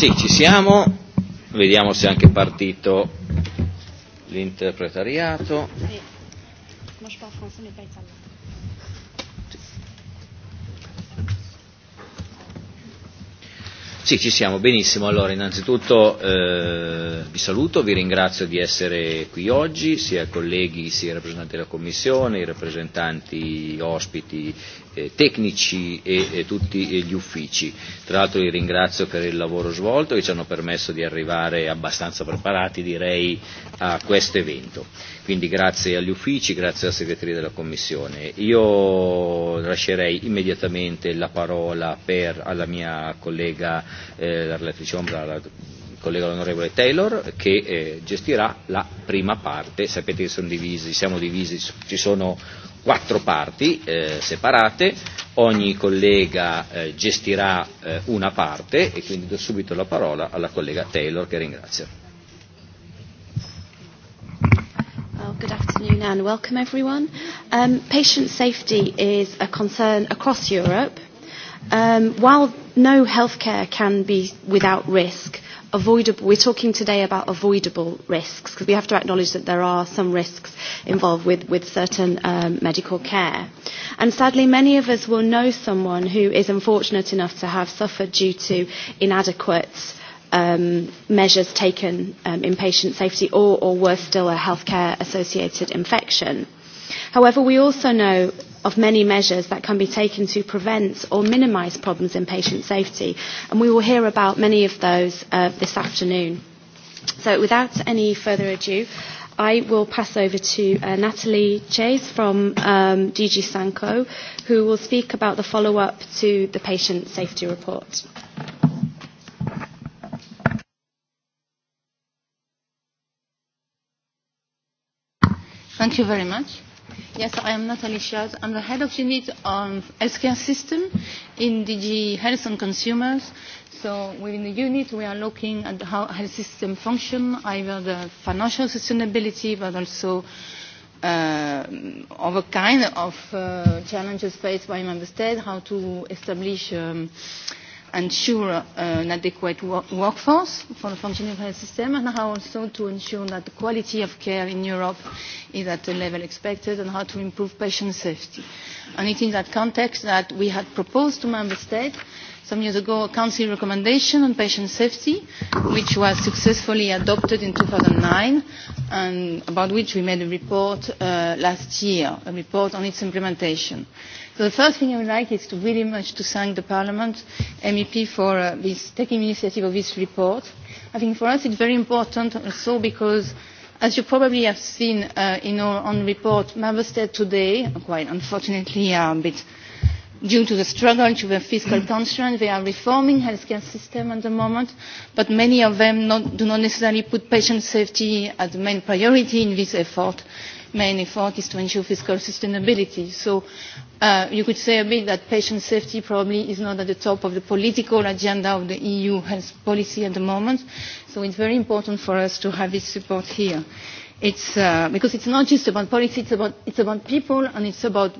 Sì, ci siamo. Vediamo se è anche partito l'interpretariato. Sì, ci siamo, benissimo. Allora, innanzitutto eh, vi saluto, vi ringrazio di essere qui oggi, sia colleghi, sia i rappresentanti della Commissione, i rappresentanti ospiti eh, tecnici e, e tutti e gli uffici. Tra l'altro li ringrazio per il lavoro svolto che ci hanno permesso di arrivare abbastanza preparati direi a questo evento. Quindi grazie agli uffici, grazie alla segreteria della Commissione. Io lascerei immediatamente la parola per, alla mia collega, eh, la relatrice Ombra, la collega l'onorevole Taylor che eh, gestirà la prima parte. Sapete che sono divisi, siamo divisi, ci sono quattro parti eh, separate, ogni collega eh, gestirà eh, una parte e quindi do subito la parola alla collega Taylor che ringrazio. Well, good afternoon and welcome everyone. Um, patient safety is a concern across Europe. Um, while no healthcare can be without risk, avoidable, we're talking today about avoidable risks because we have to acknowledge that there are some risks involved with, with certain um, medical care. And sadly, many of us will know someone who is unfortunate enough to have suffered due to inadequate um, measures taken um, in patient safety or, or worse still, a healthcare associated infection. However, we also know of many measures that can be taken to prevent or minimise problems in patient safety. And we will hear about many of those uh, this afternoon. So without any further ado, I will pass over to uh, Natalie Chase from um, DG Sanko, who will speak about the follow-up to the patient safety report. Thank you very much. Yes, I am Natalie Schaz. I'm the head of unit on healthcare system in DG Health and Consumers. So within the unit, we are looking at how health system function, either the financial sustainability, but also uh, other kind of uh, challenges faced by member states, how to establish um, ensure uh, an adequate wo workforce for the functioning of the health system and how also to ensure that the quality of care in Europe is at the level expected and how to improve patient safety. And it is in that context that we had proposed to Member States some years ago a Council recommendation on patient safety which was successfully adopted in 2009 and about which we made a report uh, last year, a report on its implementation the first thing i would like is to really much to thank the parliament mep for uh, this, taking initiative of this report. i think for us it's very important also because as you probably have seen uh, in our own report member states today quite unfortunately are a bit due to the struggle to the fiscal constraints they are reforming the healthcare system at the moment but many of them not, do not necessarily put patient safety as the main priority in this effort main effort is to ensure fiscal sustainability. so uh, you could say a bit that patient safety probably is not at the top of the political agenda of the eu health policy at the moment so it is very important for us to have this support here. It's, uh, because it's not just about policy, it's about, it's about people and it's about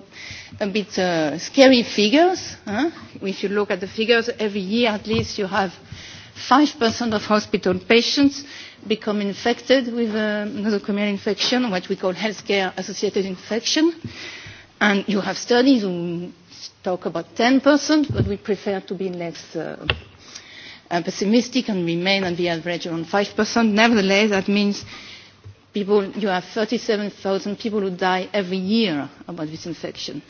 a bit uh, scary figures. Huh? If you look at the figures, every year at least you have 5% of hospital patients become infected with uh, nosocomial infection, what we call healthcare associated infection. And you have studies who talk about 10%, but we prefer to be less uh, uh, pessimistic and remain at the average around 5%. Nevertheless, that means people, you have 37,000 people who die every year about this infection.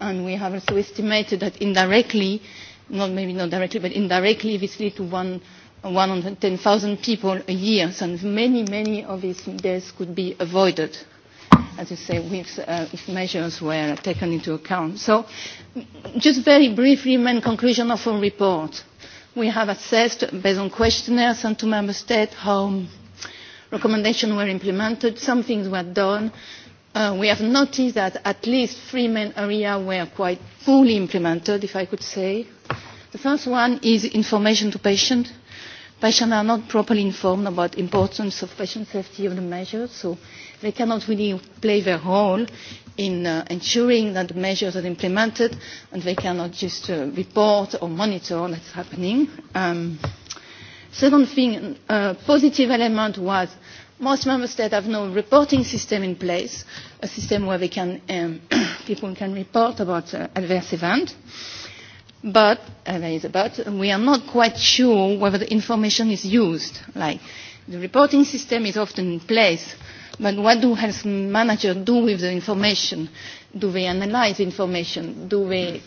And we have also estimated that indirectly, not maybe not directly, but indirectly, this leads to one 110,000 people a year. So many, many of these deaths could be avoided, as you say, with, uh, if measures were taken into account. So just very briefly, main conclusion of our report. We have assessed, based on questionnaires sent to member states, how recommendations were implemented, some things were done. Uh, we have noticed that at least three main areas were quite fully implemented, if I could say, The first one is information to patients. Patients are not properly informed about the importance of patient safety of the measures, so they cannot really play their role in uh, ensuring that the measures are implemented, and they cannot just uh, report or monitor what's happening. Um, second thing, uh, positive element was most member states have no reporting system in place, a system where they can, um, people can report about uh, adverse events but uh, there is a but we are not quite sure whether the information is used. Like the reporting system is often in place, but what do health managers do with the information? Do they analyze information? Do they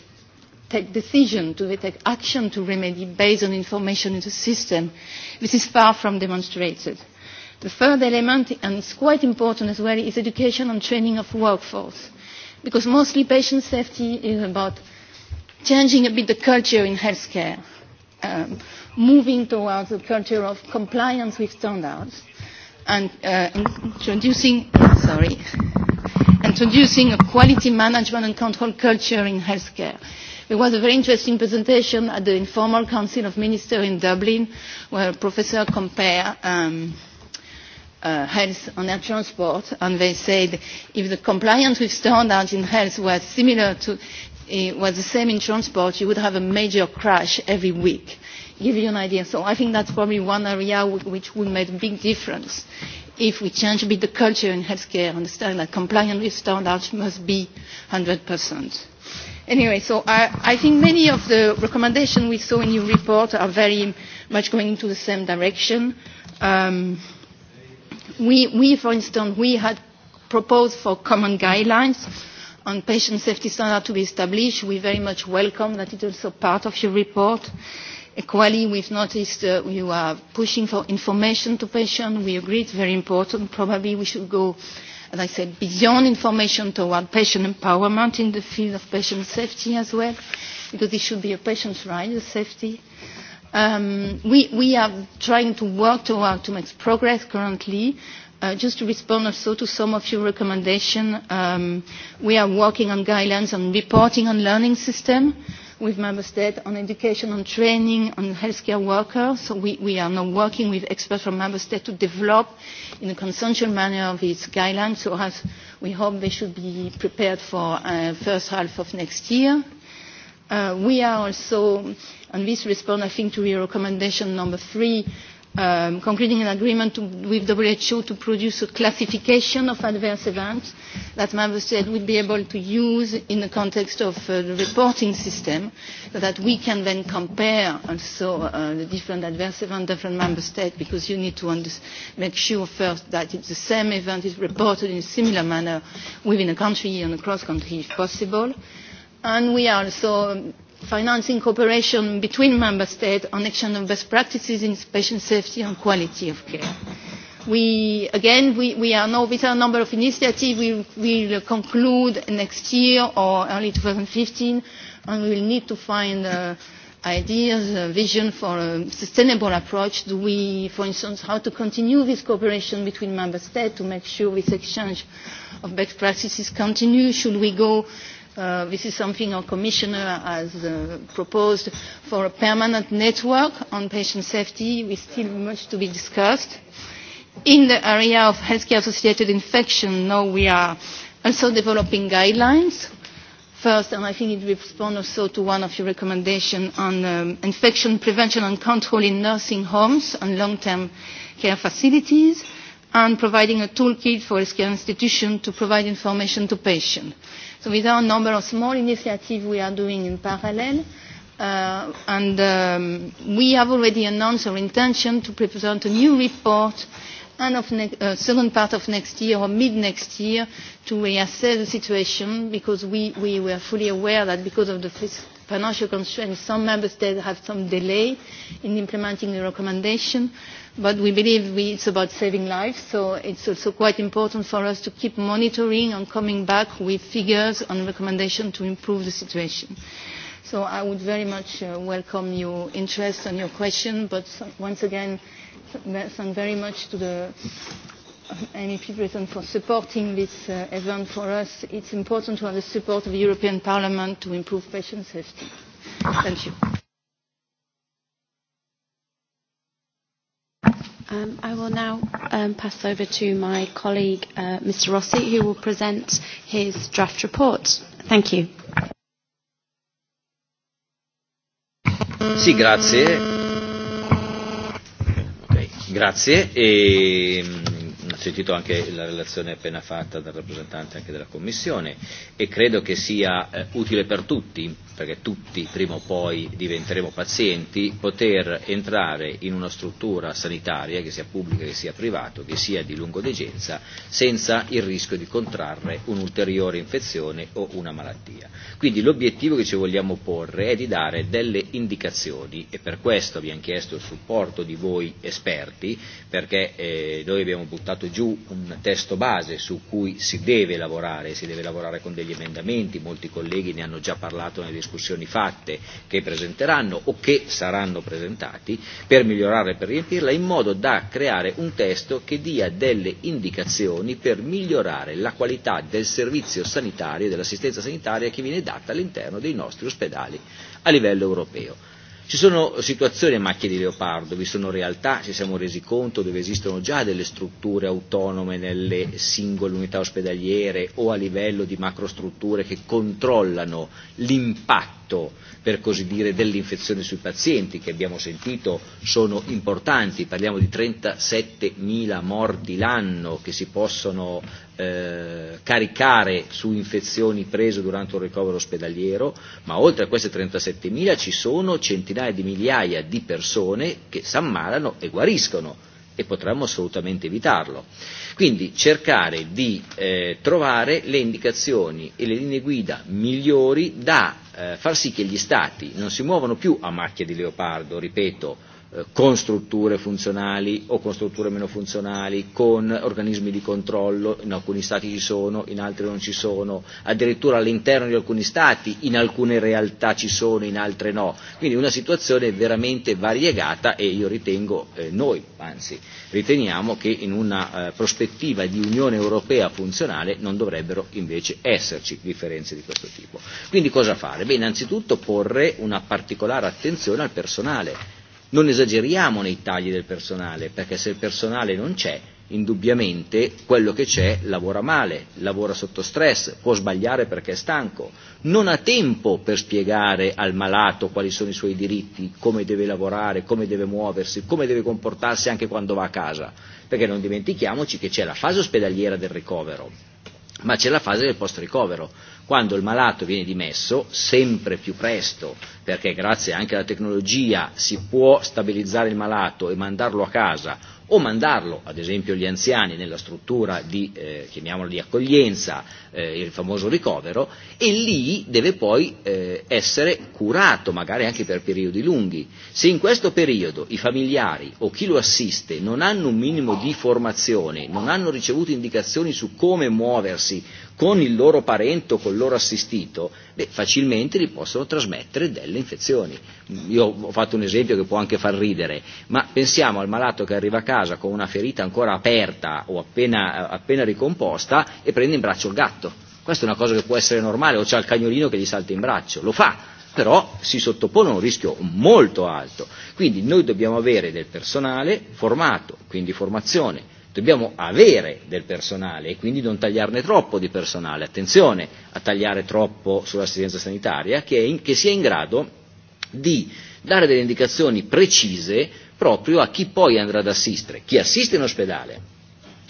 take decision? Do they take action to remedy based on information in the system? This is far from demonstrated. The third element, and it's quite important as well, is education and training of workforce. Because mostly patient safety is about changing a bit the culture in healthcare, um, moving towards a culture of compliance with standards, and uh, introducing, sorry, introducing a quality management and control culture in healthcare. There was a very interesting presentation at the informal council of ministers in Dublin, where a professor compared. Um, uh, health on air transport, and they said if the compliance with standards in health was similar to was the same in transport, you would have a major crash every week. Give you an idea. So I think that's probably one area which would make a big difference if we change a bit the culture in healthcare, understand that compliance with standards must be 100%. Anyway, so I, I think many of the recommendations we saw in your report are very much going into the same direction. Um, we, we, for instance, we had proposed for common guidelines on patient safety standards to be established. We very much welcome that it is also part of your report. Equally, we've noticed uh, you are pushing for information to patients. We agree it's very important. Probably we should go, as I said, beyond information toward patient empowerment in the field of patient safety as well, because it should be a patient's right, the safety. Um, we, we are trying to work toward to make progress currently Uh, just to respond also to some of your recommendations, um, we are working on guidelines on reporting on learning system with member states on education, on training, on healthcare workers. So we, we are now working with experts from member states to develop in a consensual manner these guidelines. So as we hope they should be prepared for uh, first half of next year. Uh, we are also, and this responds, I think, to your recommendation number three, um, concluding an agreement to, with WHO to produce a classification of adverse events that member states would be able to use in the context of uh, the reporting system so that we can then compare also uh, the different adverse events different member states because you need to make sure first that it's the same event is reported in a similar manner within a country and across country if possible. And we are also financing cooperation between member states on action of best practices in patient safety and quality of care. We, again, we, we are now with a number of initiatives. We will conclude next year or early 2015, and we will need to find uh, ideas, a vision for a sustainable approach. Do we, for instance, how to continue this cooperation between member states to make sure this exchange of best practices continue? Should we go Uh, this is something our commissioner has uh, proposed for a permanent network on patient safety with still much to be discussed. In the area of healthcare associated infection, now we are also developing guidelines. First, and I think it responds also to one of your recommendations on um, infection prevention and control in nursing homes and long-term care facilities, and providing a toolkit for healthcare institutions to provide information to patients So these are a number of small initiatives we are doing in parallel. Uh, and um, we have already announced our intention to present a new report and of ne- uh, second part of next year or mid next year to reassess the situation because we, we were fully aware that because of the financial constraints some member states have some delay in implementing the recommendation but we believe we, it's about saving lives, so it's also quite important for us to keep monitoring and coming back with figures and recommendations to improve the situation. So I would very much uh, welcome your interest and your question, but once again, thank very much to the MEP Breton for supporting this uh, event for us. It's important to have the support of the European Parliament to improve patient safety. Thank you. Um, I will now um, pass over to my colleague, uh, Mr. Rossi, who will present his draft report. Thank you. Sì, grazie. Okay, grazie. E, sentito anche la relazione appena fatta dal rappresentante anche della Commissione e credo che sia eh, utile per tutti, perché tutti prima o poi diventeremo pazienti, poter entrare in una struttura sanitaria, che sia pubblica, che sia privata, che sia di lungo degenza, senza il rischio di contrarre un'ulteriore infezione o una malattia. Quindi l'obiettivo che ci vogliamo porre è di dare delle indicazioni e per questo abbiamo chiesto il supporto di voi esperti, perché eh, noi abbiamo buttato giù un testo base su cui si deve lavorare, si deve lavorare con degli emendamenti, molti colleghi ne hanno già parlato nelle discussioni fatte che presenteranno o che saranno presentati, per migliorare e per riempirla, in modo da creare un testo che dia delle indicazioni per migliorare la qualità del servizio sanitario e dell'assistenza sanitaria che viene data all'interno dei nostri ospedali a livello europeo Ci sono situazioni a macchie di leopardo, vi sono realtà, ci siamo resi conto, dove esistono già delle strutture autonome nelle singole unità ospedaliere o a livello di macrostrutture che controllano l'impatto, per così dire, dell'infezione sui pazienti, che abbiamo sentito sono importanti, parliamo di 37.000 morti l'anno che si possono eh, caricare su infezioni prese durante un ricovero ospedaliero, ma oltre a queste 37.000 ci sono centinaia di migliaia di persone che si ammalano e guariscono e potremmo assolutamente evitarlo. Quindi cercare di eh, trovare le indicazioni e le linee guida migliori da eh, far sì che gli Stati non si muovano più a macchia di leopardo, ripeto, con strutture funzionali o con strutture meno funzionali, con organismi di controllo, in alcuni stati ci sono, in altri non ci sono, addirittura all'interno di alcuni stati in alcune realtà ci sono, in altre no. Quindi una situazione veramente variegata e io ritengo, eh, noi anzi riteniamo che in una eh, prospettiva di Unione Europea funzionale non dovrebbero invece esserci differenze di questo tipo. Quindi cosa fare? Beh, innanzitutto porre una particolare attenzione al personale Non esageriamo nei tagli del personale, perché se il personale non c'è, indubbiamente quello che c'è lavora male, lavora sotto stress, può sbagliare perché è stanco, non ha tempo per spiegare al malato quali sono i suoi diritti, come deve lavorare, come deve muoversi, come deve comportarsi anche quando va a casa, perché non dimentichiamoci che c'è la fase ospedaliera del ricovero, ma c'è la fase del post ricovero quando il malato viene dimesso, sempre più presto, perché grazie anche alla tecnologia si può stabilizzare il malato e mandarlo a casa o mandarlo, ad esempio gli anziani, nella struttura di, eh, chiamiamolo, di accoglienza, eh, il famoso ricovero, e lì deve poi eh, essere curato, magari anche per periodi lunghi. Se in questo periodo i familiari o chi lo assiste non hanno un minimo di formazione, non hanno ricevuto indicazioni su come muoversi, con il loro parente o il loro assistito, beh, facilmente gli possono trasmettere delle infezioni. Io ho fatto un esempio che può anche far ridere, ma pensiamo al malato che arriva a casa con una ferita ancora aperta o appena, appena ricomposta e prende in braccio il gatto. Questa è una cosa che può essere normale, o c'è il cagnolino che gli salta in braccio, lo fa, però si sottopone a un rischio molto alto. Quindi noi dobbiamo avere del personale formato, quindi formazione, dobbiamo avere del personale e quindi non tagliarne troppo di personale. Attenzione a tagliare troppo sull'assistenza sanitaria che, è in, che sia in grado di dare delle indicazioni precise proprio a chi poi andrà ad assistere, chi assiste in ospedale,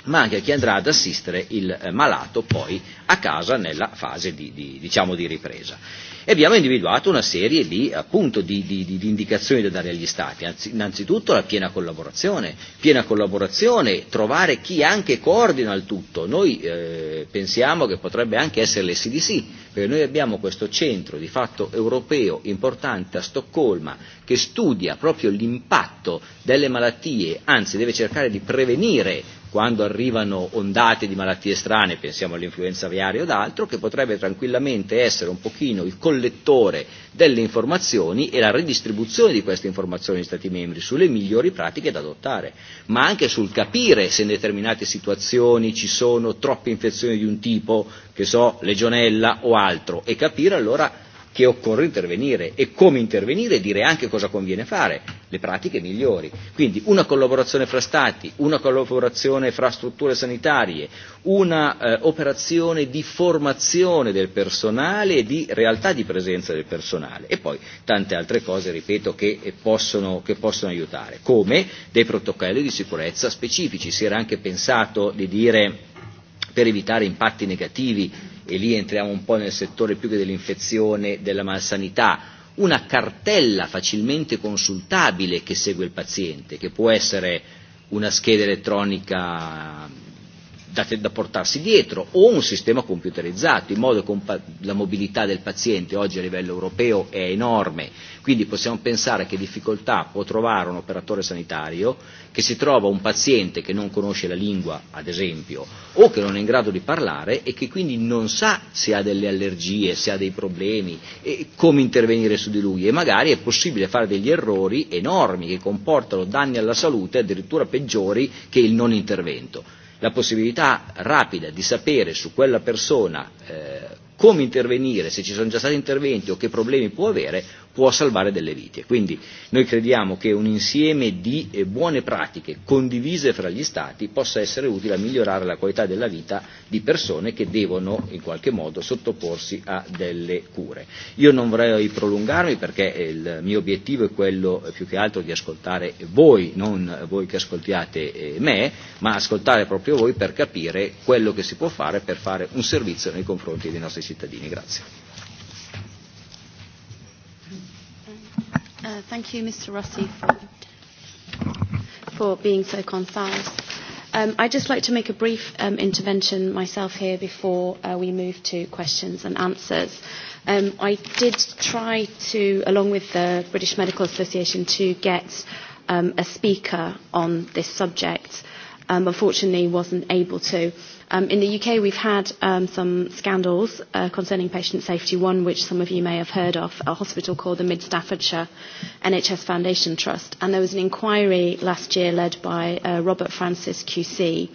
ma anche a chi andrà ad assistere il eh, malato poi a casa nella fase di, di, diciamo di ripresa e abbiamo individuato una serie di, appunto, di, di, di, di indicazioni da dare agli Stati, Anzi, innanzitutto la piena collaborazione, piena collaborazione, trovare chi anche coordina il tutto, noi eh, pensiamo che potrebbe anche essere l'SDC, perché noi abbiamo questo centro di fatto europeo importante a Stoccolma che studia proprio l'impatto delle malattie, anzi deve cercare di prevenire quando arrivano ondate di malattie strane, pensiamo all'influenza aviaria o ad altro, che potrebbe tranquillamente essere un pochino il collettore delle informazioni e la redistribuzione di queste informazioni agli Stati membri sulle migliori pratiche da adottare, ma anche sul capire se in determinate situazioni ci sono troppe infezioni di un tipo, che so, legionella o altro, e capire allora che occorre intervenire e come intervenire e dire anche cosa conviene fare, le pratiche migliori. Quindi una collaborazione fra Stati, una collaborazione fra strutture sanitarie, una eh, operazione di formazione del personale e di realtà di presenza del personale e poi tante altre cose, ripeto, che eh, possono, che possono aiutare, come dei protocolli di sicurezza specifici. Si era anche pensato di dire per evitare impatti negativi, e lì entriamo un po' nel settore più che dell'infezione, della malsanità, una cartella facilmente consultabile che segue il paziente, che può essere una scheda elettronica da, da portarsi dietro o un sistema computerizzato in modo che la mobilità del paziente oggi a livello europeo è enorme, quindi possiamo pensare che difficoltà può trovare un operatore sanitario che si trova un paziente che non conosce la lingua, ad esempio, o che non è in grado di parlare e che quindi non sa se ha delle allergie, se ha dei problemi, e come intervenire su di lui e magari è possibile fare degli errori enormi che comportano danni alla salute addirittura peggiori che il non intervento la possibilità rapida di sapere su quella persona eh, come intervenire, se ci sono già stati interventi o che problemi può avere, può salvare delle vite. Quindi noi crediamo che un insieme di eh, buone pratiche condivise fra gli Stati possa essere utile a migliorare la qualità della vita di persone che devono in qualche modo sottoporsi a delle cure. Io non vorrei prolungarmi perché eh, il mio obiettivo è quello eh, più che altro di ascoltare voi, non voi che ascoltiate me, ma ascoltare proprio voi per capire quello che si può fare per fare un servizio nei confronti dei nostri cittadini. Grazie. Uh, thank you, Mr. Rossi, for, for being so concise. Um, I'd just like to make a brief um, intervention myself here before uh, we move to questions and answers. Um, I did try to, along with the British Medical Association, to get um, a speaker on this subject. Um, unfortunately, wasn't able to. Um, in the UK, we've had um, some scandals uh, concerning patient safety, one which some of you may have heard of, a hospital called the Mid Staffordshire NHS Foundation Trust. And there was an inquiry last year led by uh, Robert Francis QC,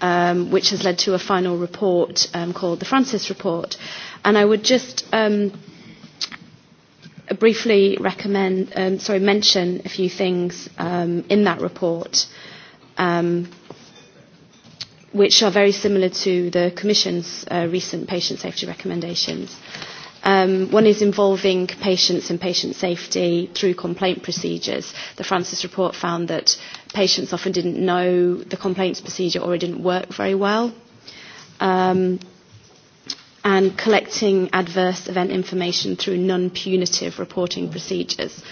um, which has led to a final report um, called the Francis Report. And I would just um, briefly recommend, um, sorry, mention a few things um, in that report. Um, which are very similar to the Commission's uh, recent patient safety recommendations. Um, one is involving patients and patient safety through complaint procedures. The Francis report found that patients often didn't know the complaints procedure or it didn't work very well. Um, and collecting adverse event information through non-punitive reporting procedures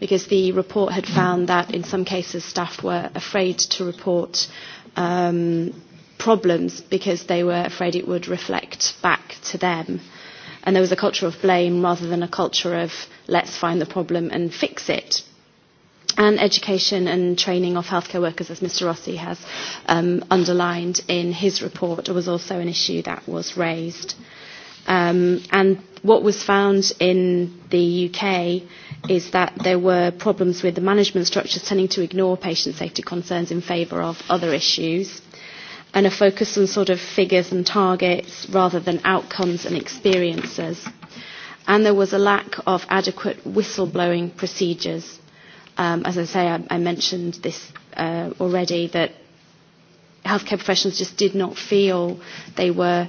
because the report had found that in some cases staff were afraid to report um, problems because they were afraid it would reflect back to them. And there was a culture of blame rather than a culture of let's find the problem and fix it. And education and training of healthcare workers, as Mr. Rossi has um, underlined in his report, was also an issue that was raised. Um, and what was found in the UK is that there were problems with the management structures tending to ignore patient safety concerns in favour of other issues and a focus on sort of figures and targets rather than outcomes and experiences. And there was a lack of adequate whistleblowing procedures. Um, as I say, I, I mentioned this uh, already, that healthcare professionals just did not feel they were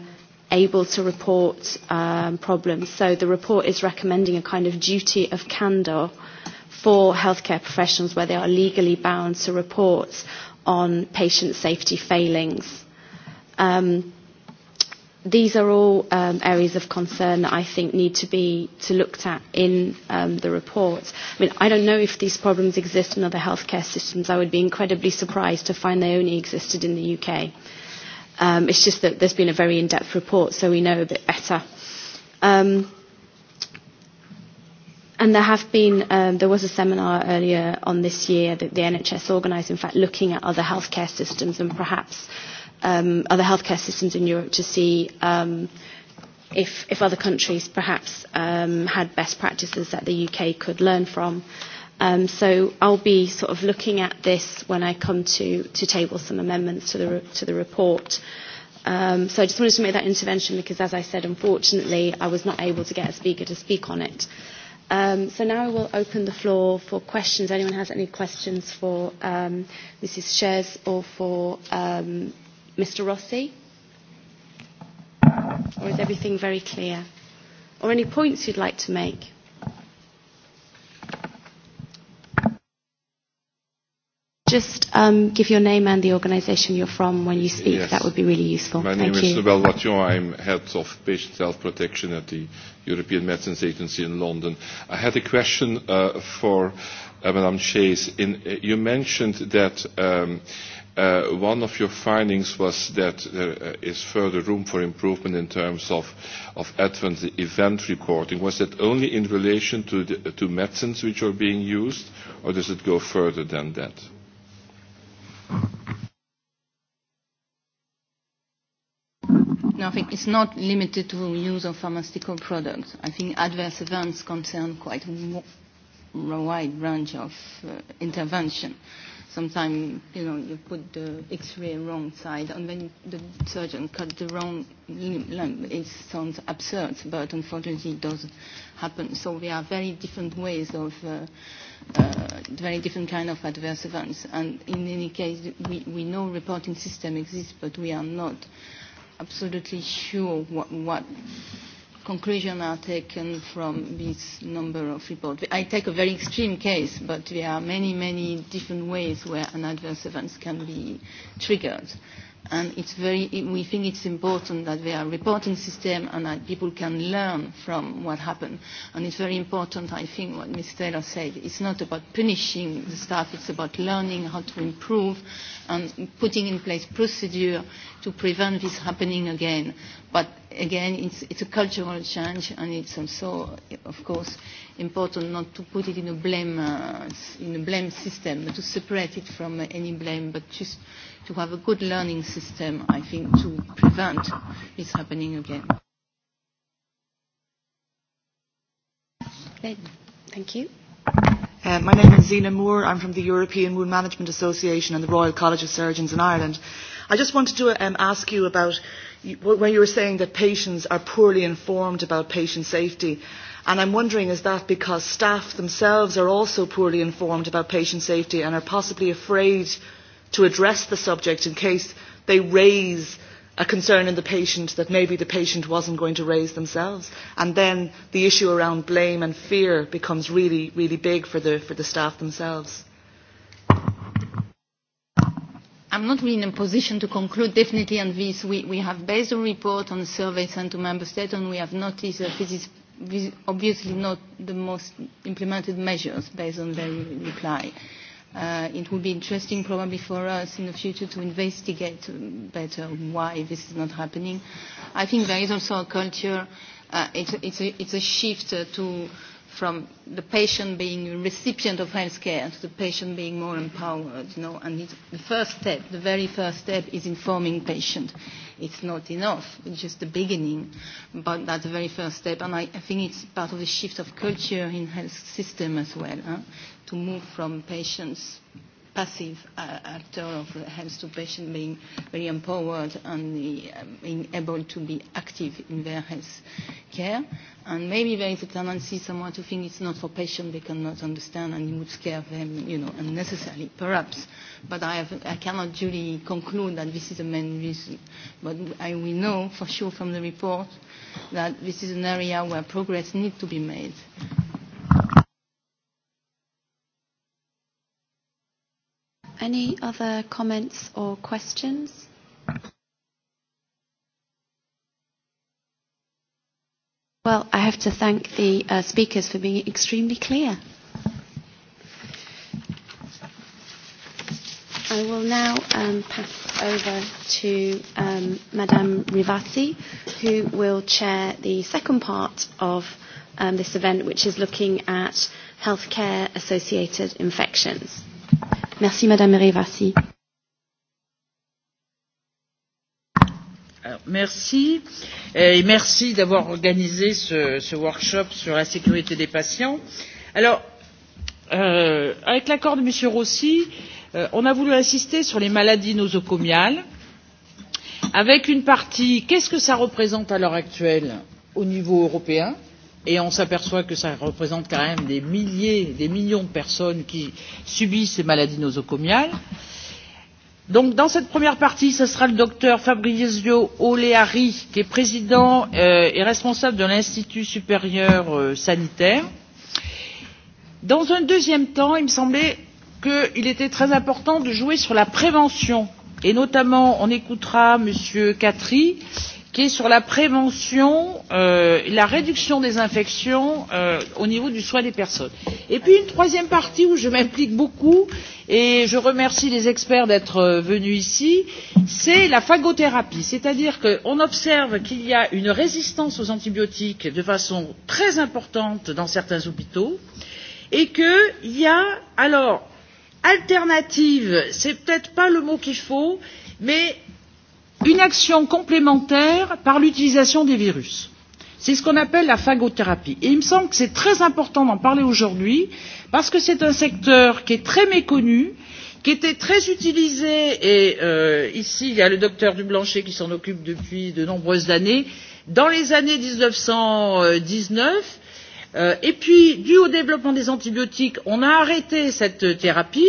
able to report um, problems. So the report is recommending a kind of duty of candor for healthcare professionals where they are legally bound to report on patient safety failings. Um, these are all um, areas of concern that I think need to be to looked at in um, the report. I mean, I don't know if these problems exist in other healthcare systems. I would be incredibly surprised to find they only existed in the UK. Um, it's just that there's been a very in-depth report, so we know a bit better. Um, And there have been, um, there was a seminar earlier on this year that the NHS organised, in fact, looking at other healthcare systems and perhaps um, other healthcare systems in Europe to see um, if, if other countries perhaps um, had best practices that the UK could learn from. Um, so I'll be sort of looking at this when I come to, to table some amendments to the, re- to the report. Um, so I just wanted to make that intervention because, as I said, unfortunately, I was not able to get a speaker to speak on it. Um, so now we'll open the floor for questions. Anyone has any questions for um, Mrs. Shares or for um, Mr. Rossi? Or is everything very clear? Or any points you'd like to make? just um, give your name and the organization you're from when you speak? Yes. That would be really useful. My Thank name you. is Nobel Watjo. I'm head of patient health protection at the European Medicines Agency in London. I had a question uh, for uh, Madame Chase. In, uh, you mentioned that um, uh, one of your findings was that there uh, is further room for improvement in terms of, of advanced event reporting. Was that only in relation to, the, to medicines which are being used, or does it go further than that? No, I think it's not limited to use of pharmaceutical products. I think adverse events concern quite a wide range of uh, intervention. Sometimes, you know, you put the X-ray wrong side and then the surgeon cut the wrong limb. It sounds absurd, but unfortunately it does happen. So there are very different ways of, uh, uh, very different kind of adverse events. And in any case, we, we know reporting system exists, but we are not uh, absolutely sure what, what conclusion are taken from this number of reports. I take a very extreme case, but there are many, many different ways where an adverse event can be triggered. Uh, and it's very, we think it's important that there are reporting systems and that people can learn from what happened. And it's very important, I think, what Ms. Taylor said. It's not about punishing the staff, it's about learning how to improve and putting in place procedure to prevent this happening again. But again, it's, it's a cultural change and it's also, of course, important not to put it in a blame, uh, in a blame system, but to separate it from any blame, but just to have a good learning system, I think, to prevent this happening again. Thank you. Uh, my name is Zena Moore. I'm from the European Wound Management Association and the Royal College of Surgeons in Ireland. I just wanted to um, ask you about when you were saying that patients are poorly informed about patient safety. And I'm wondering, is that because staff themselves are also poorly informed about patient safety and are possibly afraid to address the subject in case they raise a concern in the patient that maybe the patient wasn't going to raise themselves. And then the issue around blame and fear becomes really, really big for the, for the staff themselves. I'm not really in a position to conclude definitely on this. We, we have based a report on surveys sent to member states and we have noticed that this is obviously not the most implemented measures based on their reply. Uh, Uh, it would be interesting probably for us in the future to investigate better why this is not happening. I think there is also a culture, uh, it's, it's, a, it's a shift uh, to, from the patient being a recipient of health care to the patient being more empowered. You know, and it's the first step, the very first step is informing patient it's not enough. It's just the beginning, but that's the very first step. And I, I think it's part of the shift of culture in health system as well, huh? to move from patients passive uh, actor of the health to patient being very empowered and the, um, being able to be active in their health care. And maybe there is a tendency somewhat to think it's not for patients, they cannot understand and it would scare them, you know, unnecessarily, perhaps. But I, have, I cannot duly conclude that this is the main reason. But I, we know for sure from the report that this is an area where progress needs to be made Any other comments or questions? Well, I have to thank the uh, speakers for being extremely clear. I will now um, pass over to um, Madame Rivasi, who will chair the second part of um, this event, which is looking at healthcare-associated infections. Merci Madame Rivasi. Alors, merci et merci d'avoir organisé ce, ce workshop sur la sécurité des patients. Alors, euh, avec l'accord de M. Rossi, euh, on a voulu insister sur les maladies nosocomiales, avec une partie qu'est ce que ça représente à l'heure actuelle au niveau européen, et on s'aperçoit que cela représente quand même des milliers, des millions de personnes qui subissent ces maladies nosocomiales. Donc, dans cette première partie, ce sera le docteur Fabrizio Oleari, qui est président euh, et responsable de l'Institut supérieur euh, sanitaire. Dans un deuxième temps, il me semblait qu'il était très important de jouer sur la prévention, et notamment on écoutera M. Catry, qui est sur la prévention euh, la réduction des infections euh, au niveau du soin des personnes. et puis une troisième partie où je m'implique beaucoup et je remercie les experts d'être euh, venus ici c'est la phagothérapie c'est à dire qu'on observe qu'il y a une résistance aux antibiotiques de façon très importante dans certains hôpitaux et qu'il y a alors alternative c'est peut être pas le mot qu'il faut mais une action complémentaire par l'utilisation des virus. C'est ce qu'on appelle la phagothérapie. Et il me semble que c'est très important d'en parler aujourd'hui parce que c'est un secteur qui est très méconnu, qui était très utilisé, et euh, ici il y a le docteur Dublanchet qui s'en occupe depuis de nombreuses années, dans les années 1919. Euh, et puis, dû au développement des antibiotiques, on a arrêté cette thérapie.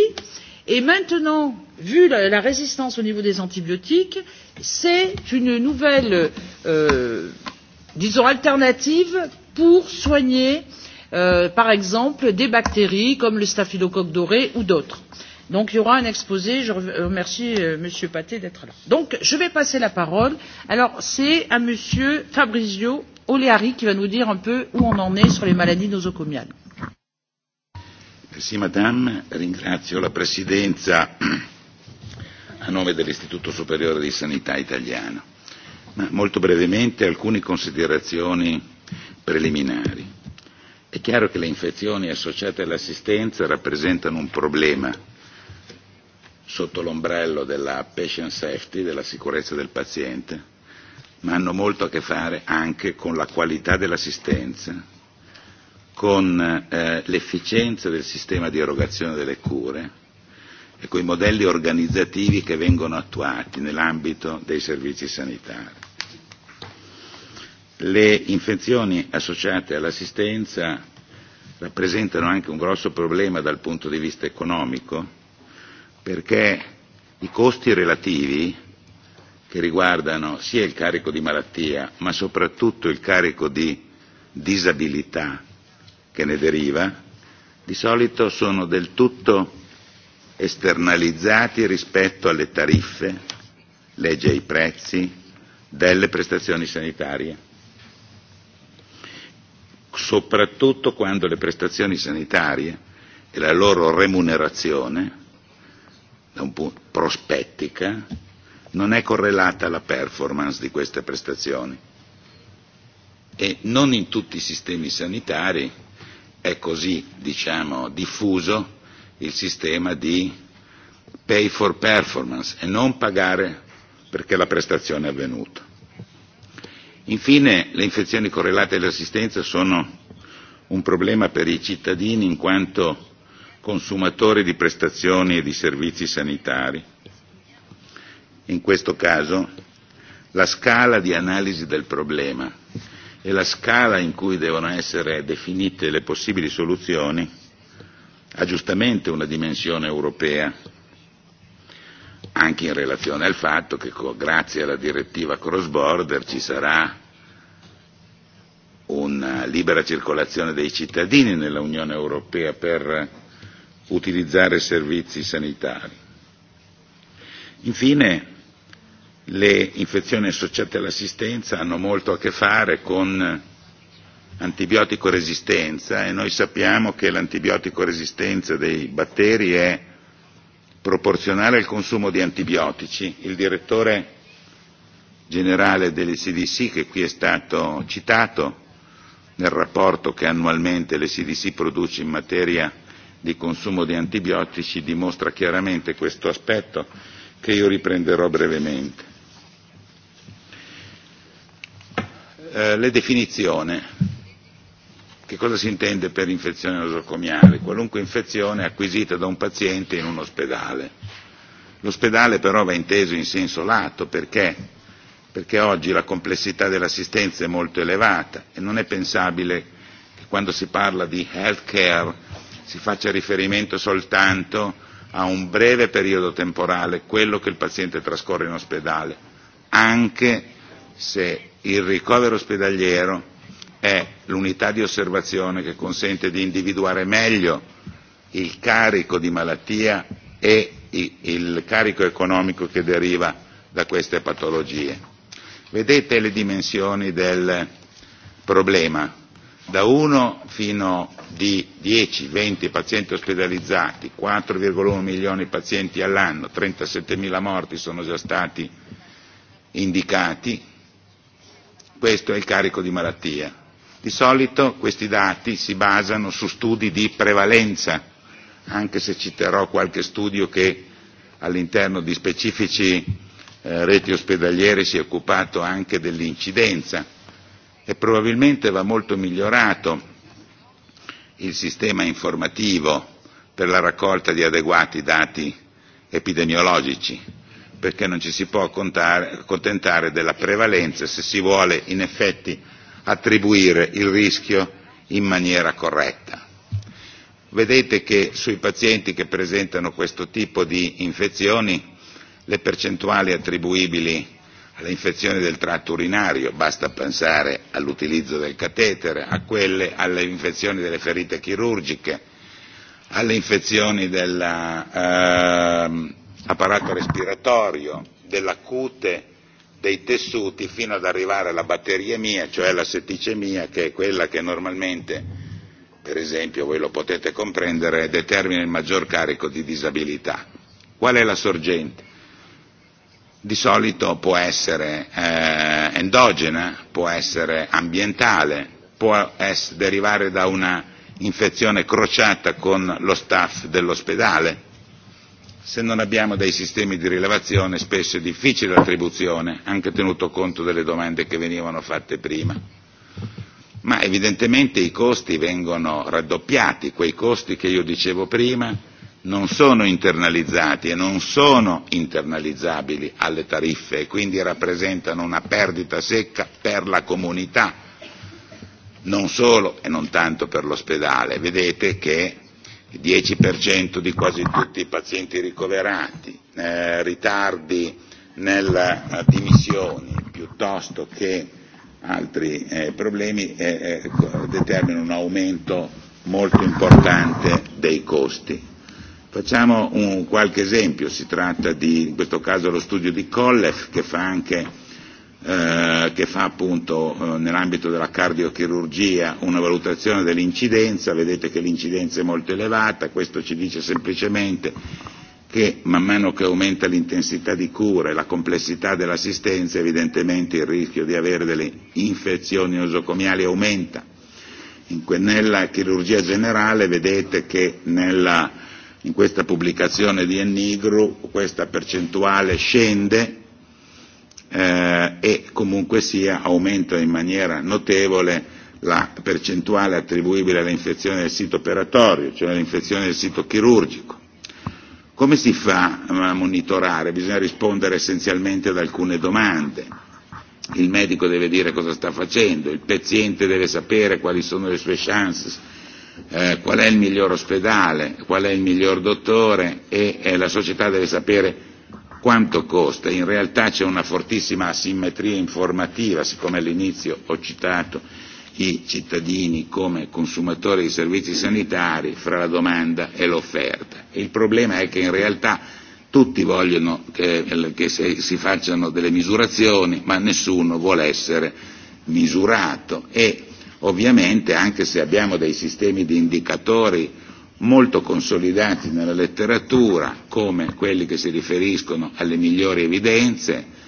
Et maintenant, vu la, la résistance au niveau des antibiotiques, c'est une nouvelle euh, disons alternative pour soigner euh, par exemple des bactéries comme le staphylocoque doré ou d'autres. Donc il y aura un exposé. Je euh, remercie m. Monsieur Paté d'être là. Donc je vais passer la parole. Alors c'est à m. Fabrizio Oleari qui va nous dire un peu où on en est sur les maladies nosocomiales. Merci Madame. Ringrazio la Presidenza a nome dell'Istituto Superiore di Sanità Italiana. Ma molto brevemente alcune considerazioni preliminari. È chiaro che le infezioni associate all'assistenza rappresentano un problema sotto l'ombrello della patient safety, della sicurezza del paziente, ma hanno molto a che fare anche con la qualità dell'assistenza, con eh, l'efficienza del sistema di erogazione delle cure ecco, i modelli organizzativi che vengono attuati nell'ambito dei servizi sanitari. Le infezioni associate all'assistenza rappresentano anche un grosso problema dal punto di vista economico, perché i costi relativi che riguardano sia il carico di malattia, ma soprattutto il carico di disabilità che ne deriva, di solito sono del tutto esternalizzati rispetto alle tariffe, legge ai prezzi, delle prestazioni sanitarie soprattutto quando le prestazioni sanitarie e la loro remunerazione da un punto, prospettica non è correlata alla performance di queste prestazioni e non in tutti i sistemi sanitari è così diciamo diffuso il sistema di pay for performance e non pagare perché la prestazione è avvenuta. Infine, le infezioni correlate all'assistenza sono un problema per i cittadini in quanto consumatori di prestazioni e di servizi sanitari. In questo caso la scala di analisi del problema e la scala in cui devono essere definite le possibili soluzioni ha giustamente una dimensione europea, anche in relazione al fatto che grazie alla direttiva cross border ci sarà una libera circolazione dei cittadini nell'Unione Europea per utilizzare servizi sanitari. Infine, le infezioni associate all'assistenza hanno molto a che fare con antibiotico resistenza e noi sappiamo che l'antibiotico resistenza dei batteri è proporzionale al consumo di antibiotici. Il direttore generale dell'ECDC, che qui è stato citato, nel rapporto che annualmente l'ECDC produce in materia di consumo di antibiotici dimostra chiaramente questo aspetto che io riprenderò brevemente. Eh, le definizioni Che cosa si intende per infezione nosocomiale? Qualunque infezione acquisita da un paziente in un ospedale. L'ospedale però va inteso in senso lato perché? Perché oggi la complessità dell'assistenza è molto elevata e non è pensabile che quando si parla di health care si faccia riferimento soltanto a un breve periodo temporale, quello che il paziente trascorre in ospedale, anche se il ricovero ospedaliero è l'unità di osservazione che consente di individuare meglio il carico di malattia e il carico economico che deriva da queste patologie. Vedete le dimensioni del problema da 1 fino di 10-20 pazienti ospedalizzati, 4,1 milioni di pazienti all'anno, 37 mila morti sono già stati indicati, questo è il carico di malattia. Di solito questi dati si basano su studi di prevalenza, anche se citerò qualche studio che all'interno di specifici eh, reti ospedaliere si è occupato anche dell'incidenza e probabilmente va molto migliorato il sistema informativo per la raccolta di adeguati dati epidemiologici perché non ci si può contare, accontentare della prevalenza se si vuole in effetti attribuire il rischio in maniera corretta. Vedete che sui pazienti che presentano questo tipo di infezioni le percentuali attribuibili alle infezioni del tratto urinario, basta pensare all'utilizzo del catetere, a quelle, alle infezioni delle ferite chirurgiche, alle infezioni dell'apparato ehm, eh, respiratorio, della cute, dei tessuti fino ad arrivare alla batteriemia, cioè alla setticemia, che è quella che normalmente, per esempio, voi lo potete comprendere, determina il maggior carico di disabilità. Qual è la sorgente? Di solito può essere eh, endogena, può essere ambientale, può es- derivare da una infezione crociata con lo staff dell'ospedale, se non abbiamo dei sistemi di rilevazione spesso è difficile l'attribuzione, anche tenuto conto delle domande che venivano fatte prima. Ma evidentemente i costi vengono raddoppiati, quei costi che io dicevo prima non sono internalizzati e non sono internalizzabili alle tariffe e quindi rappresentano una perdita secca per la comunità, non solo e non tanto per l'ospedale. Vedete che il 10% di quasi tutti i pazienti ricoverati, eh, ritardi nelle eh, dimissioni piuttosto che altri eh, problemi eh, eh, determinano un aumento molto importante dei costi. Facciamo un, qualche esempio, si tratta di, in questo caso lo studio di Collef che fa anche Eh, che fa appunto eh, nell'ambito della cardiochirurgia una valutazione dell'incidenza, vedete che l'incidenza è molto elevata, questo ci dice semplicemente che man mano che aumenta l'intensità di cura e la complessità dell'assistenza evidentemente il rischio di avere delle infezioni nosocomiali aumenta. In que- nella chirurgia generale vedete che nella, in questa pubblicazione di Ennigru questa percentuale scende eh, e comunque sia aumenta in maniera notevole la percentuale attribuibile all'infezione del sito operatorio, cioè all'infezione del sito chirurgico. Come si fa a monitorare? Bisogna rispondere essenzialmente ad alcune domande. Il medico deve dire cosa sta facendo, il paziente deve sapere quali sono le sue chance, eh, qual è il miglior ospedale, qual è il miglior dottore e eh, la società deve sapere quanto costa? In realtà c'è una fortissima asimmetria informativa, siccome all'inizio ho citato i cittadini come consumatori di servizi sanitari fra la domanda e l'offerta. Il problema è che in realtà tutti vogliono che, che si facciano delle misurazioni, ma nessuno vuole essere misurato e ovviamente anche se abbiamo dei sistemi di indicatori molto consolidati nella letteratura, come quelli che si riferiscono alle migliori evidenze,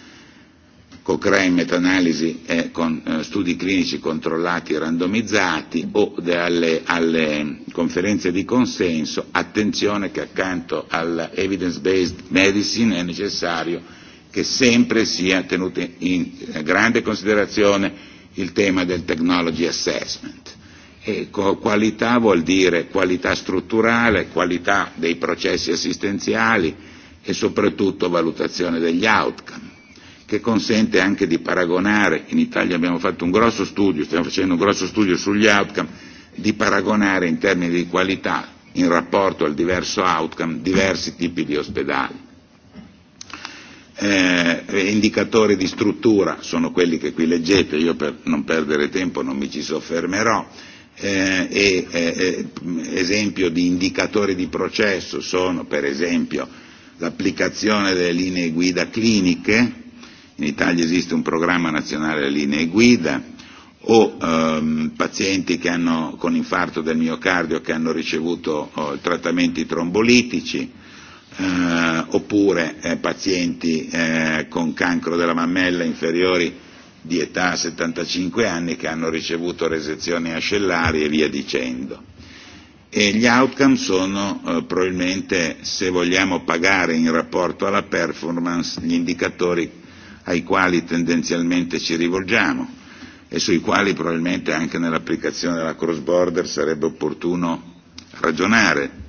Cochrane metanalisi e con eh, studi clinici controllati e randomizzati o alle, alle conferenze di consenso, attenzione che accanto all'evidence based medicine è necessario che sempre sia tenuto in eh, grande considerazione il tema del technology assessment E qualità vuol dire qualità strutturale, qualità dei processi assistenziali e soprattutto valutazione degli outcome che consente anche di paragonare, in Italia abbiamo fatto un grosso studio, stiamo facendo un grosso studio sugli outcome, di paragonare in termini di qualità, in rapporto al diverso outcome, diversi tipi di ospedali. Eh, eh indicatori di struttura sono quelli che qui leggete, io per non perdere tempo non mi ci soffermerò eh, e eh, esempio di indicatori di processo sono per esempio l'applicazione delle linee guida cliniche, in Italia esiste un programma nazionale delle linee guida, o ehm, pazienti che hanno, con infarto del miocardio che hanno ricevuto oh, trattamenti trombolitici, eh, oppure eh, pazienti eh, con cancro della mammella inferiori di età 75 anni che hanno ricevuto resezioni ascellari e via dicendo. E gli outcome sono eh, probabilmente, se vogliamo pagare in rapporto alla performance, gli indicatori ai quali tendenzialmente ci rivolgiamo e sui quali probabilmente anche nell'applicazione della cross border sarebbe opportuno ragionare.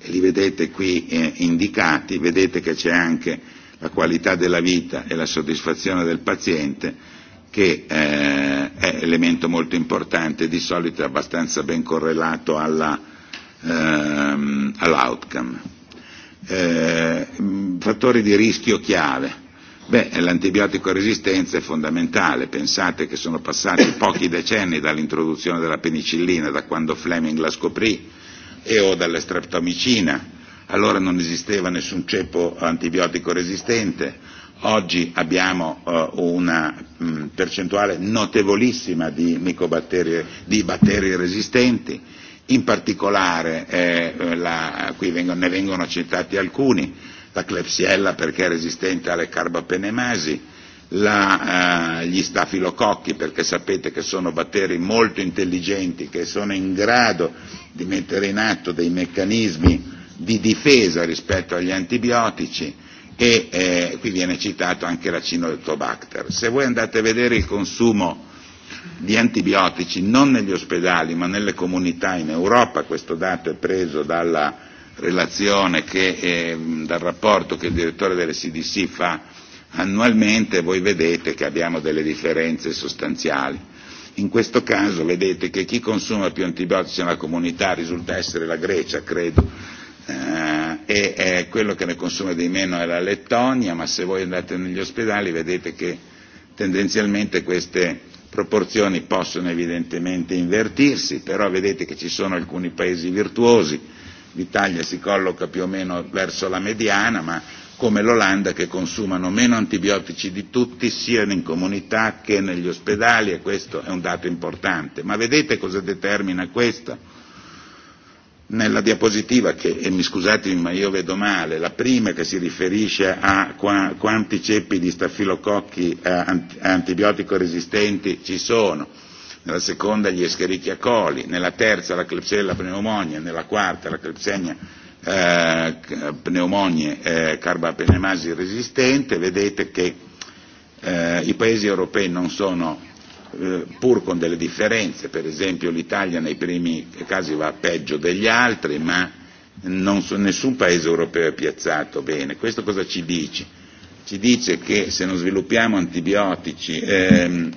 E li vedete qui eh, indicati, vedete che c'è anche la qualità della vita e la soddisfazione del paziente, che eh, è elemento molto importante, di solito è abbastanza ben correlato alla, ehm, all'outcome. Eh, fattori di rischio chiave. Beh, l'antibiotico resistenza è fondamentale. Pensate che sono passati pochi decenni dall'introduzione della penicillina, da quando Fleming la scoprì, e o dall'estreptomicina allora non esisteva nessun ceppo antibiotico resistente. Oggi abbiamo uh, una mh, mm, percentuale notevolissima di, micobatterie, di batteri resistenti, in particolare eh, la, qui vengono, ne vengono citati alcuni, la Klebsiella perché è resistente alle carbapenemasi, la, eh, gli stafilococchi perché sapete che sono batteri molto intelligenti che sono in grado di mettere in atto dei meccanismi di difesa rispetto agli antibiotici e eh, qui viene citato anche l'acinotobacter. Se voi andate a vedere il consumo di antibiotici non negli ospedali ma nelle comunità in Europa, questo dato è preso dalla relazione che, eh, dal rapporto che il direttore delle CDC fa annualmente, voi vedete che abbiamo delle differenze sostanziali. In questo caso vedete che chi consuma più antibiotici nella comunità risulta essere la Grecia, credo, eh, e eh, quello che ne consuma di meno è la Lettonia, ma se voi andate negli ospedali vedete che tendenzialmente queste proporzioni possono evidentemente invertirsi, però vedete che ci sono alcuni paesi virtuosi, l'Italia si colloca più o meno verso la mediana, ma come l'Olanda che consumano meno antibiotici di tutti sia in comunità che negli ospedali e questo è un dato importante. Ma vedete cosa determina questo? nella diapositiva che, e mi scusatemi ma io vedo male, la prima che si riferisce a qua, quanti ceppi di stafilococchi eh, antibiotico resistenti ci sono, nella seconda gli escherichia coli, nella terza la clepsella pneumonia, nella quarta la clepsenia eh, pneumonia eh, carbapenemasi resistente, vedete che eh, i paesi europei non sono Eh, pur con delle differenze, per esempio l'Italia nei primi casi va peggio degli altri, ma non so, nessun paese europeo è piazzato bene. Questo cosa ci dice? Ci dice che se non sviluppiamo antibiotici ehm,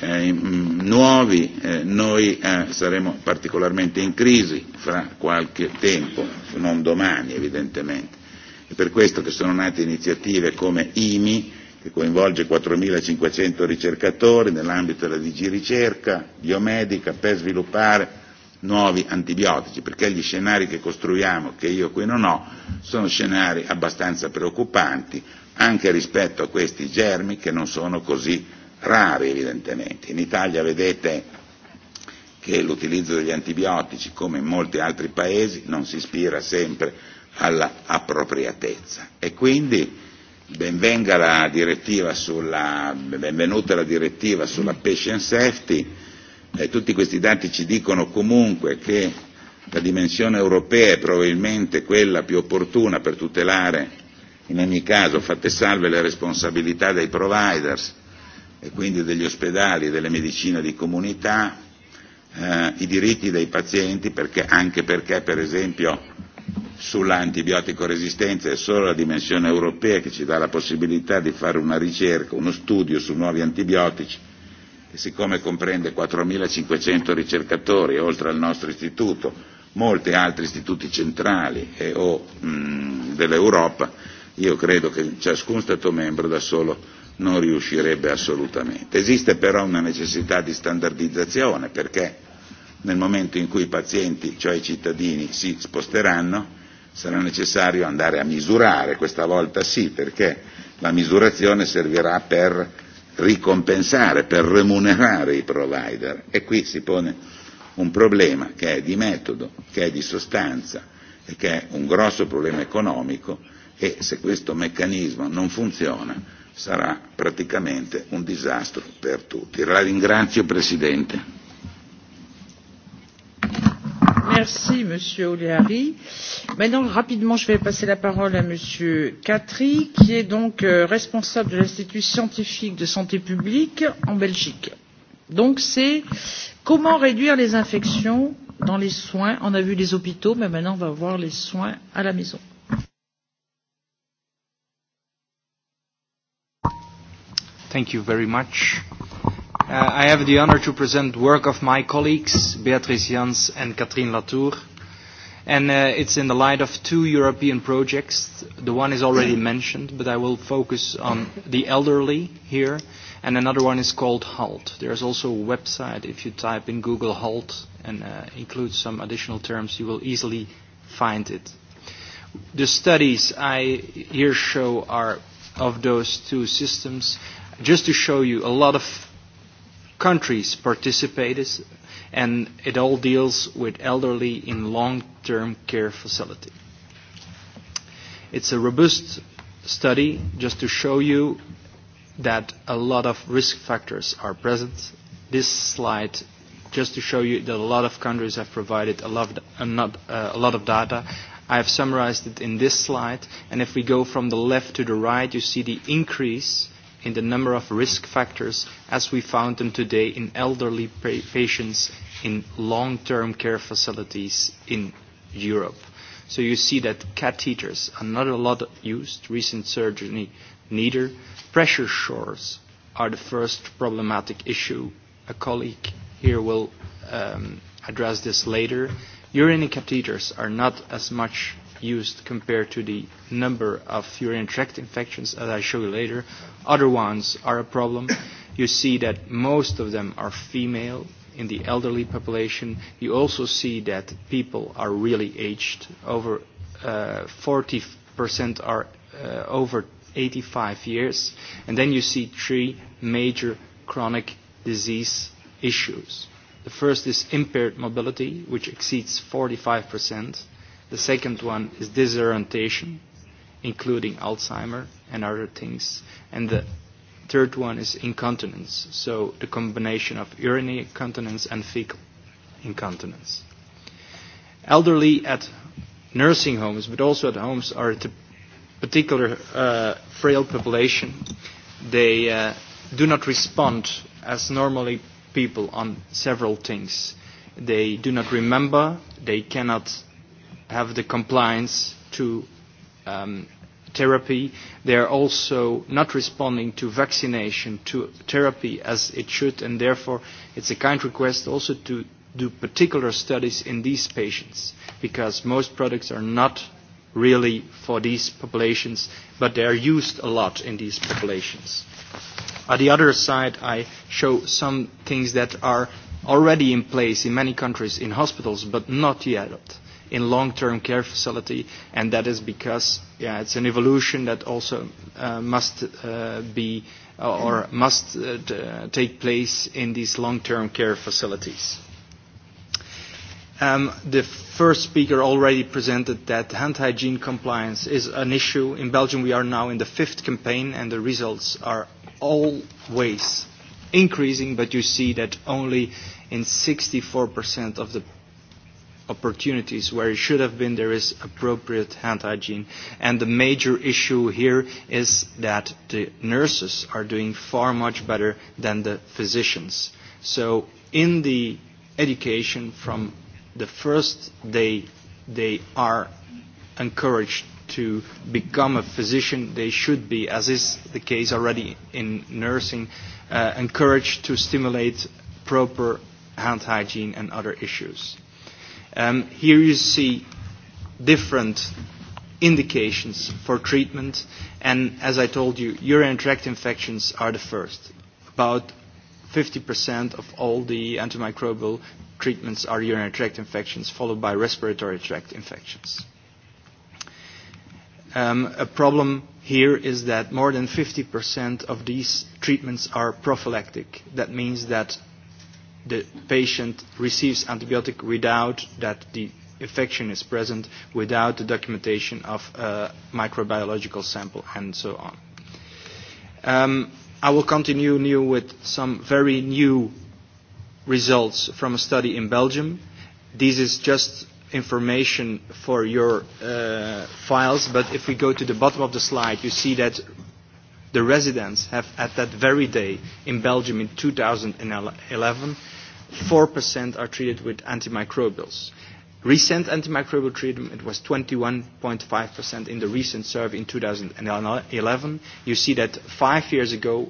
eh, mm, nuovi eh, noi eh, saremo particolarmente in crisi fra qualche tempo, non domani evidentemente. È per questo che sono nate iniziative come IMI, che coinvolge 4.500 ricercatori nell'ambito della DG Ricerca, biomedica, per sviluppare nuovi antibiotici, perché gli scenari che costruiamo, che io qui non ho, sono scenari abbastanza preoccupanti, anche rispetto a questi germi che non sono così rari evidentemente. In Italia vedete che l'utilizzo degli antibiotici, come in molti altri paesi, non si ispira sempre alla appropriatezza e quindi benvenga la direttiva sulla, benvenuta la direttiva sulla patient safety, eh, tutti questi dati ci dicono comunque che la dimensione europea è probabilmente quella più opportuna per tutelare in ogni caso fatte salve le responsabilità dei providers e quindi degli ospedali e delle medicine di comunità, eh, i diritti dei pazienti, perché, anche perché per esempio sull'antibiotico resistenza è solo la dimensione europea che ci dà la possibilità di fare una ricerca, uno studio su nuovi antibiotici e siccome comprende 4.500 ricercatori oltre al nostro istituto, molti altri istituti centrali e, o dell'Europa, io credo che ciascun Stato membro da solo non riuscirebbe assolutamente. Esiste però una necessità di standardizzazione perché nel momento in cui i pazienti, cioè i cittadini, si sposteranno, sarà necessario andare a misurare, questa volta sì, perché la misurazione servirà per ricompensare, per remunerare i provider e qui si pone un problema che è di metodo, che è di sostanza e che è un grosso problema economico e se questo meccanismo non funziona sarà praticamente un disastro per tutti. La ringrazio Presidente. Merci, Monsieur O'Leary. Maintenant, rapidement, je vais passer la parole à Monsieur Catry, qui est donc euh, responsable de l'Institut scientifique de santé publique en Belgique. Donc, c'est comment réduire les infections dans les soins. On a vu les hôpitaux, mais maintenant, on va voir les soins à la maison. Thank you very much. Uh, I have the honor to present work of my colleagues, Beatrice Jans and Catherine Latour. And uh, it's in the light of two European projects. The one is already mentioned, but I will focus on the elderly here. And another one is called HALT. There's also a website. If you type in Google HALT and uh, include some additional terms, you will easily find it. The studies I here show are of those two systems. Just to show you, a lot of countries participated, and it all deals with elderly in long-term care facility. It's a robust study just to show you that a lot of risk factors are present. This slide just to show you that a lot of countries have provided a lot, uh, not, uh, a lot of data. I have summarized it in this slide, and if we go from the left to the right, you see the increase in the number of risk factors as we found them today in elderly patients in long-term care facilities in Europe. So you see that catheters are not a lot used, recent surgery neither. Pressure sores are the first problematic issue. A colleague here will um, address this later. Urinary catheters are not as much used compared to the number of urinary tract infections, as I show you later. Other ones are a problem. You see that most of them are female in the elderly population. You also see that people are really aged. Over uh, 40% are uh, over 85 years. And then you see three major chronic disease issues. The first is impaired mobility, which exceeds 45 The second one is disorientation, including Alzheimer and other things. And the third one is incontinence, so the combination of urinary incontinence and fecal incontinence. Elderly at nursing homes, but also at homes, are a particular uh, frail population. They uh, do not respond as normally people on several things. They do not remember, they cannot have the compliance to um, therapy. They are also not responding to vaccination, to therapy as it should, and therefore it's a kind request also to do particular studies in these patients because most products are not really for these populations, but they are used a lot in these populations. On the other side, I show some things that are already in place in many countries in hospitals, but not yet in long-term care facility, and that is because yeah, it's an evolution that also uh, must uh, be uh, or must uh, t- take place in these long-term care facilities. Um, the first speaker already presented that hand hygiene compliance is an issue. In Belgium, we are now in the fifth campaign, and the results are always increasing, but you see that only in 64% of the opportunities where it should have been there is appropriate hand hygiene and the major issue here is that the nurses are doing far much better than the physicians so in the education from the first day they are encouraged to become a physician they should be as is the case already in nursing uh, encouraged to stimulate proper hand hygiene and other issues Um, here you see different indications for treatment, and as I told you, urinary tract infections are the first. About 50% of all the antimicrobial treatments are urinary tract infections, followed by respiratory tract infections. Um, a problem here is that more than 50% of these treatments are prophylactic. That means that the patient receives antibiotic without that the infection is present, without the documentation of a uh, microbiological sample, and so on. Um, I will continue new with some very new results from a study in Belgium. This is just information for your uh, files, but if we go to the bottom of the slide, you see that the residents have at that very day in Belgium in 2011, 4% are treated with antimicrobials. Recent antimicrobial treatment was 21.5% in the recent survey in 2011. You see that five years ago,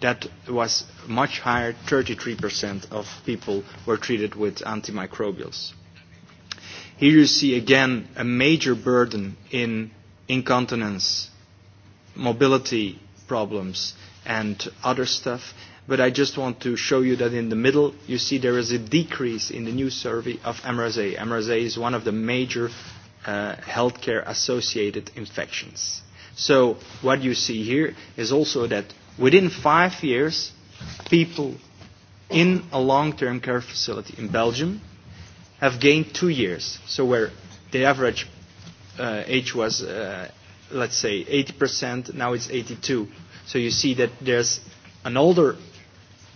that was much higher, 33% of people were treated with antimicrobials. Here you see again a major burden in incontinence mobility problems and other stuff. But I just want to show you that in the middle, you see there is a decrease in the new survey of MRSA. MRSA is one of the major uh, healthcare-associated infections. So what you see here is also that within five years, people in a long-term care facility in Belgium have gained two years. So where the average uh, age was uh, let's say 80%, now it's 82. So you see that there's an older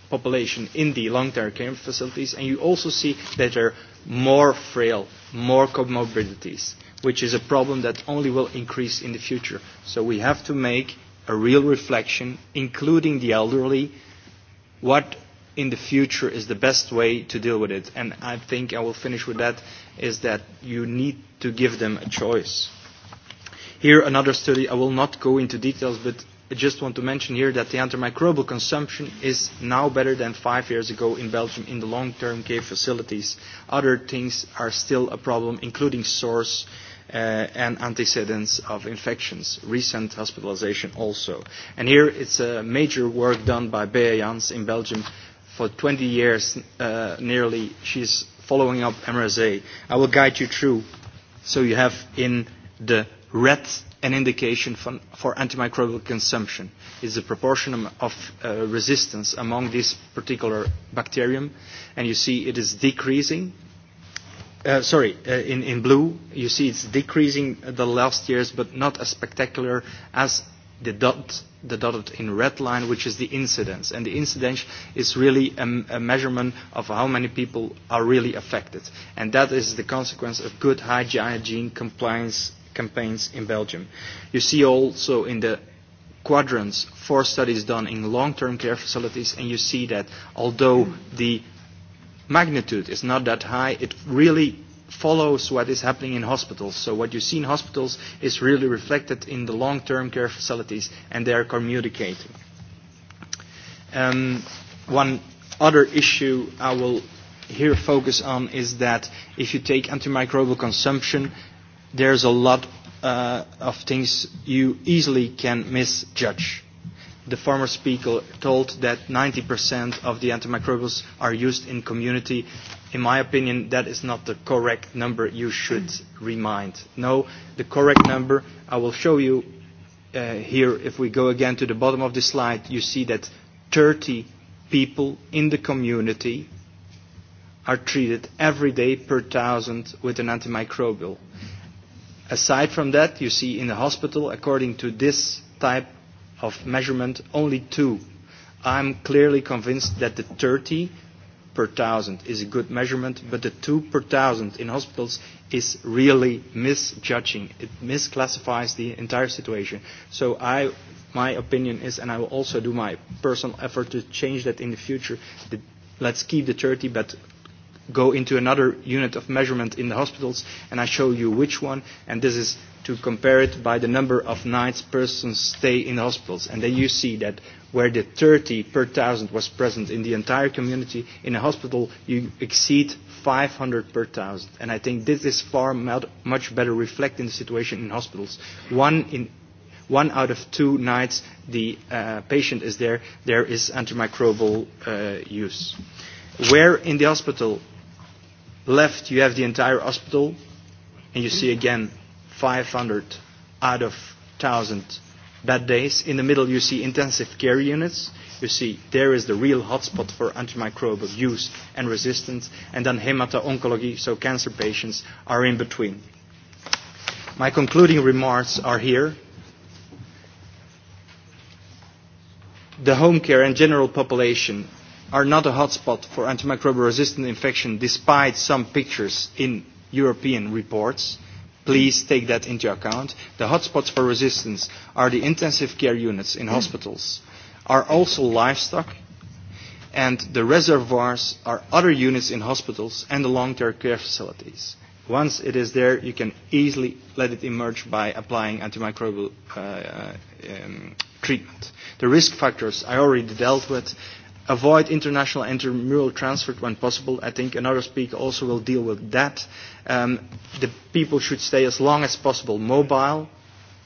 population in the long-term care facilities, and you also see that they're more frail, more comorbidities, which is a problem that only will increase in the future. So we have to make a real reflection, including the elderly, what in the future is the best way to deal with it. And I think I will finish with that, is that you need to give them a choice Here, another study, I will not go into details, but I just want to mention here that the antimicrobial consumption is now better than five years ago in Belgium in the long-term care facilities. Other things are still a problem, including source uh, and antecedents of infections, recent hospitalization also. And here it's a major work done by Bea Jans in Belgium. For 20 years uh, nearly, she's following up MRSA. I will guide you through so you have in the red an indication for antimicrobial consumption is the proportion of uh, resistance among this particular bacterium, and you see it is decreasing. Uh, sorry, uh, in, in blue, you see it's decreasing the last years, but not as spectacular as the dot, the dotted in red line, which is the incidence. And the incidence is really a, a measurement of how many people are really affected. And that is the consequence of good hygiene compliance campaigns in Belgium. You see also in the quadrants four studies done in long-term care facilities, and you see that although the magnitude is not that high, it really follows what is happening in hospitals. So what you see in hospitals is really reflected in the long-term care facilities, and they are communicating. Um, one other issue I will here focus on is that if you take antimicrobial consumption, there's a lot uh, of things you easily can misjudge. The former speaker told that 90% of the antimicrobials are used in community. In my opinion, that is not the correct number you should remind. No, the correct number, I will show you uh, here, if we go again to the bottom of the slide, you see that 30 people in the community are treated every day per thousand with an antimicrobial. Aside from that, you see in the hospital, according to this type of measurement, only two. I'm clearly convinced that the 30 per thousand is a good measurement, but the two per thousand in hospitals is really misjudging. It misclassifies the entire situation. So I, my opinion is, and I will also do my personal effort to change that in the future, that let's keep the 30, but go into another unit of measurement in the hospitals, and I show you which one, and this is to compare it by the number of nights persons stay in the hospitals. And then you see that where the 30 per thousand was present in the entire community, in a hospital you exceed 500 per thousand. And I think this is far much better reflecting the situation in hospitals. One in one out of two nights the uh, patient is there, there is antimicrobial uh, use. Where in the hospital left you have the entire hospital, and you see again 500 out of 1,000 bad days. In the middle, you see intensive care units. You see there is the real hotspot for antimicrobial use and resistance, and then hemato-oncology, so cancer patients, are in between. My concluding remarks are here. The home care and general population are not a hotspot for antimicrobial resistant infection despite some pictures in European reports. Please take that into account. The hotspots for resistance are the intensive care units in hospitals, are also livestock, and the reservoirs are other units in hospitals and the long-term care facilities. Once it is there, you can easily let it emerge by applying antimicrobial uh, uh um, treatment. The risk factors I already dealt with avoid international intramural transfer when possible. I think another speaker also will deal with that. Um, the people should stay as long as possible mobile.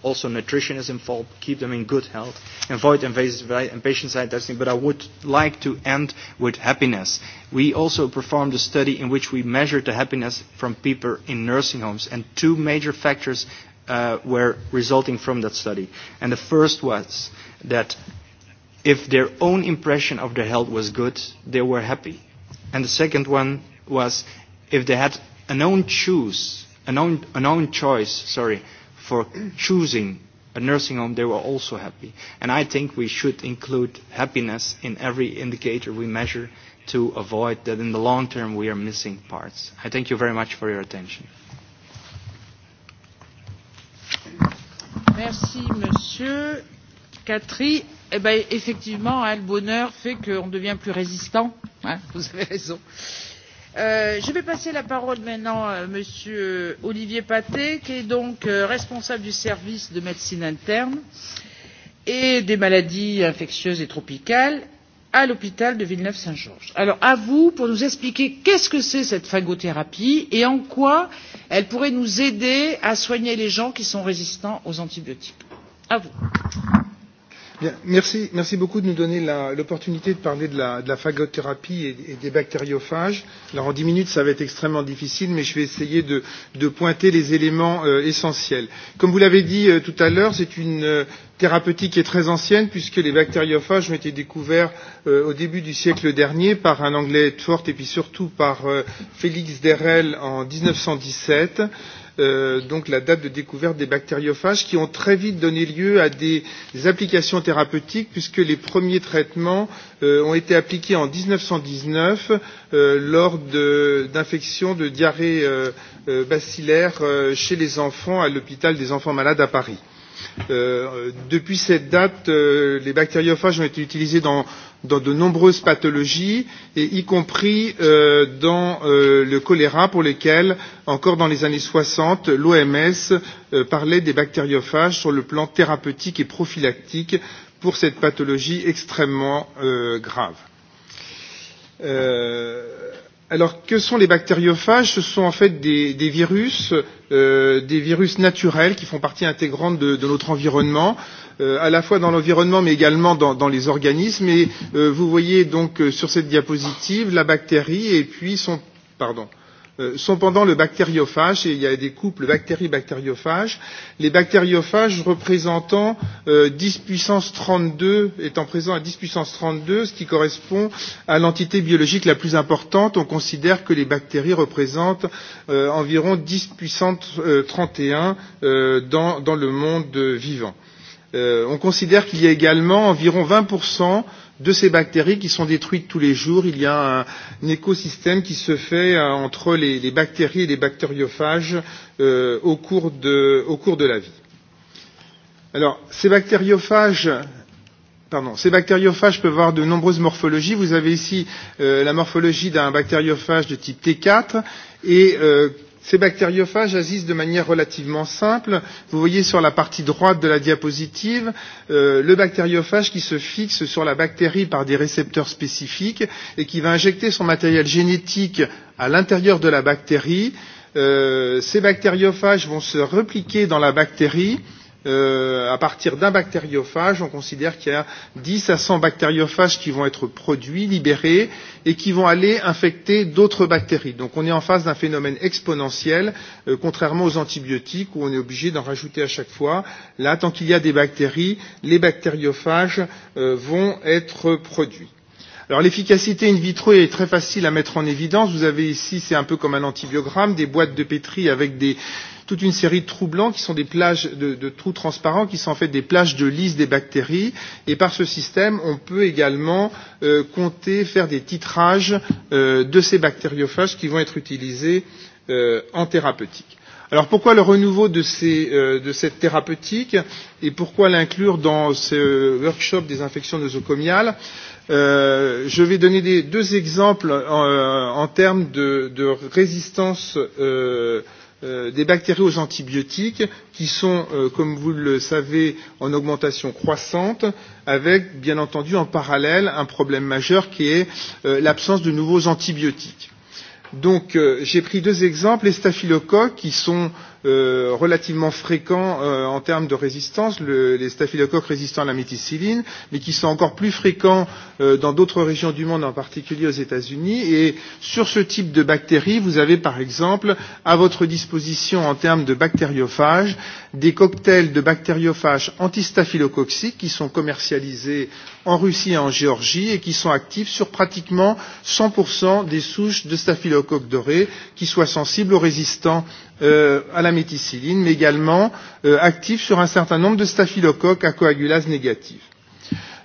Also, nutrition is involved. Keep them in good health. Avoid invasive and patient-side testing. But I would like to end with happiness. We also performed a study in which we measured the happiness from people in nursing homes, and two major factors uh, were resulting from that study. And the first was that if their own impression of their health was good, they were happy. And the second one was if they had an own choose, an own, an own choice, sorry, for choosing a nursing home, they were also happy. And I think we should include happiness in every indicator we measure to avoid that in the long term we are missing parts. I thank you very much for your attention. Merci, Monsieur Catherine eh ben, effectivement, hein, le bonheur fait qu'on devient plus résistant. Hein, vous avez raison. Euh, je vais passer la parole maintenant à m. Olivier Paté, qui est donc euh, responsable du service de médecine interne et des maladies infectieuses et tropicales à l'hôpital de Villeneuve Saint Georges. Alors à vous pour nous expliquer qu'est-ce que c'est cette phagothérapie et en quoi elle pourrait nous aider à soigner les gens qui sont résistants aux antibiotiques. À vous. Bien, merci, merci beaucoup de nous donner l'opportunité de parler de la, de la phagothérapie et, et des bactériophages. Alors en dix minutes, ça va être extrêmement difficile, mais je vais essayer de, de pointer les éléments euh, essentiels. Comme vous l'avez dit euh, tout à l'heure, c'est une euh, thérapeutique est très ancienne puisque les bactériophages ont été découverts euh, au début du siècle dernier par un Anglais fort et puis surtout par euh, Félix Derrel en 1917. Euh, donc la date de découverte des bactériophages qui ont très vite donné lieu à des, des applications thérapeutiques puisque les premiers traitements euh, ont été appliqués en 1919 euh, lors d'infections de, de diarrhée euh, euh, bacillaire euh, chez les enfants à l'hôpital des enfants malades à Paris. Euh, depuis cette date, euh, les bactériophages ont été utilisés dans euh, dans de nombreuses pathologies, et y compris euh, dans euh, le choléra pour lesquels, encore dans les années 60, l'OMS euh, parlait des bactériophages sur le plan thérapeutique et prophylactique pour cette pathologie extrêmement euh, grave. Euh, Alors, que sont les bactériophages Ce sont en fait des, des virus, euh, des virus naturels qui font partie intégrante de, de notre environnement, euh, à la fois dans l'environnement mais également dans, dans les organismes. Et euh, vous voyez donc euh, sur cette diapositive la bactérie et puis son pardon. Euh, Euh, sont pendant le bactériophage et il y a des couples bactéries bactériophages les bactériophages représentant euh, 10 puissance 32 étant présents à 10 puissance 32 ce qui correspond à l'entité biologique la plus importante on considère que les bactéries représentent euh, environ 10 puissance euh, 31 euh, dans, dans le monde vivant. Euh, on considère qu'il y a également environ 20 de ces bactéries qui sont détruites tous les jours. Il y a un, un écosystème qui se fait euh, entre les, les bactéries et les bactériophages euh, au, cours de, au cours de la vie. Alors, ces bactériophages Pardon. Ces bactériophages peuvent avoir de nombreuses morphologies. Vous avez ici euh, la morphologie d'un bactériophage de type T4 et euh, Ces bactériophages agissent de manière relativement simple. Vous voyez sur la partie droite de la diapositive euh, le bactériophage qui se fixe sur la bactérie par des récepteurs spécifiques et qui va injecter son matériel génétique à l'intérieur de la bactérie. Euh, ces bactériophages vont se repliquer dans la bactérie euh, euh, à partir d'un bactériophage, on considère qu'il y a 10 à 100 bactériophages qui vont être produits, libérés, et qui vont aller infecter d'autres bactéries. Donc on est en face d'un phénomène exponentiel, euh, contrairement aux antibiotiques où on est obligé d'en rajouter à chaque fois. Là, tant qu'il y a des bactéries, les bactériophages euh, vont être produits. Alors l'efficacité in vitro est très facile à mettre en évidence. Vous avez ici, c'est un peu comme un antibiogramme, des boîtes de pétri avec des, toute une série de trous blancs qui sont des plages de, de trous transparents, qui sont en fait des plages de lisse des bactéries. Et par ce système, on peut également euh, compter, faire des titrages euh, de ces bactériophages qui vont être utilisés euh, en thérapeutique. Alors pourquoi le renouveau de, ces, euh, de cette thérapeutique et pourquoi l'inclure dans ce workshop des infections nosocomiales euh, Je vais donner des, deux exemples en, euh, en termes de, de résistance euh, Euh, des bactéries aux antibiotiques qui sont, euh, comme vous le savez, en augmentation croissante, avec bien entendu en parallèle un problème majeur qui est euh, l'absence de nouveaux antibiotiques. Donc euh, j'ai pris deux exemples, les staphylocoques qui sont euh, Euh, relativement fréquents euh, en termes de résistance, le, les staphylocoques résistants à la méticilline, mais qui sont encore plus fréquents euh, dans d'autres régions du monde, en particulier aux États-Unis. Et sur ce type de bactéries, vous avez par exemple à votre disposition en termes de bactériophages des cocktails de bactériophages antistaphylococciques qui sont commercialisés en Russie et en Géorgie et qui sont actifs sur pratiquement 100% des souches de staphylocoque doré qui soient sensibles aux résistants euh, à la méticilline, mais également euh, actifs sur un certain nombre de staphylocoques à coagulase négative.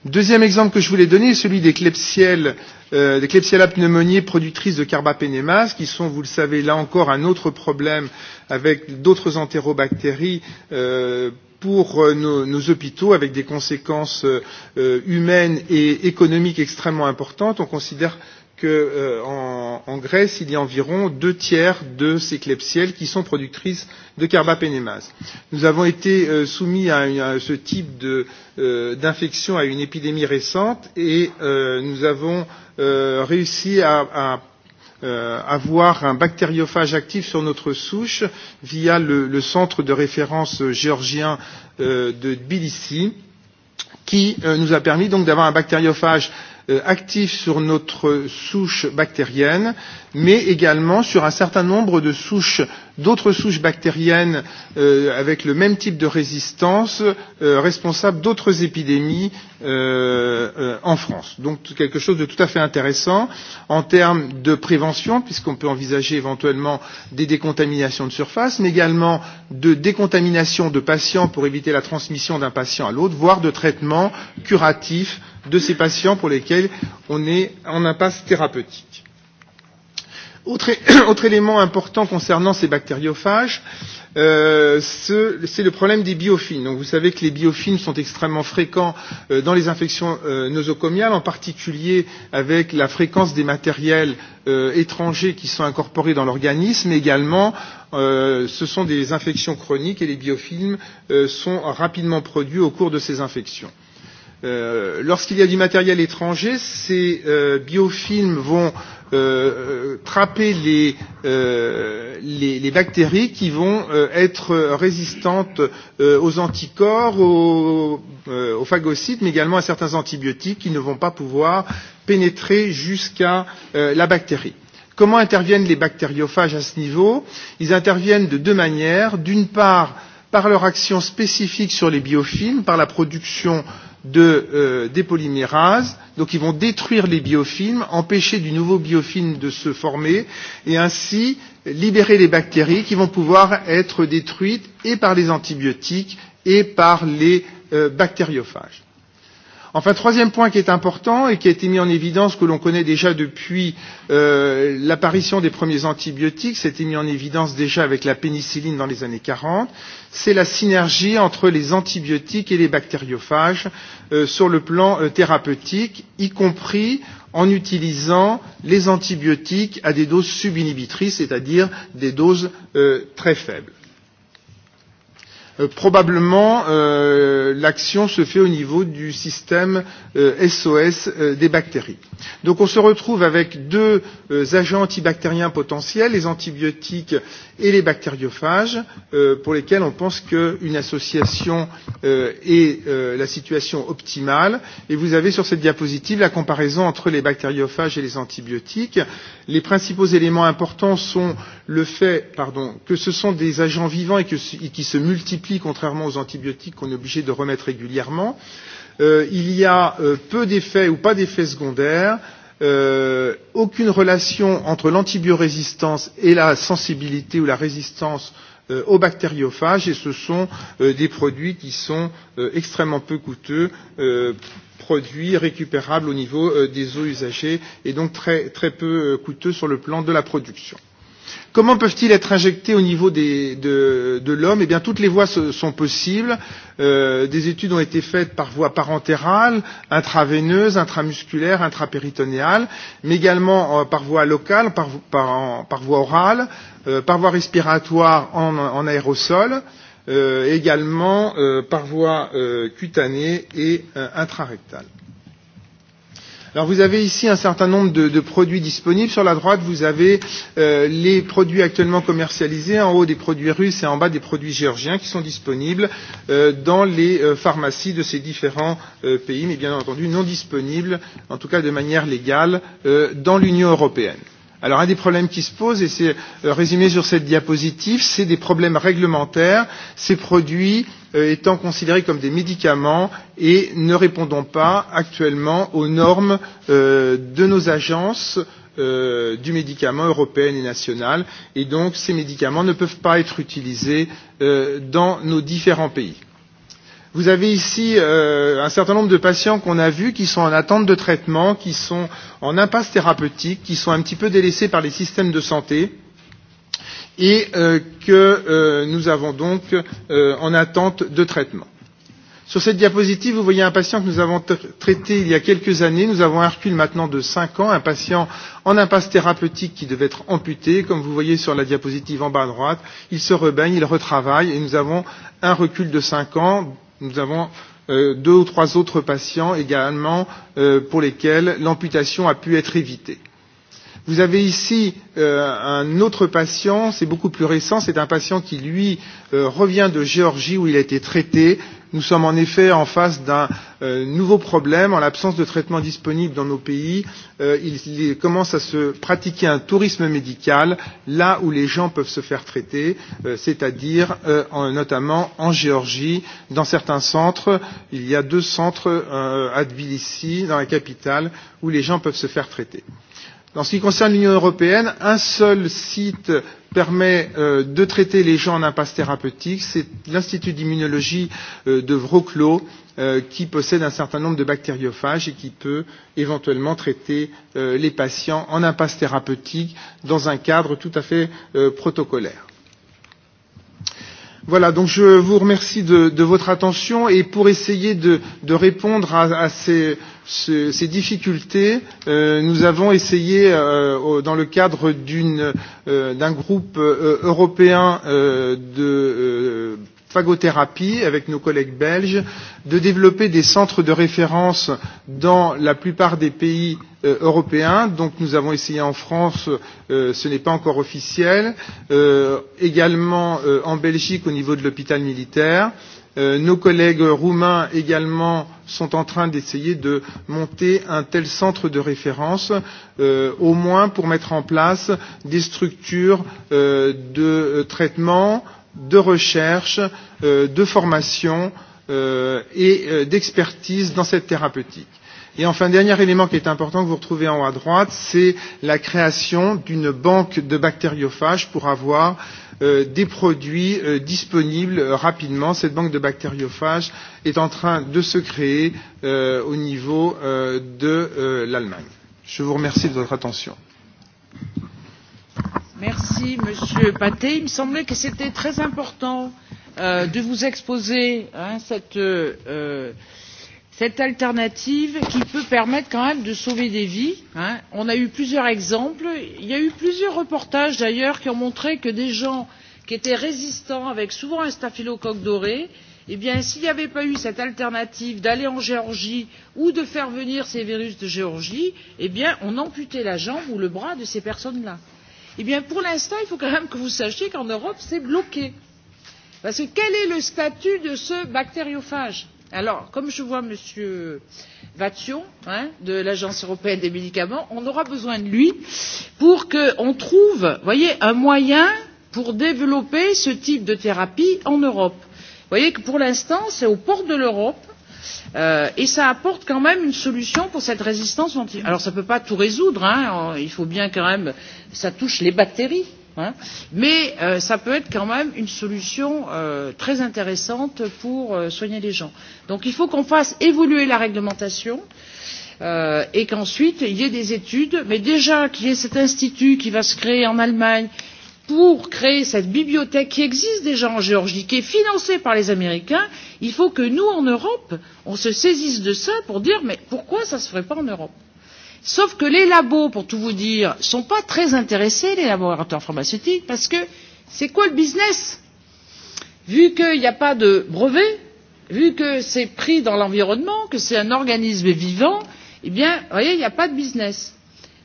Deuxième exemple que je voulais donner est celui des clepsiels euh, des Klebsiella pneumoniae productrices de carbapénémas, qui sont, vous le savez, là encore un autre problème avec d'autres entérobactéries euh, pour euh, nos, nos hôpitaux avec des conséquences euh, humaines et économiques extrêmement importantes. On considère qu'en euh, en, en Grèce, il y a environ deux tiers de ces clepsiels qui sont productrices de carbapénémase. Nous avons été euh, soumis à, une, à ce type euh, d'infection euh, à une épidémie récente et euh, nous avons euh, réussi à, à euh, avoir un bactériophage actif sur notre souche via le, le centre de référence géorgien euh, de Tbilissi qui euh, nous a permis donc d'avoir un bactériophage euh, euh, actif sur notre souche bactérienne, mais également sur un certain nombre de souches d'autres souches bactériennes euh, avec le même type de résistance euh, responsables d'autres épidémies euh, euh, en France. Donc quelque chose de tout à fait intéressant en termes de prévention, puisqu'on peut envisager éventuellement des décontaminations de surface, mais également de décontamination de patients pour éviter la transmission d'un patient à l'autre, voire de traitements curatifs de ces patients pour lesquels on est en impasse thérapeutique. Autre, autre élément important concernant ces bactériophages, euh, c'est ce, le problème des biofilms. Donc, vous savez que les biofilms sont extrêmement fréquents euh, dans les infections euh, nosocomiales, en particulier avec la fréquence des matériels euh, étrangers qui sont incorporés dans l'organisme. Également, euh, ce sont des infections chroniques et les biofilms euh, sont rapidement produits au cours de ces infections. Euh, lorsqu'il y a du matériel étranger, ces euh, biofilms vont euh, trapper les, euh, les, les bactéries qui vont euh, être résistantes euh, aux anticorps, aux, euh, aux phagocytes, mais également à certains antibiotiques qui ne vont pas pouvoir pénétrer jusqu'à euh, la bactérie. Comment interviennent les bactériophages à ce niveau Ils interviennent de deux manières. D'une part, par leur action spécifique sur les biofilms, par la production euh, de, euh, dépolymérase, donc ils vont détruire les biofilms, empêcher du nouveau biofilm de se former et ainsi libérer les bactéries qui vont pouvoir être détruites et par les antibiotiques et par les euh, bactériophages. Enfin, troisième point qui est important et qui a été mis en évidence, que l'on connaît déjà depuis euh, l'apparition des premiers antibiotiques, c'était mis en évidence déjà avec la pénicilline dans les années 40, c'est la synergie entre les antibiotiques et les bactériophages euh, sur le plan euh, thérapeutique, y compris en utilisant les antibiotiques à des doses subinhibitrices, c'est-à-dire des doses euh, très faibles euh, probablement euh, l'action se fait au niveau du système euh, SOS euh, des bactéries. Donc on se retrouve avec deux euh, agents antibactériens potentiels, les antibiotiques et les bactériophages, euh, pour lesquels on pense qu'une association euh, est euh, la situation optimale. Et vous avez sur cette diapositive la comparaison entre les bactériophages et les antibiotiques. Les principaux éléments importants sont le fait pardon, que ce sont des agents vivants et, que, et qui se multiplient antibiotiques, contrairement aux antibiotiques qu'on est obligé de remettre régulièrement. Euh, il y a euh, peu d'effets ou pas d'effets secondaires. Euh, aucune relation entre l'antibiorésistance et la sensibilité ou la résistance euh, aux bactériophages et ce sont euh, des produits qui sont euh, extrêmement peu coûteux euh, produits récupérables au niveau euh, des eaux usagées et donc très, très peu euh, coûteux sur le plan de la production. Comment peuvent-ils être injectés au niveau des, de, de l'homme Eh bien, toutes les voies sont possibles. Euh, des études ont été faites par voie parentérale, intraveineuse, intramusculaire, intrapéritonéale, mais également euh, par voie locale, par, par, en, par voie orale, euh, par voie respiratoire en, en aérosol, euh, également euh, par voie euh, cutanée et euh, intrarectale. Alors vous avez ici un certain nombre de, de produits disponibles. Sur la droite, vous avez euh, les produits actuellement commercialisés, en haut des produits russes et en bas des produits géorgiens qui sont disponibles euh, dans les euh, pharmacies de ces différents euh, pays, mais bien entendu non disponibles, en tout cas de manière légale, euh, dans l'Union européenne. Alors un des problèmes qui se posent, et c'est euh, résumé sur cette diapositive, c'est des problèmes réglementaires. Ces produits euh, étant considérés comme des médicaments et ne répondant pas actuellement aux normes euh, de nos agences euh, du médicament européenne et nationale et donc ces médicaments ne peuvent pas être utilisés euh, dans nos différents pays. Vous avez ici euh, un certain nombre de patients qu'on a vus qui sont en attente de traitement, qui sont en impasse thérapeutique, qui sont un petit peu délaissés par les systèmes de santé et euh, que euh, nous avons donc euh, en attente de traitement. Sur cette diapositive, vous voyez un patient que nous avons traité il y a quelques années. Nous avons un recul maintenant de 5 ans, un patient en impasse thérapeutique qui devait être amputé. Comme vous voyez sur la diapositive en bas à droite, il se rebaigne, il retravaille et nous avons un recul de 5 ans. Nous avons euh, deux ou trois autres patients également euh, pour lesquels l'amputation a pu être évitée Vous avez ici euh, un autre patient, c'est beaucoup plus récent, c'est un patient qui, lui, euh, revient de Géorgie où il a été traité. Nous sommes en effet en face d'un euh, nouveau problème. En l'absence de traitement disponible dans nos pays, euh, il, il commence à se pratiquer un tourisme médical là où les gens peuvent se faire traiter, euh, c'est-à-dire euh, notamment en Géorgie, dans certains centres. Il y a deux centres euh, à Tbilissi, dans la capitale, où les gens peuvent se faire traiter. En ce qui concerne l'Union européenne, un seul site permet euh, de traiter les gens en impasse thérapeutique. C'est l'Institut d'immunologie euh, de Wroclaw euh, qui possède un certain nombre de bactériophages et qui peut éventuellement traiter euh, les patients en impasse thérapeutique dans un cadre tout à fait euh, protocolaire. Voilà, donc je vous remercie de, de votre attention et pour essayer de, de répondre à, à ces euh, ce, ces difficultés, euh, nous avons essayé, euh, au, dans le cadre euh, d'un euh, groupe euh, européen euh, de euh, phagothérapie avec nos collègues belges, de développer des centres de référence dans la plupart des pays euh, européens. Donc nous avons essayé en France, euh, ce n'est pas encore officiel, euh, également euh, en Belgique au niveau de l'hôpital militaire. Euh, Euh, nos collègues roumains également sont en train d'essayer de monter un tel centre de référence, euh, au moins pour mettre en place des structures euh, de euh, traitement, de recherche, euh, de formation euh, et euh, d'expertise dans cette thérapeutique. Et enfin, dernier élément qui est important que vous retrouvez en haut à droite, c'est la création d'une banque de bactériophages pour avoir euh, euh, des produits euh, disponibles euh, rapidement. Cette banque de bactériophages est en train de se créer euh, au niveau euh, de euh, l'Allemagne. Je vous remercie de votre attention. Merci Monsieur Paté. Il me semblait que c'était très important euh, de vous exposer hein, cette euh, cette alternative qui peut permettre quand même de sauver des vies. Hein. On a eu plusieurs exemples. Il y a eu plusieurs reportages d'ailleurs qui ont montré que des gens qui étaient résistants, avec souvent un staphylocoque doré, eh bien s'il n'y avait pas eu cette alternative d'aller en Géorgie ou de faire venir ces virus de Géorgie, eh bien on amputait la jambe ou le bras de ces personnes-là. Eh bien pour l'instant, il faut quand même que vous sachiez qu'en Europe, c'est bloqué. Parce que quel est le statut de ce bactériophage alors comme je vois m. vathion de l'agence européenne des médicaments on aura besoin de lui pour qu'on trouve voyez, un moyen pour développer ce type de thérapie en europe. vous voyez que pour l'instant c'est aux portes de l'europe euh, et ça apporte quand même une solution pour cette résistance anti alors ça ne peut pas tout résoudre hein, il faut bien quand même ça touche les bactéries Hein Mais euh, ça peut être quand même une solution euh, très intéressante pour euh, soigner les gens. Donc il faut qu'on fasse évoluer la réglementation euh, et qu'ensuite il y ait des études. Mais déjà qu'il y ait cet institut qui va se créer en Allemagne pour créer cette bibliothèque qui existe déjà en Géorgie, qui est financée par les Américains, il faut que nous, en Europe, on se saisisse de ça pour dire mais pourquoi ça ne se ferait pas en Europe Sauf que les labos, pour tout vous dire, ne sont pas très intéressés, les laboratoires pharmaceutiques, parce que c'est quoi le business Vu qu'il n'y a pas de brevet, vu que c'est pris dans l'environnement, que c'est un organisme vivant, eh bien, vous voyez, il n'y a pas de business.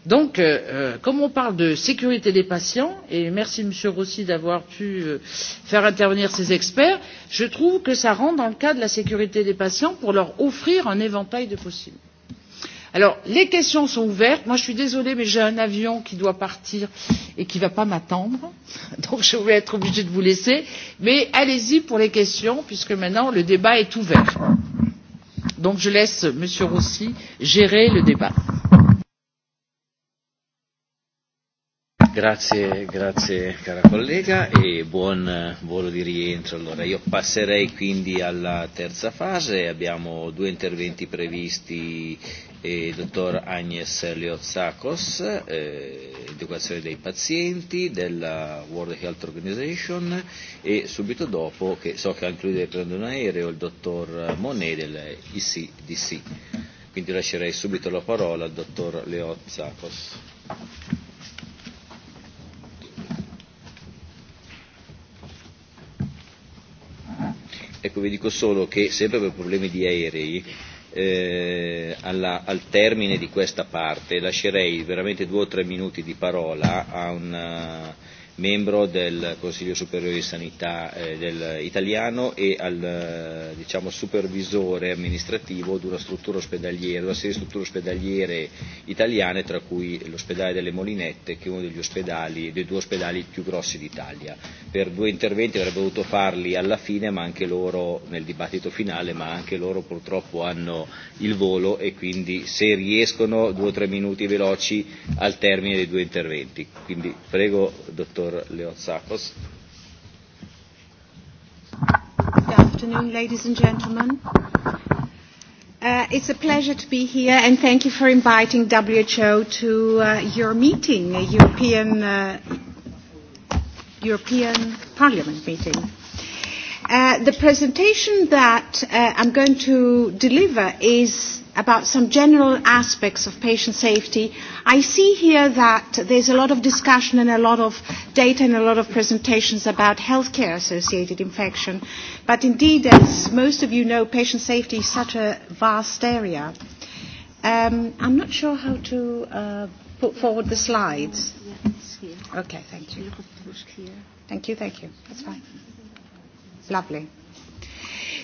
Donc, euh, euh comme on parle de sécurité des patients, et merci Monsieur Rossi d'avoir pu euh, faire intervenir ces experts, je trouve que ça rentre dans le cadre de la sécurité des patients pour leur offrir un éventail de possibles alors les questions sont ouvertes moi je suis désolée mais j'ai un avion qui doit partir et qui ne va pas m'attendre donc je vais être obligée de vous laisser mais allez y pour les questions puisque maintenant le débat est ouvert donc je laisse m. rossi gérer le débat. Grazie, grazie cara collega e buon volo di rientro. Allora, io passerei quindi alla terza fase. Abbiamo due interventi previsti, eh, dottor Agnes Leotzakos, eh, educazione dei pazienti della World Health Organization e subito dopo, che so che anche lui deve prendere un aereo, il dottor Monet dell'ICDC. Quindi lascerei subito la parola al dottor Leotzakos. Ecco, vi dico solo che sempre per problemi di aerei, eh, alla, al termine di questa parte lascerei veramente due o tre minuti di parola a un membro del Consiglio Superiore di Sanità eh, del, italiano e al eh, diciamo, supervisore amministrativo di una struttura ospedaliera, una serie di strutture ospedaliere italiane, tra cui l'ospedale delle Molinette, che è uno degli ospedali, dei due ospedali più grossi d'Italia. Per due interventi avrebbe dovuto farli alla fine, ma anche loro nel dibattito finale, ma anche loro purtroppo hanno il volo e quindi se riescono due o tre minuti veloci al termine dei due interventi. Quindi prego, dottor Leon Leotsakos. Good afternoon, ladies and gentlemen. Uh, it's a pleasure to be here, and thank you for inviting WHO to uh, your meeting, a European, uh, European Parliament meeting. Uh, the presentation that uh, I'm going to deliver is about some general aspects of patient safety. I see here that there's a lot of discussion and a lot of data and a lot of presentations about healthcare associated infection. But indeed, as most of you know, patient safety is such a vast area. Um, I'm not sure how to uh, put forward the slides. Okay, thank you. Thank you, thank you. That's fine. Lovely.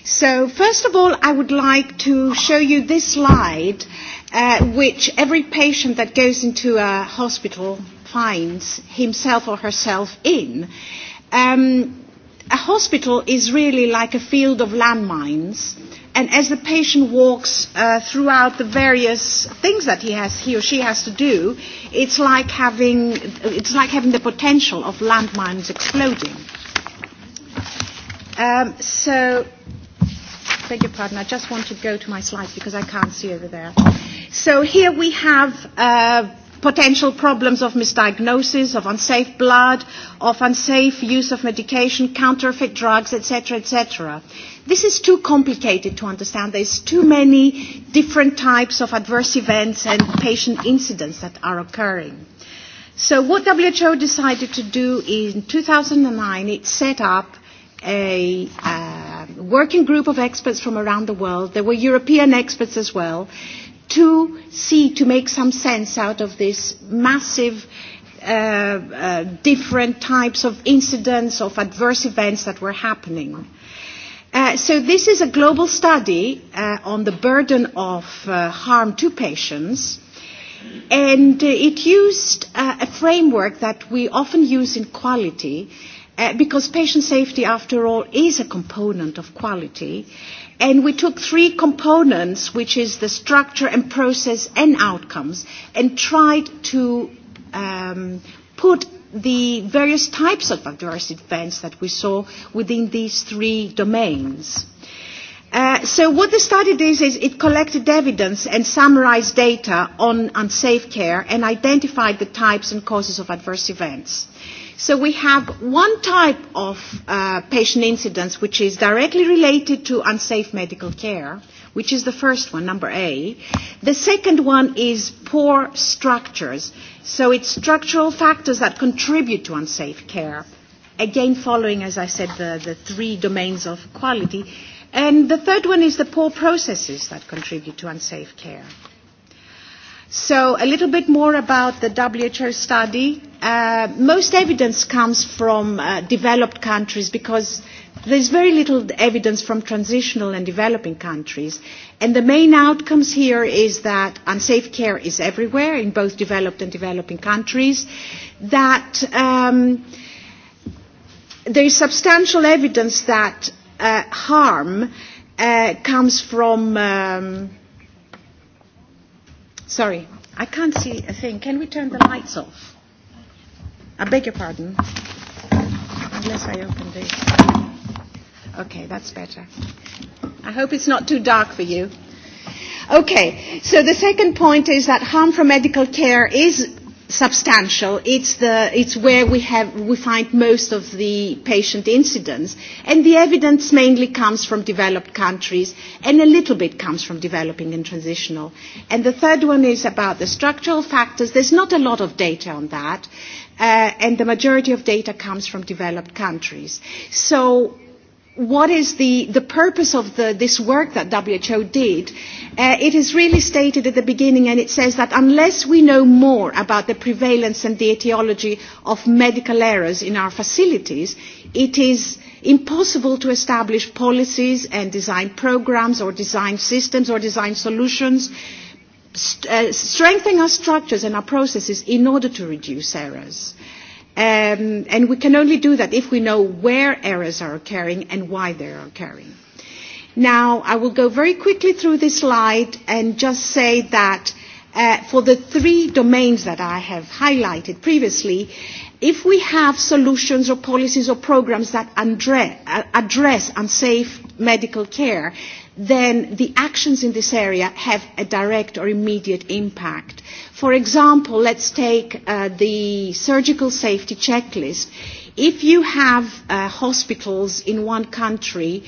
So first of all, I would like to show you this slide, uh, which every patient that goes into a hospital finds himself or herself in. Um, a hospital is really like a field of landmines. And as the patient walks uh, throughout the various things that he, has, he or she has to do, it's like having, it's like having the potential of landmines exploding. Um, so beg your pardon. I just want to go to my slides because I can't see over there. So here we have uh, potential problems of misdiagnosis, of unsafe blood, of unsafe use of medication, counterfeit drugs, etc., etc. This is too complicated to understand. There's too many different types of adverse events and patient incidents that are occurring. So what WHO decided to do in 2009, it set up a uh, working group of experts from around the world, there were European experts as well, to see, to make some sense out of this massive uh, uh, different types of incidents, of adverse events that were happening. Uh, so this is a global study uh, on the burden of uh, harm to patients. And uh, it used uh, a framework that we often use in quality, uh, Uh, because patient safety, after all, is a component of quality. And we took three components, which is the structure and process and outcomes, and tried to um, put the various types of adverse events that we saw within these three domains. Uh, so what the study did is it collected evidence and summarized data on unsafe care and identified the types and causes of adverse events. So we have one type of uh, patient incidents which is directly related to unsafe medical care, which is the first one, number A. The second one is poor structures. So it's structural factors that contribute to unsafe care. Again, following, as I said, the, the three domains of quality. And the third one is the poor processes that contribute to unsafe care. So a little bit more about the WHO study uh, most evidence comes from uh, developed countries because there's very little evidence from transitional and developing countries. And the main outcomes here is that unsafe care is everywhere in both developed and developing countries, that um, there is substantial evidence that uh, harm uh, comes from. Um, sorry, I can't see a thing. Can we turn the lights off? I beg your pardon. Unless I open this. Okay, that's better. I hope it's not too dark for you. Okay, so the second point is that harm from medical care is substantial. It's, the, it's where we, have, we find most of the patient incidents. And the evidence mainly comes from developed countries, and a little bit comes from developing and transitional. And the third one is about the structural factors. There's not a lot of data on that uh, and the majority of data comes from developed countries. So what is the, the purpose of the, this work that WHO did? Uh, it is really stated at the beginning, and it says that unless we know more about the prevalence and the etiology of medical errors in our facilities, it is impossible to establish policies and design programs or design systems or design solutions uh, st- uh, strengthening our structures and our processes in order to reduce errors. Um, and we can only do that if we know where errors are occurring and why they are occurring. Now, I will go very quickly through this slide and just say that uh, for the three domains that I have highlighted previously, if we have solutions or policies or programs that uh, address unsafe medical care, then the actions in this area have a direct or immediate impact. For example, let's take uh, the surgical safety checklist. If you have uh, hospitals in one country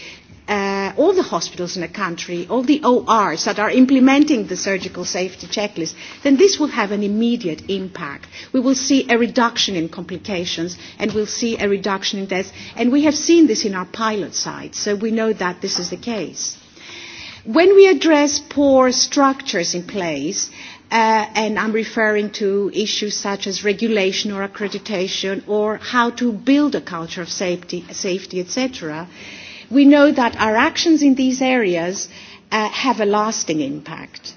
uh, all the hospitals in the country, all the ORs that are implementing the surgical safety checklist, then this will have an immediate impact. We will see a reduction in complications and we'll see a reduction in deaths. And we have seen this in our pilot sites, so we know that this is the case. When we address poor structures in place, uh, and I'm referring to issues such as regulation or accreditation or how to build a culture of safety, safety etc., we know that our actions in these areas uh, have a lasting impact.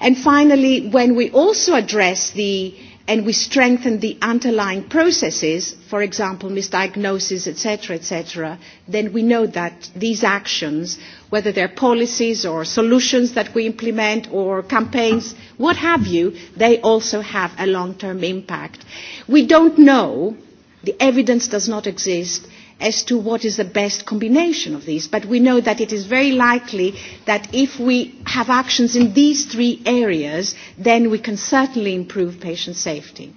And finally, when we also address the and we strengthen the underlying processes, for example, misdiagnosis, etc., etc., then we know that these actions, whether they're policies or solutions that we implement or campaigns, what have you, they also have a long-term impact. We don't know, the evidence does not exist, as to what is the best combination of these. But we know that it is very likely that if we have actions in these three areas, then we can certainly improve patient safety.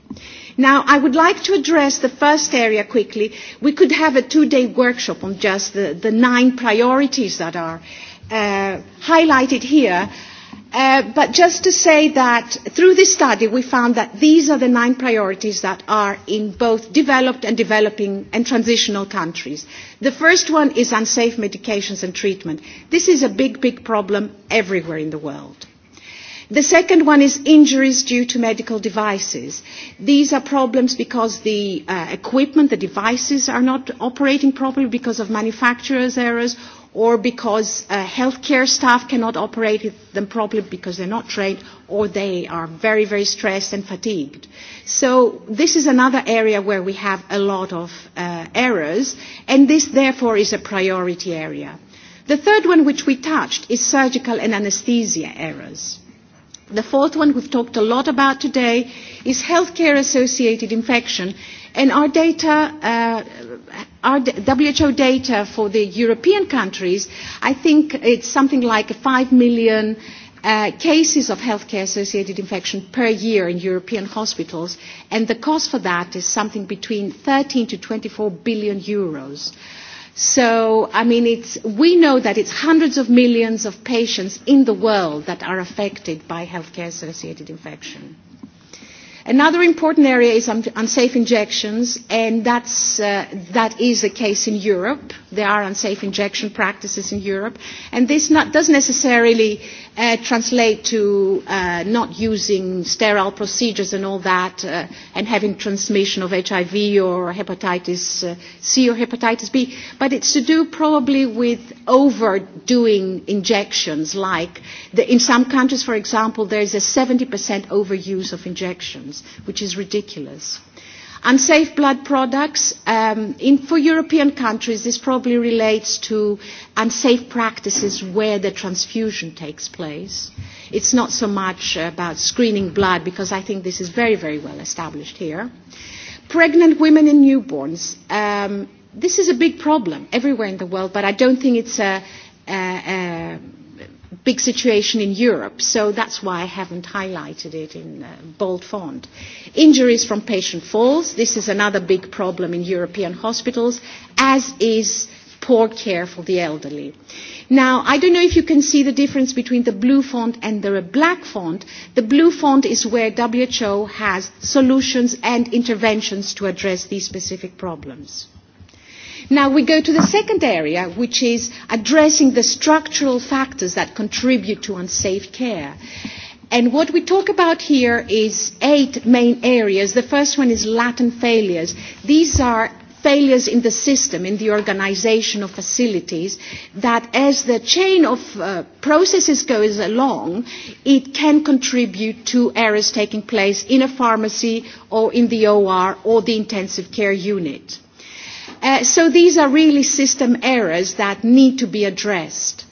Now, I would like to address the first area quickly. We could have a two-day workshop on just the, the nine priorities that are uh, highlighted here Uh, but just to say that through this study we found that these are the nine priorities that are in both developed and developing and transitional countries. The first one is unsafe medications and treatment. This is a big, big problem everywhere in the world. The second one is injuries due to medical devices. These are problems because the uh, equipment, the devices are not operating properly because of manufacturers' errors or because uh, healthcare staff cannot operate them properly because they're not trained or they are very, very stressed and fatigued. So this is another area where we have a lot of uh, errors and this therefore is a priority area. The third one which we touched is surgical and anesthesia errors. The fourth one we've talked a lot about today is healthcare associated infection And our data, uh, our WHO data for the European countries, I think it's something like 5 million uh, cases of healthcare-associated infection per year in European hospitals, and the cost for that is something between 13 to 24 billion euros. So, I mean, it's, we know that it's hundreds of millions of patients in the world that are affected by healthcare-associated infection. Another important area is unsafe injections, and that's, uh, that is the case in Europe. There are unsafe injection practices in Europe, and this not, doesn't necessarily uh, uh, translate to uh, not using sterile procedures and all that uh, and having transmission of HIV or hepatitis uh, C or hepatitis B, but it's to do probably with overdoing injections like the, in some countries, for example, there is a 70% overuse of injections, which is ridiculous. Unsafe blood products, um, in, for European countries, this probably relates to unsafe practices where the transfusion takes place. It's not so much about screening blood, because I think this is very, very well established here. Pregnant women and newborns. Um, this is a big problem everywhere in the world, but I don't think it's a, a, a big situation in Europe, so that's why I haven't highlighted it in uh, bold font. Injuries from patient falls, this is another big problem in European hospitals, as is poor care for the elderly. Now, I don't know if you can see the difference between the blue font and the black font. The blue font is where WHO has solutions and interventions to address these specific problems. Now we go to the second area, which is addressing the structural factors that contribute to unsafe care. And what we talk about here is eight main areas. The first one is latent failures. These are failures in the system, in the organization of facilities, that as the chain of uh, processes goes along, it can contribute to errors taking place in a pharmacy or in the OR or the intensive care unit. Uh, so these are really system errors that need to be addressed.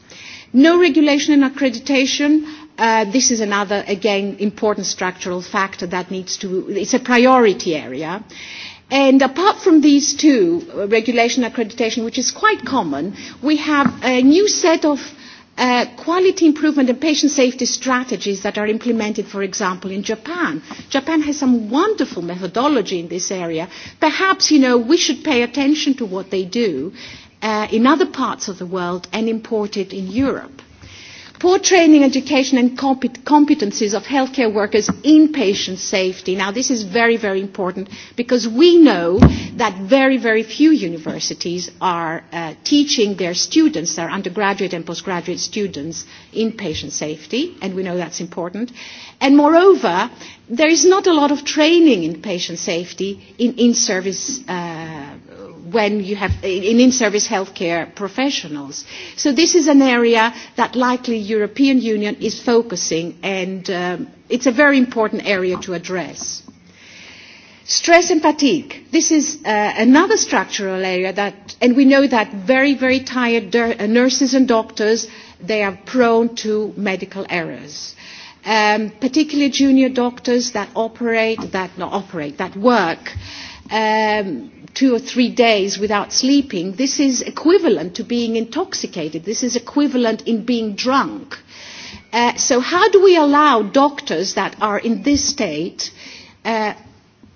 No regulation and accreditation. Uh, this is another, again, important structural factor that needs to, it's a priority area. And apart from these two, uh, regulation accreditation, which is quite common, we have a new set of Uh, quality improvement and patient safety strategies that are implemented, for example, in Japan. Japan has some wonderful methodology in this area. Perhaps, you know, we should pay attention to what they do uh, in other parts of the world and import it in Europe poor training, education and competencies of healthcare workers in patient safety. Now, this is very, very important because we know that very, very few universities are uh, teaching their students, their undergraduate and postgraduate students, in patient safety, and we know that's important. And moreover, there is not a lot of training in patient safety in in-service uh, when you have in in-service healthcare professionals. So this is an area that likely European Union is focusing and um, it's a very important area to address. Stress and fatigue. This is uh, another structural area that, and we know that very, very tired uh, nurses and doctors, they are prone to medical errors. Um, particularly junior doctors that operate, that not operate, that work. Um, two or three days without sleeping, this is equivalent to being intoxicated. This is equivalent in being drunk. Uh, so how do we allow doctors that are in this state, uh,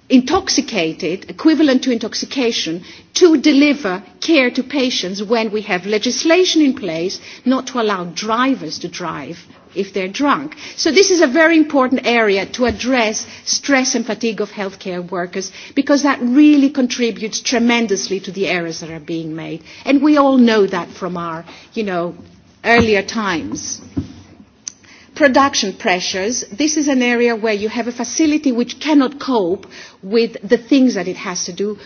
intoxicated, equivalent to intoxication, to deliver care to patients when we have legislation in place not to allow drivers to drive? if they're drunk. So this is a very important area to address stress and fatigue of healthcare workers because that really contributes tremendously to the errors that are being made. And we all know that from our, you know, earlier times production pressures, this is an area where you have a facility which cannot cope with the things that it has to do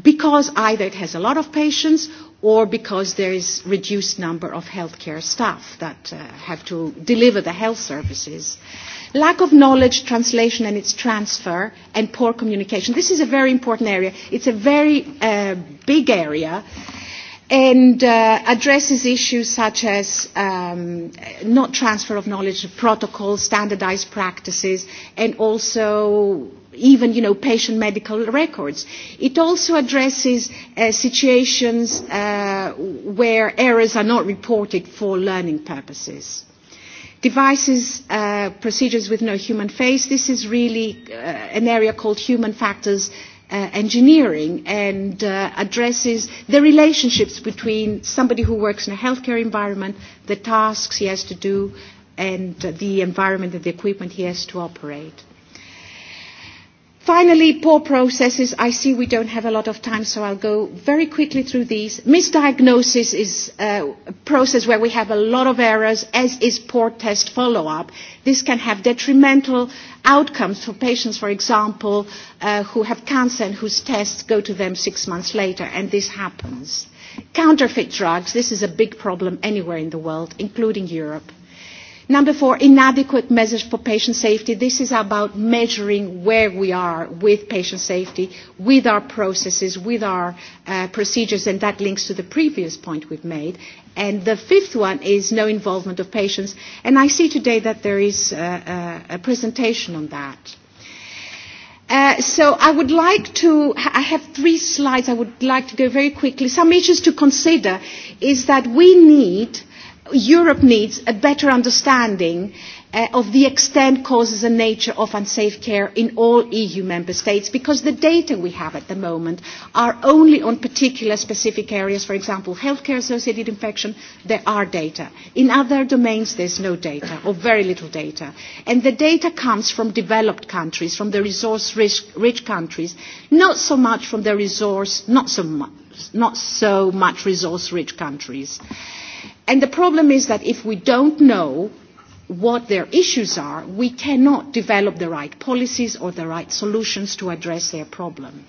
because either it has a lot of patients or because there is reduced number of healthcare staff that uh, have to deliver the health services. Lack of knowledge, translation and its transfer, and poor communication. This is a very important area. It's a very uh, big area and uh, addresses issues such as um, not transfer of knowledge, protocols, standardized practices, and also even, you know, patient medical records. It also addresses uh, situations uh, where errors are not reported for learning purposes. Devices, uh, procedures with no human face, this is really uh, an area called human factors uh, engineering and uh, addresses the relationships between somebody who works in a healthcare environment, the tasks he has to do, and the environment and the equipment he has to operate. Finally, poor processes. I see we don't have a lot of time, so I'll go very quickly through these. Misdiagnosis is uh, a process where we have a lot of errors, as is poor test follow-up. This can have detrimental outcomes for patients, for example, uh, who have cancer and whose tests go to them six months later, and this happens. Counterfeit drugs. This is a big problem anywhere in the world, including Europe Number four, inadequate measures for patient safety. This is about measuring where we are with patient safety, with our processes, with our uh, procedures, and that links to the previous point we've made. And the fifth one is no involvement of patients. And I see today that there is uh, a, a presentation on that. Uh, so I would like to, I have three slides I would like to go very quickly. Some issues to consider is that we need Europe needs a better understanding uh, of the extent, causes and nature of unsafe care in all EU member states because the data we have at the moment are only on particular specific areas, for example, healthcare associated infection, there are data. In other domains there's no data or very little data. And the data comes from developed countries, from the resource rich, rich countries, not so much from the resource, not so much, not so much resource rich countries. Uh, And the problem is that if we don't know what their issues are, we cannot develop the right policies or the right solutions to address their problem.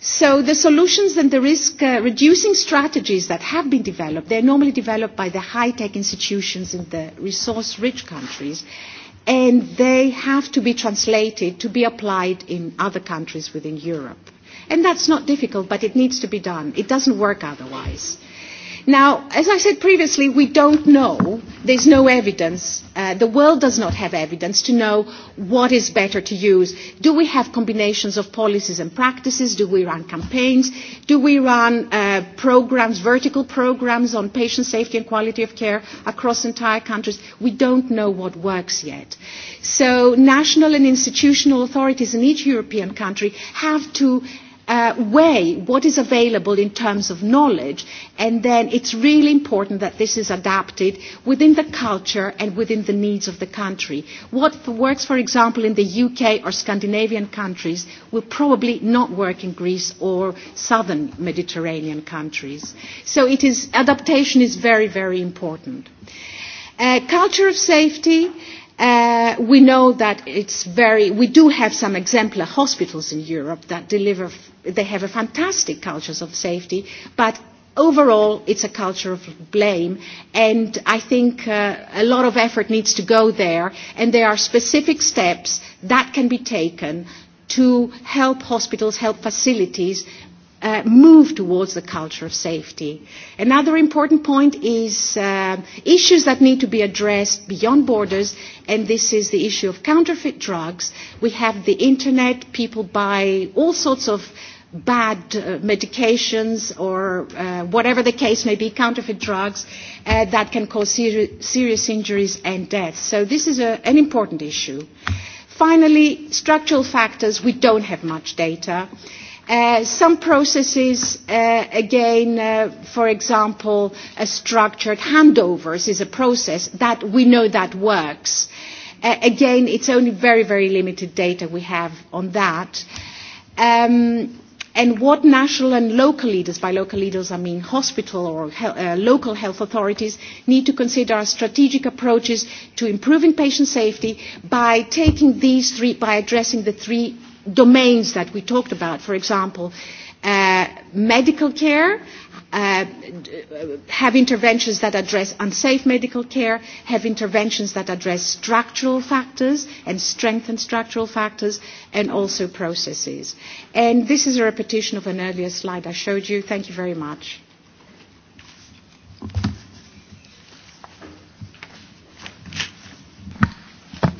So the solutions and the risk uh, reducing strategies that have been developed, they're normally developed by the high-tech institutions in the resource-rich countries, and they have to be translated to be applied in other countries within Europe. And that's not difficult, but it needs to be done. It doesn't work otherwise. Now, as I said previously, we don't know. There's no evidence. Uh, the world does not have evidence to know what is better to use. Do we have combinations of policies and practices? Do we run campaigns? Do we run uh, programs, vertical programs on patient safety and quality of care across entire countries? We don't know what works yet. So national and institutional authorities in each European country have to uh, weigh what is available in terms of knowledge, and then it's really important that this is adapted within the culture and within the needs of the country. What works, for example, in the UK or Scandinavian countries will probably not work in Greece or southern Mediterranean countries. So it is, adaptation is very, very important. Uh, culture of safety. Uh, we know that it's very, we do have some exemplar hospitals in Europe that deliver, they have a fantastic cultures of safety, but overall it's a culture of blame and I think uh, a lot of effort needs to go there and there are specific steps that can be taken to help hospitals, help facilities uh, move towards the culture of safety. Another important point is uh, issues that need to be addressed beyond borders, and this is the issue of counterfeit drugs. We have the internet, people buy all sorts of bad uh, medications or uh, whatever the case may be, counterfeit drugs uh, that can cause ser- serious injuries and death. So this is a, an important issue. Finally, structural factors, we don't have much data. Uh, Uh, some processes, uh, again, uh, for example, a structured handovers is a process that we know that works. Uh, again, it's only very, very limited data we have on that. Um, and what national and local leaders, by local leaders I mean hospital or he- uh, local health authorities, need to consider are strategic approaches to improving patient safety by taking these three, by addressing the three domains that we talked about, for example, uh, medical care, uh, have interventions that address unsafe medical care, have interventions that address structural factors and strengthen structural factors, and also processes. And this is a repetition of an earlier slide I showed you. Thank you very much. Thank you.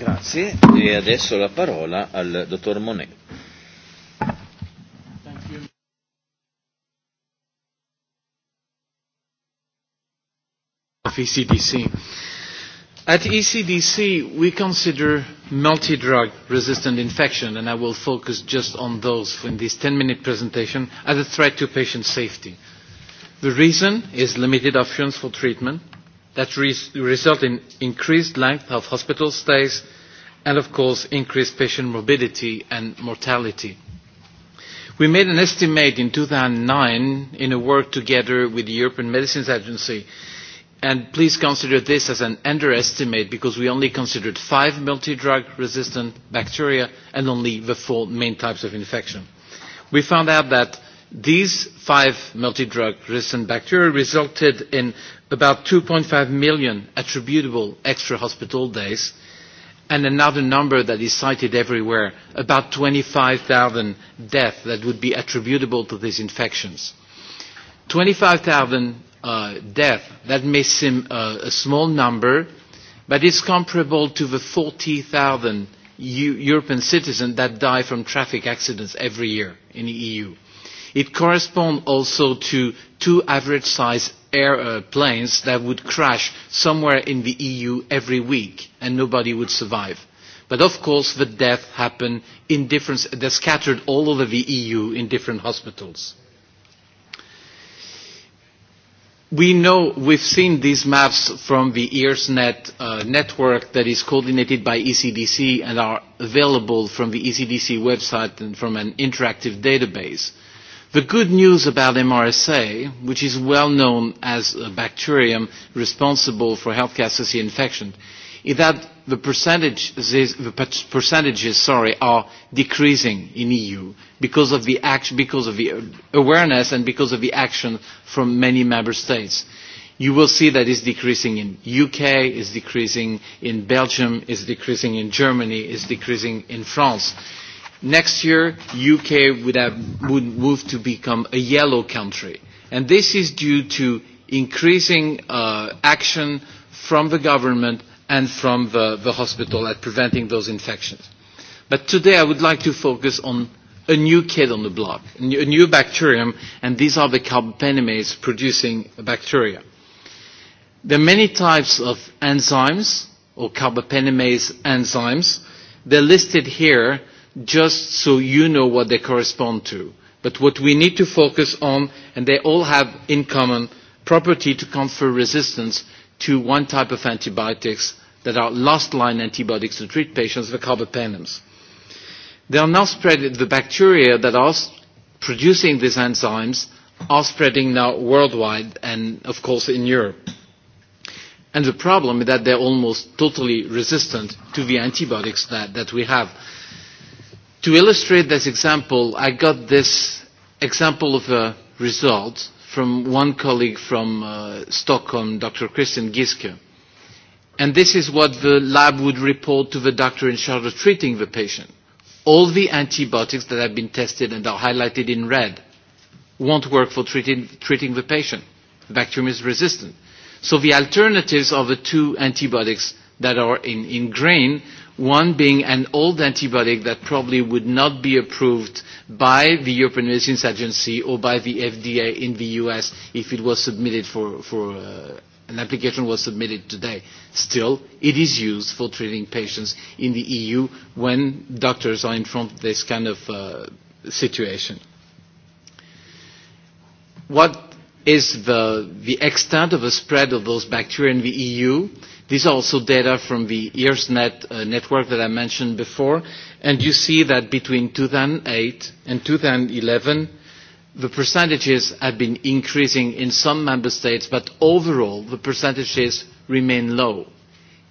Grazie. E adesso la parola al dottor Monet. of ECDC. At ECDC, we consider multi-drug resistant infection, and I will focus just on those in this 10-minute presentation, as a threat to patient safety. The reason is limited options for treatment, that result in increased length of hospital stays and of course increased patient morbidity and mortality. We made an estimate in 2009 in a work together with the European Medicines Agency and please consider this as an underestimate because we only considered five multi-drug resistant bacteria and only the four main types of infection. We found out that these five multi-drug resistant bacteria resulted in about 2.5 million attributable extra hospital days, and another number that is cited everywhere, about 25,000 deaths that would be attributable to these infections. 25,000 uh, deaths, that may seem uh, a small number, but it's comparable to the 40,000 European citizens that die from traffic accidents every year in the EU. It corresponds also to two average-sized airplanes uh, that would crash somewhere in the EU every week and nobody would survive. But of course the deaths happen in different, they're scattered all over the EU in different hospitals. We know, we've seen these maps from the EARSnet uh, network that is coordinated by ECDC and are available from the ECDC website and from an interactive database The good news about MRSA, which is well known as a bacterium responsible for healthcare-associated infection, is that the percentages, the percentages sorry, are decreasing in EU because of, the act, because of the awareness and because of the action from many member states. You will see that it's decreasing in UK, it's decreasing in Belgium, it's decreasing in Germany, it's decreasing in France next year UK would, have, would move to become a yellow country. And this is due to increasing uh, action from the government and from the, the hospital at preventing those infections. But today I would like to focus on a new kid on the block, a new a new bacterium, and these are the carbapenemates producing bacteria. There are many types of enzymes, or carbapenemase enzymes. They're listed here just so you know what they correspond to. But what we need to focus on, and they all have in common, property to confer resistance to one type of antibiotics that are last-line antibiotics to treat patients with carbapenems. They are now spreading, the bacteria that are producing these enzymes are spreading now worldwide and, of course, in Europe. And the problem is that they're almost totally resistant to the antibiotics that, that we have. To illustrate this example, I got this example of a result from one colleague from uh, Stockholm, Dr. Christian Giske. And this is what the lab would report to the doctor in charge of treating the patient. All the antibiotics that have been tested and are highlighted in red won't work for treating, treating the patient. The bacterium is resistant. So the alternatives are the two antibiotics that are in, in grain, one being an old antibiotic that probably would not be approved by the European Medicines Agency or by the FDA in the US if it was submitted for, for uh, an application was submitted today. Still, it is used for treating patients in the EU when doctors are in front of this kind of uh, situation. What is the, the extent of the spread of those bacteria in the EU? These are also data from the EARSnet uh, network that I mentioned before, and you see that between 2008 and 2011, the percentages have been increasing in some member states, but overall the percentages remain low.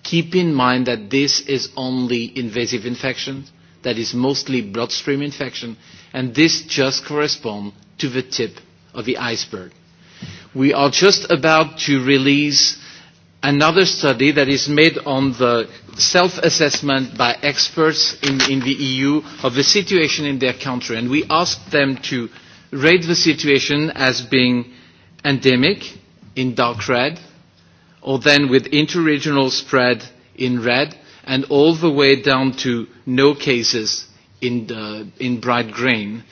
Keep in mind that this is only invasive infection, that is mostly bloodstream infection, and this just corresponds to the tip of the iceberg. We are just about to release another study that is made on the self-assessment by experts in, in the EU of the situation in their country. And we asked them to rate the situation as being endemic in dark red, or then with interregional spread in red, and all the way down to no cases in, the, in bright green.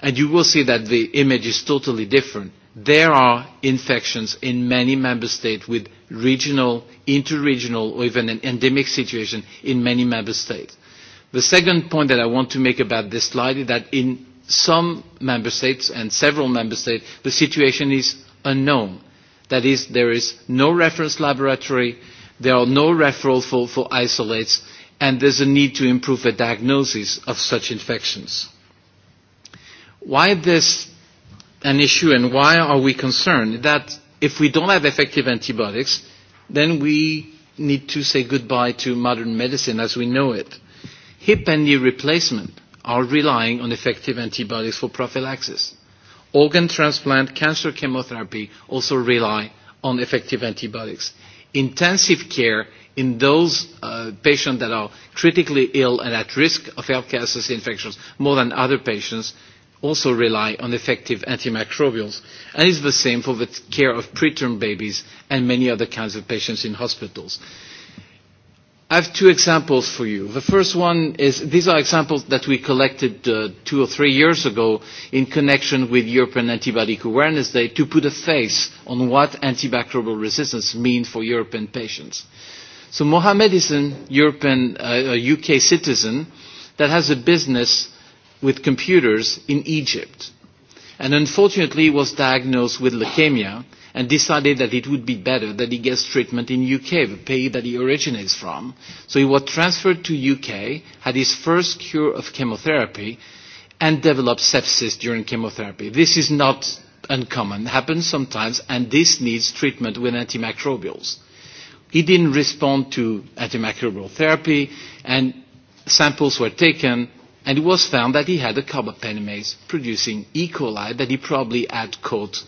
And you will see that the image is totally different. There are infections in many member states with regional, interregional, or even an endemic situation in many member states. The second point that I want to make about this slide is that in some member states and several member states, the situation is unknown. That is, there is no reference laboratory, there are no referrals for, for isolates, and there's a need to improve the diagnosis of such infections. Why is this an issue and why are we concerned? if we don't have effective antibiotics, then we need to say goodbye to modern medicine as we know it. Hip and knee replacement are relying on effective antibiotics for prophylaxis. Organ transplant, cancer chemotherapy also rely on effective antibiotics. Intensive care in those uh, patients that are critically ill and at risk of healthcare-associated infections more than other patients also rely on effective antimicrobials, and is the same for the care of preterm babies and many other kinds of patients in hospitals. I have two examples for you. The first one is these are examples that we collected uh, two or three years ago in connection with European Antibiotic Awareness Day to put a face on what antimicrobial resistance means for European patients. So Mohamed is a European, uh, a UK citizen that has a business with computers in Egypt and unfortunately was diagnosed with leukemia and decided that it would be better that he gets treatment in UK, the pay that he originates from. So he was transferred to UK, had his first cure of chemotherapy, and developed sepsis during chemotherapy. This is not uncommon, happens sometimes, and this needs treatment with antimicrobials. He didn't respond to antimicrobial therapy, and samples were taken, and it was found that he had a carbapenemase producing E. coli that he probably had caught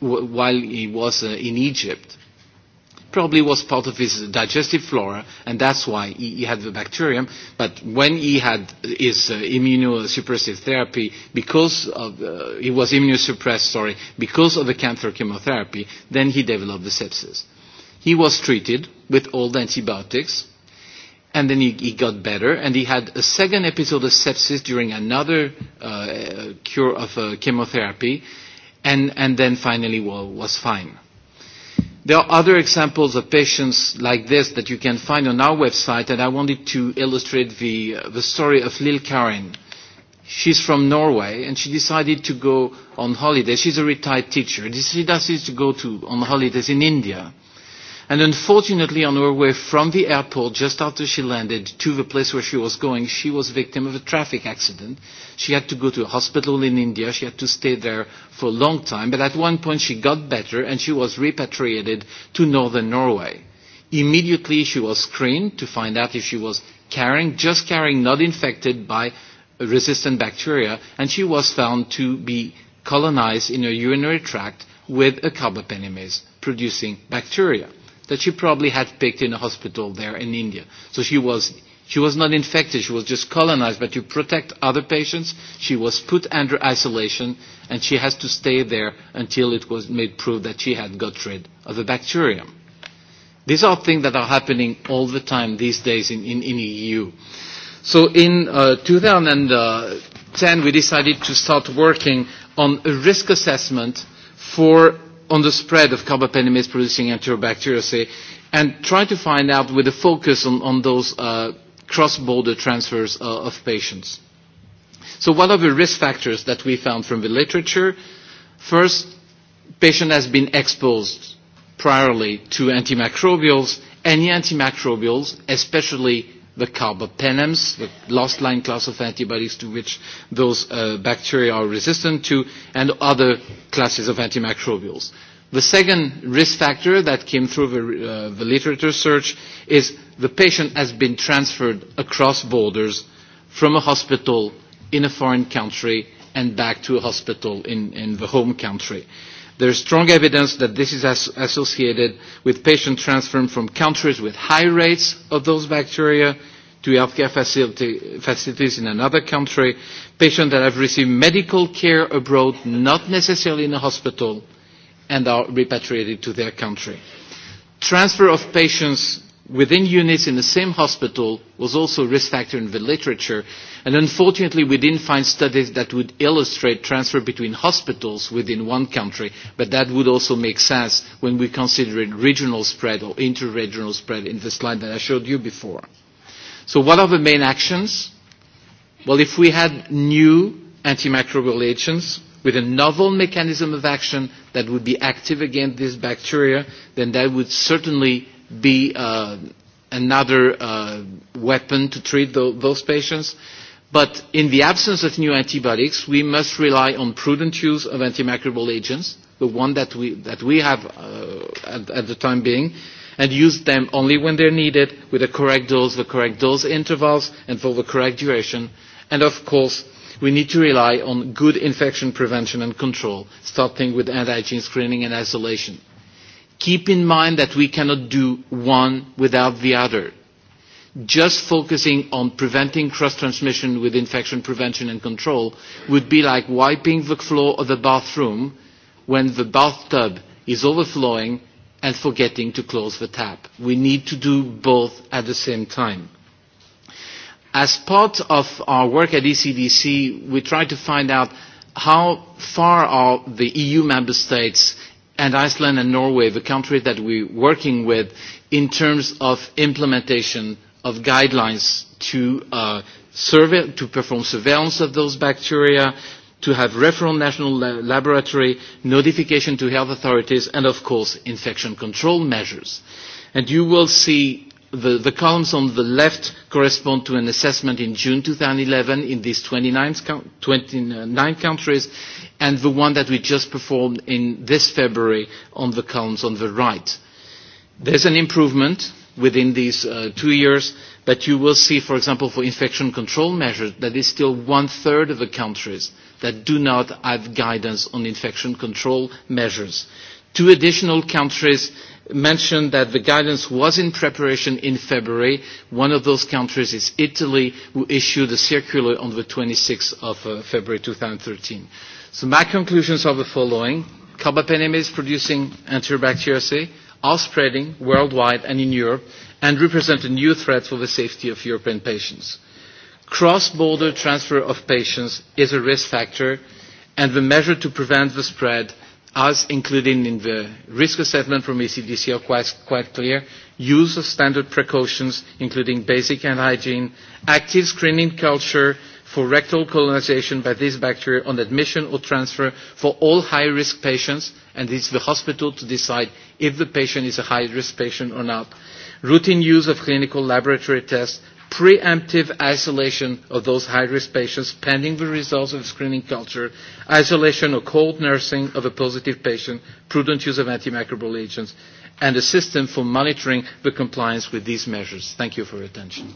while he was uh, in Egypt. Probably was part of his digestive flora, and that's why he, he had the bacterium. But when he had his uh, immunosuppressive therapy, because of, uh, he was immunosuppressed, sorry, because of the cancer chemotherapy, then he developed the sepsis. He was treated with old antibiotics, and then he, he got better, and he had a second episode of sepsis during another uh, cure of uh, chemotherapy, and, and then finally well, was fine. There are other examples of patients like this that you can find on our website, and I wanted to illustrate the, uh, the story of Lil Karin. She's from Norway, and she decided to go on holiday. She's a retired teacher. She decided to go to, on holidays in India And unfortunately, on her way from the airport, just after she landed, to the place where she was going, she was victim of a traffic accident. She had to go to a hospital in India. She had to stay there for a long time. But at one point, she got better, and she was repatriated to northern Norway. Immediately, she was screened to find out if she was carrying, just carrying, not infected by resistant bacteria, and she was found to be colonized in her urinary tract with a carbapenemase producing bacteria that she probably had picked in a hospital there in India. So she was, she was not infected, she was just colonized, but to protect other patients, she was put under isolation and she has to stay there until it was made proof that she had got rid of the bacterium. These are things that are happening all the time these days in, in, in the EU. So in uh, 2010, we decided to start working on a risk assessment for on the spread of carbapenemase producing enterobacteriaceae and try to find out with a focus on, on those uh, cross-border transfers uh, of patients. So what are the risk factors that we found from the literature? First, patient has been exposed priorly to antimicrobials. Any antimicrobials, especially the carbapenems, the last line class of antibiotics to which those uh, bacteria are resistant to, and other classes of antimicrobials. The second risk factor that came through the, uh, the literature search is the patient has been transferred across borders from a hospital in a foreign country and back to a hospital in, in the home country. Uh, There is strong evidence that this is as associated with patient transfer from countries with high rates of those bacteria to healthcare facility, facilities in another country, patients that have received medical care abroad, not necessarily in a hospital, and are repatriated to their country. Transfer of patients within units in the same hospital was also a risk factor in the literature. And unfortunately, we didn't find studies that would illustrate transfer between hospitals within one country, but that would also make sense when we consider regional spread or interregional spread in the slide that I showed you before. So what are the main actions? Well, if we had new antimicrobial agents with a novel mechanism of action that would be active against these bacteria, then that would certainly be uh, another uh, weapon to treat th those patients. But in the absence of new antibiotics, we must rely on prudent use of antimicrobial agents, the one that we, that we have uh, at, at the time being, and use them only when they're needed, with the correct dose, the correct dose intervals, and for the correct duration. And of course, we need to rely on good infection prevention and control, starting with anti-gene screening and isolation Keep in mind that we cannot do one without the other. Just focusing on preventing cross-transmission with infection prevention and control would be like wiping the floor of the bathroom when the bathtub is overflowing and forgetting to close the tap. We need to do both at the same time. As part of our work at ECDC, we try to find out how far are the EU member states and Iceland and Norway, the country that we're working with, in terms of implementation of guidelines to, uh, survey, to perform surveillance of those bacteria, to have referral national laboratory, notification to health authorities, and of course, infection control measures. And you will see the, the columns on the left correspond to an assessment in June 2011 in these 29, 29 countries, and the one that we just performed in this February on the columns on the right. There's an improvement within these uh, two years, but you will see, for example, for infection control measures, that is still one-third of the countries that do not have guidance on infection control measures. Two additional countries mentioned that the guidance was in preparation in February. One of those countries is Italy, who issued a circular on the 26th of uh, February 2013. So my conclusions are the following. Carbapenem is producing Enterobacteriaceae are spreading worldwide and in Europe, and represent a new threat for the safety of European patients. Cross-border transfer of patients is a risk factor, and the measure to prevent the spread – as included in the risk assessment from ECDC are quite, quite clear. Use of standard precautions, including basic hand hygiene, active screening culture for rectal colonization by this bacteria on admission or transfer for all high-risk patients, and it's the hospital to decide if the patient is a high-risk patient or not. Routine use of clinical laboratory tests preemptive isolation of those high-risk patients pending the results of screening culture, isolation or cold nursing of a positive patient, prudent use of antimicrobial agents, and a system for monitoring the compliance with these measures. Thank you for your attention.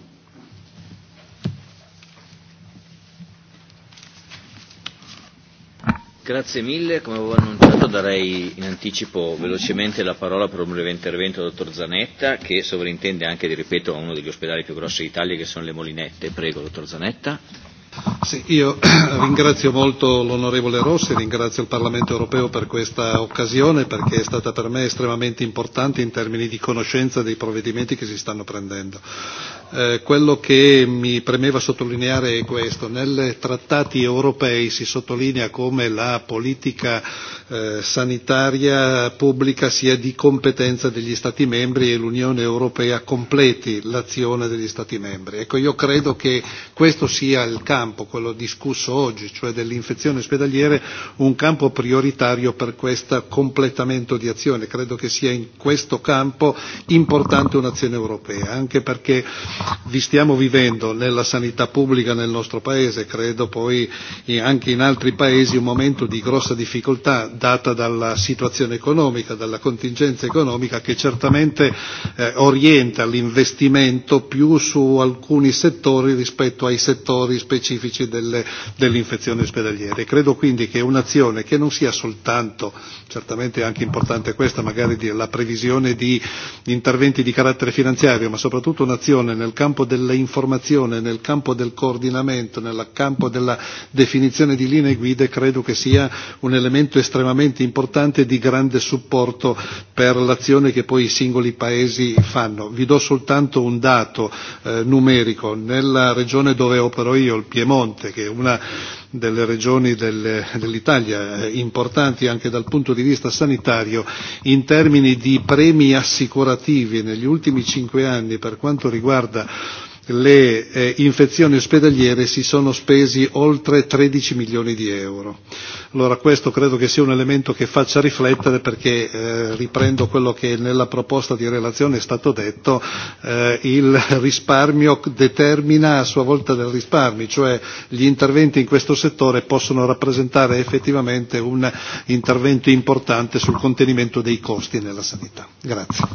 Grazie mille, come avevo annunciato darei in anticipo velocemente la parola per un breve intervento al dottor Zanetta che sovrintende anche, di ripeto, a uno degli ospedali più grossi d'Italia che sono le Molinette. Prego, dottor Zanetta. Sì, io ringrazio molto l'onorevole Rossi, ringrazio il Parlamento europeo per questa occasione perché è stata per me estremamente importante in termini di conoscenza dei provvedimenti che si stanno prendendo. Eh, quello che mi premeva sottolineare è questo. Nei trattati europei si sottolinea come la politica eh, sanitaria pubblica sia di competenza degli Stati membri e l'Unione Europea completi l'azione degli Stati membri. Ecco, io credo che questo sia il campo, quello discusso oggi, cioè dell'infezione ospedaliere, un campo prioritario per questo completamento di azione. Credo che sia in questo campo importante un'azione europea, anche perché vi stiamo vivendo nella sanità pubblica nel nostro Paese, credo poi anche in altri Paesi, un momento di grossa difficoltà data dalla situazione economica, dalla contingenza economica che certamente eh, orienta l'investimento più su alcuni settori rispetto ai settori specifici delle, dell'infezione infezioni ospedaliere. Credo quindi che un'azione che non sia soltanto, certamente anche importante questa, magari la previsione di interventi di carattere finanziario, ma soprattutto un'azione nel nel campo dell'informazione, nel campo del coordinamento, nel campo della definizione di linee guida credo che sia un elemento estremamente importante e di grande supporto per l'azione che poi i singoli paesi fanno. Vi do soltanto un dato eh, numerico. Nella regione dove opero io, il Piemonte, che è una delle regioni del, dell'Italia eh, importanti anche dal punto di vista sanitario in termini di premi assicurativi negli ultimi cinque anni per quanto riguarda 2030 le eh, infezioni ospedaliere si sono spesi oltre 13 milioni di euro. Allora questo credo che sia un elemento che faccia riflettere perché eh, riprendo quello che nella proposta di relazione è stato detto, eh, il risparmio determina a sua volta del risparmio, cioè gli interventi in questo settore possono rappresentare effettivamente un intervento importante sul contenimento dei costi nella sanità. Grazie.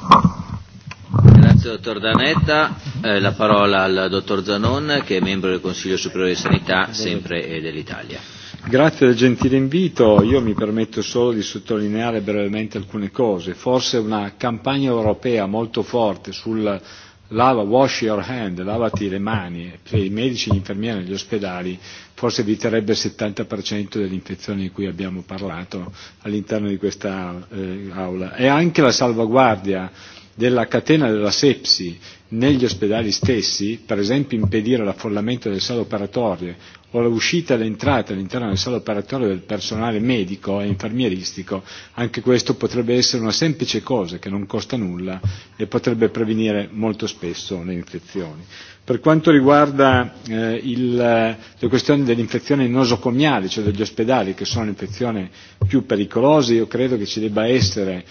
Grazie dottor Danetta, eh, la parola al dottor Zanon che è membro del Consiglio Superiore di Sanità sempre eh, dell'Italia. Grazie del gentile invito, io mi permetto solo di sottolineare brevemente alcune cose, forse una campagna europea molto forte sul lava, wash your hand, lavati le mani, per i medici, e gli infermieri negli ospedali, forse eviterebbe il 70% delle infezioni di cui abbiamo parlato all'interno di questa eh, aula. E anche la salvaguardia della catena della sepsi negli ospedali stessi, per esempio impedire l'affollamento delle sale operatorie o l'uscita e l'entrata all'interno del sale operatorio del personale medico e infermieristico, anche questo potrebbe essere una semplice cosa che non costa nulla e potrebbe prevenire molto spesso le infezioni. Per quanto riguarda eh, il, le questioni delle infezioni nosocomiali, cioè degli ospedali, che sono le infezioni più pericolose, io credo che ci debba essere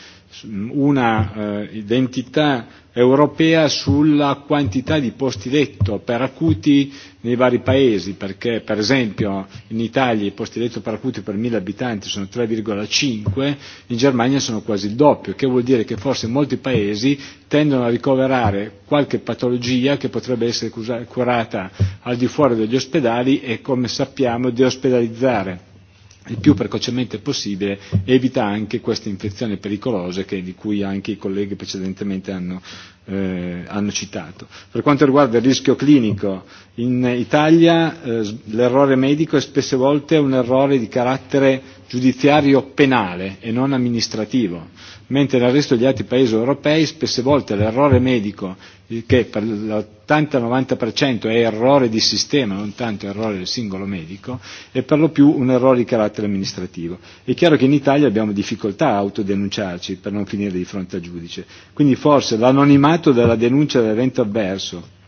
una uh, identità europea sulla quantità di posti letto per acuti nei vari paesi, perché per esempio in Italia i posti letto per acuti per 1000 abitanti sono 3,5, in Germania sono quasi il doppio, che vuol dire che forse molti paesi tendono a ricoverare qualche patologia che potrebbe essere curata al di fuori degli ospedali e come sappiamo deospedalizzare il più precocemente possibile evita anche queste infezioni pericolose che, di cui anche i colleghi precedentemente hanno, eh, hanno citato. Per quanto riguarda il rischio clinico, in Italia eh, l'errore medico è spesse volte un errore di carattere giudiziario penale e non amministrativo mentre nel resto degli altri paesi europei spesse volte l'errore medico eh, che per l'80-90% è errore di sistema, non tanto errore del singolo medico, è per lo più un errore di carattere amministrativo. È chiaro che in Italia abbiamo difficoltà a autodenunciarci per non finire di fronte al giudice, quindi forse l'anonimato della denuncia dell'evento avverso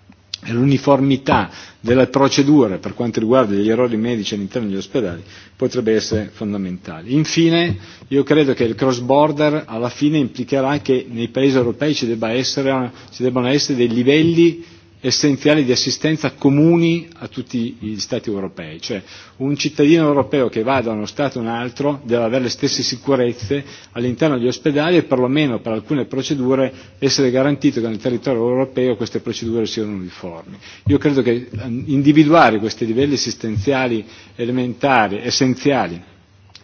l'uniformità delle procedure per quanto riguarda gli errori medici all'interno degli ospedali potrebbe essere fondamentale. Infine, io credo che il cross border alla fine implicherà che nei paesi europei ci, debba essere, ci debbano essere dei livelli essenziali di assistenza comuni a tutti gli Stati europei, cioè un cittadino europeo che va da uno Stato a un altro deve avere le stesse sicurezze all'interno degli ospedali e perlomeno per alcune procedure essere garantito che nel territorio europeo queste procedure siano uniformi. Io credo che ehm, individuare questi livelli assistenziali elementari, essenziali,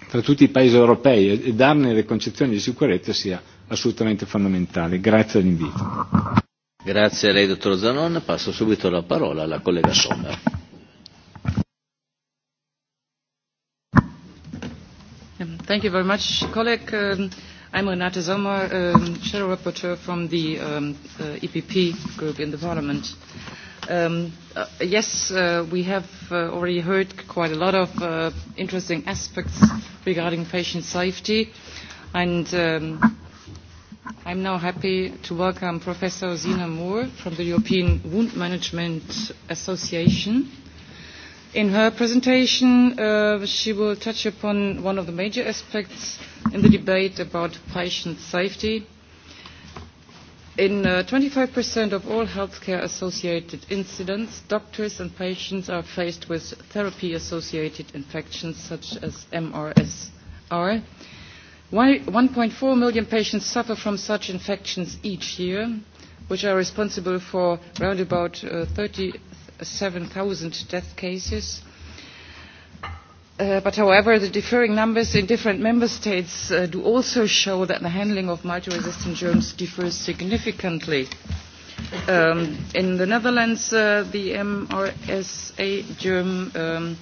tra tutti i paesi europei e, e darne le concezioni di sicurezza sia assolutamente fondamentale. Grazie all'invito. Grazie a lei, dottor Zanon. Passo subito la parola alla collega Sommer. Um, thank you very much, colleague. Um, I'm Renate Sommer, um, Shadow Rapporteur from the um, uh, EPP group in the Parliament. Um, uh, yes, uh, we have uh, already heard quite a lot of uh, interesting aspects regarding patient safety, and um, I'm now happy to welcome Professor Zina Moore from the European Wound Management Association. In her presentation, uh, she will touch upon one of the major aspects in the debate about patient safety. In uh, 25% of all healthcare-associated incidents, doctors and patients are faced with therapy-associated infections such as MRSR, 1.4 million patients suffer from such infections each year, which are responsible for around about uh, 37,000 death cases. Uh, but however, the differing numbers in different member states uh, do also show that the handling of multi-resistant germs differs significantly. Um, in the Netherlands, uh, the MRSA germ um,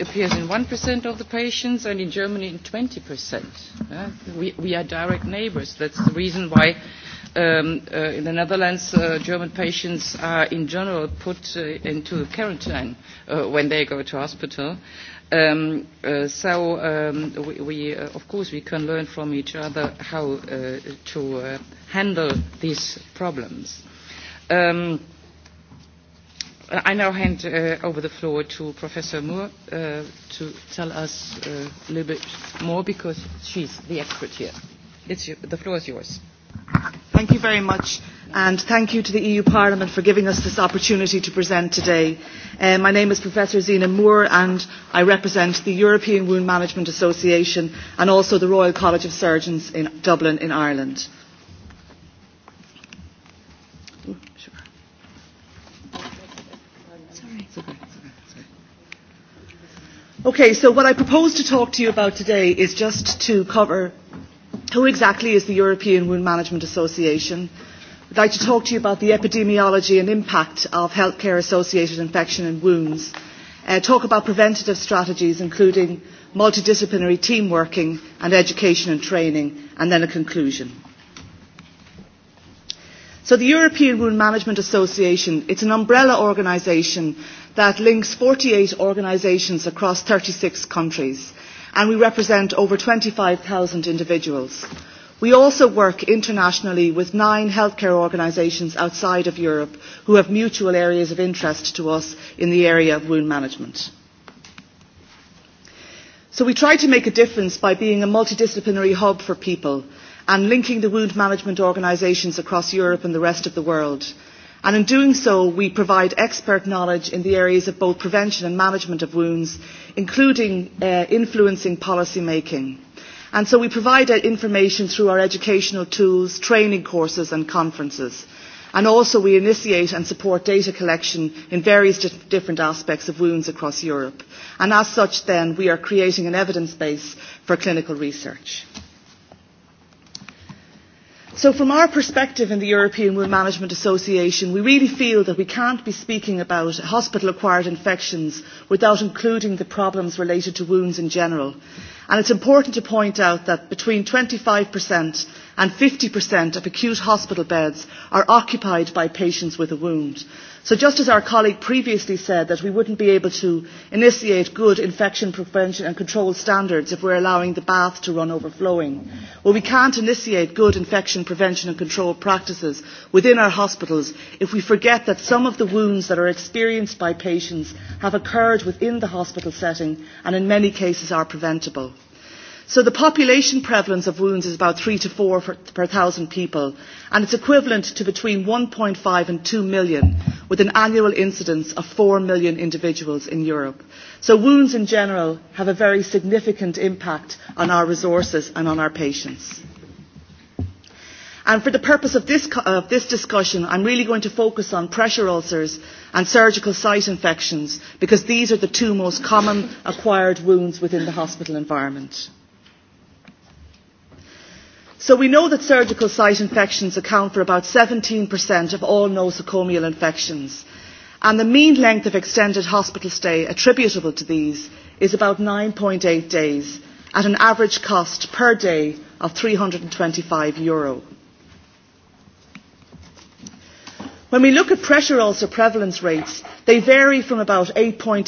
appears in 1% of the patients and in Germany in 20%. Yeah? We, we are direct neighbors. That's the reason why um, uh, in the Netherlands uh, German patients are in general put uh, into quarantine uh, when they go to hospital. Um, uh, so um, we, we uh, of course we can learn from each other how uh, to uh, handle these problems. Um, I now hand uh, over the floor to Professor Moore uh, to tell us uh, a little bit more because she's the expert here. It's your, the floor is yours. Thank you very much and thank you to the EU Parliament for giving us this opportunity to present today. Uh, my name is Professor Zina Moore and I represent the European Wound Management Association and also the Royal College of Surgeons in Dublin in Ireland. Okay, so what I propose to talk to you about today is just to cover who exactly is the European Wound Management Association. I'd like to talk to you about the epidemiology and impact of healthcare associated infection and wounds, uh, talk about preventative strategies including multidisciplinary team working and education and training, and then a conclusion. So the European Wound Management Association, it's an umbrella organisation that links 48 organisations across 36 countries, and we represent over 25,000 individuals. We also work internationally with nine healthcare organisations outside of Europe who have mutual areas of interest to us in the area of wound management. So we try to make a difference by being a multidisciplinary hub for people and linking the wound management organisations across Europe and the rest of the world and in doing so we provide expert knowledge in the areas of both prevention and management of wounds including uh, influencing policy making and so we provide uh, information through our educational tools training courses and conferences and also we initiate and support data collection in various di different aspects of wounds across Europe and as such then we are creating an evidence base for clinical research. So from our perspective in the European Wound Management Association, we really feel that we can't be speaking about hospital-acquired infections without including the problems related to wounds in general. And it's important to point out that between 25% and 50% of acute hospital beds are occupied by patients with a wound. So just as our colleague previously said that we wouldn't be able to initiate good infection prevention and control standards if we're allowing the bath to run overflowing, well we can't initiate good infection prevention and control practices within our hospitals if we forget that some of the wounds that are experienced by patients have occurred within the hospital setting and in many cases are preventable. So the population prevalence of wounds is about three to four for, per thousand people, and it's equivalent to between 1.5 and 2 million, with an annual incidence of 4 million individuals in Europe. So wounds in general have a very significant impact on our resources and on our patients. And for the purpose of this, of this discussion, I'm really going to focus on pressure ulcers and surgical site infections because these are the two most common acquired wounds within the hospital environment. So we know that surgical site infections account for about 17% of all nosocomial infections. And the mean length of extended hospital stay attributable to these is about 9.8 days at an average cost per day of €325. euro. When we look at pressure ulcer prevalence rates, they vary from about 8.8%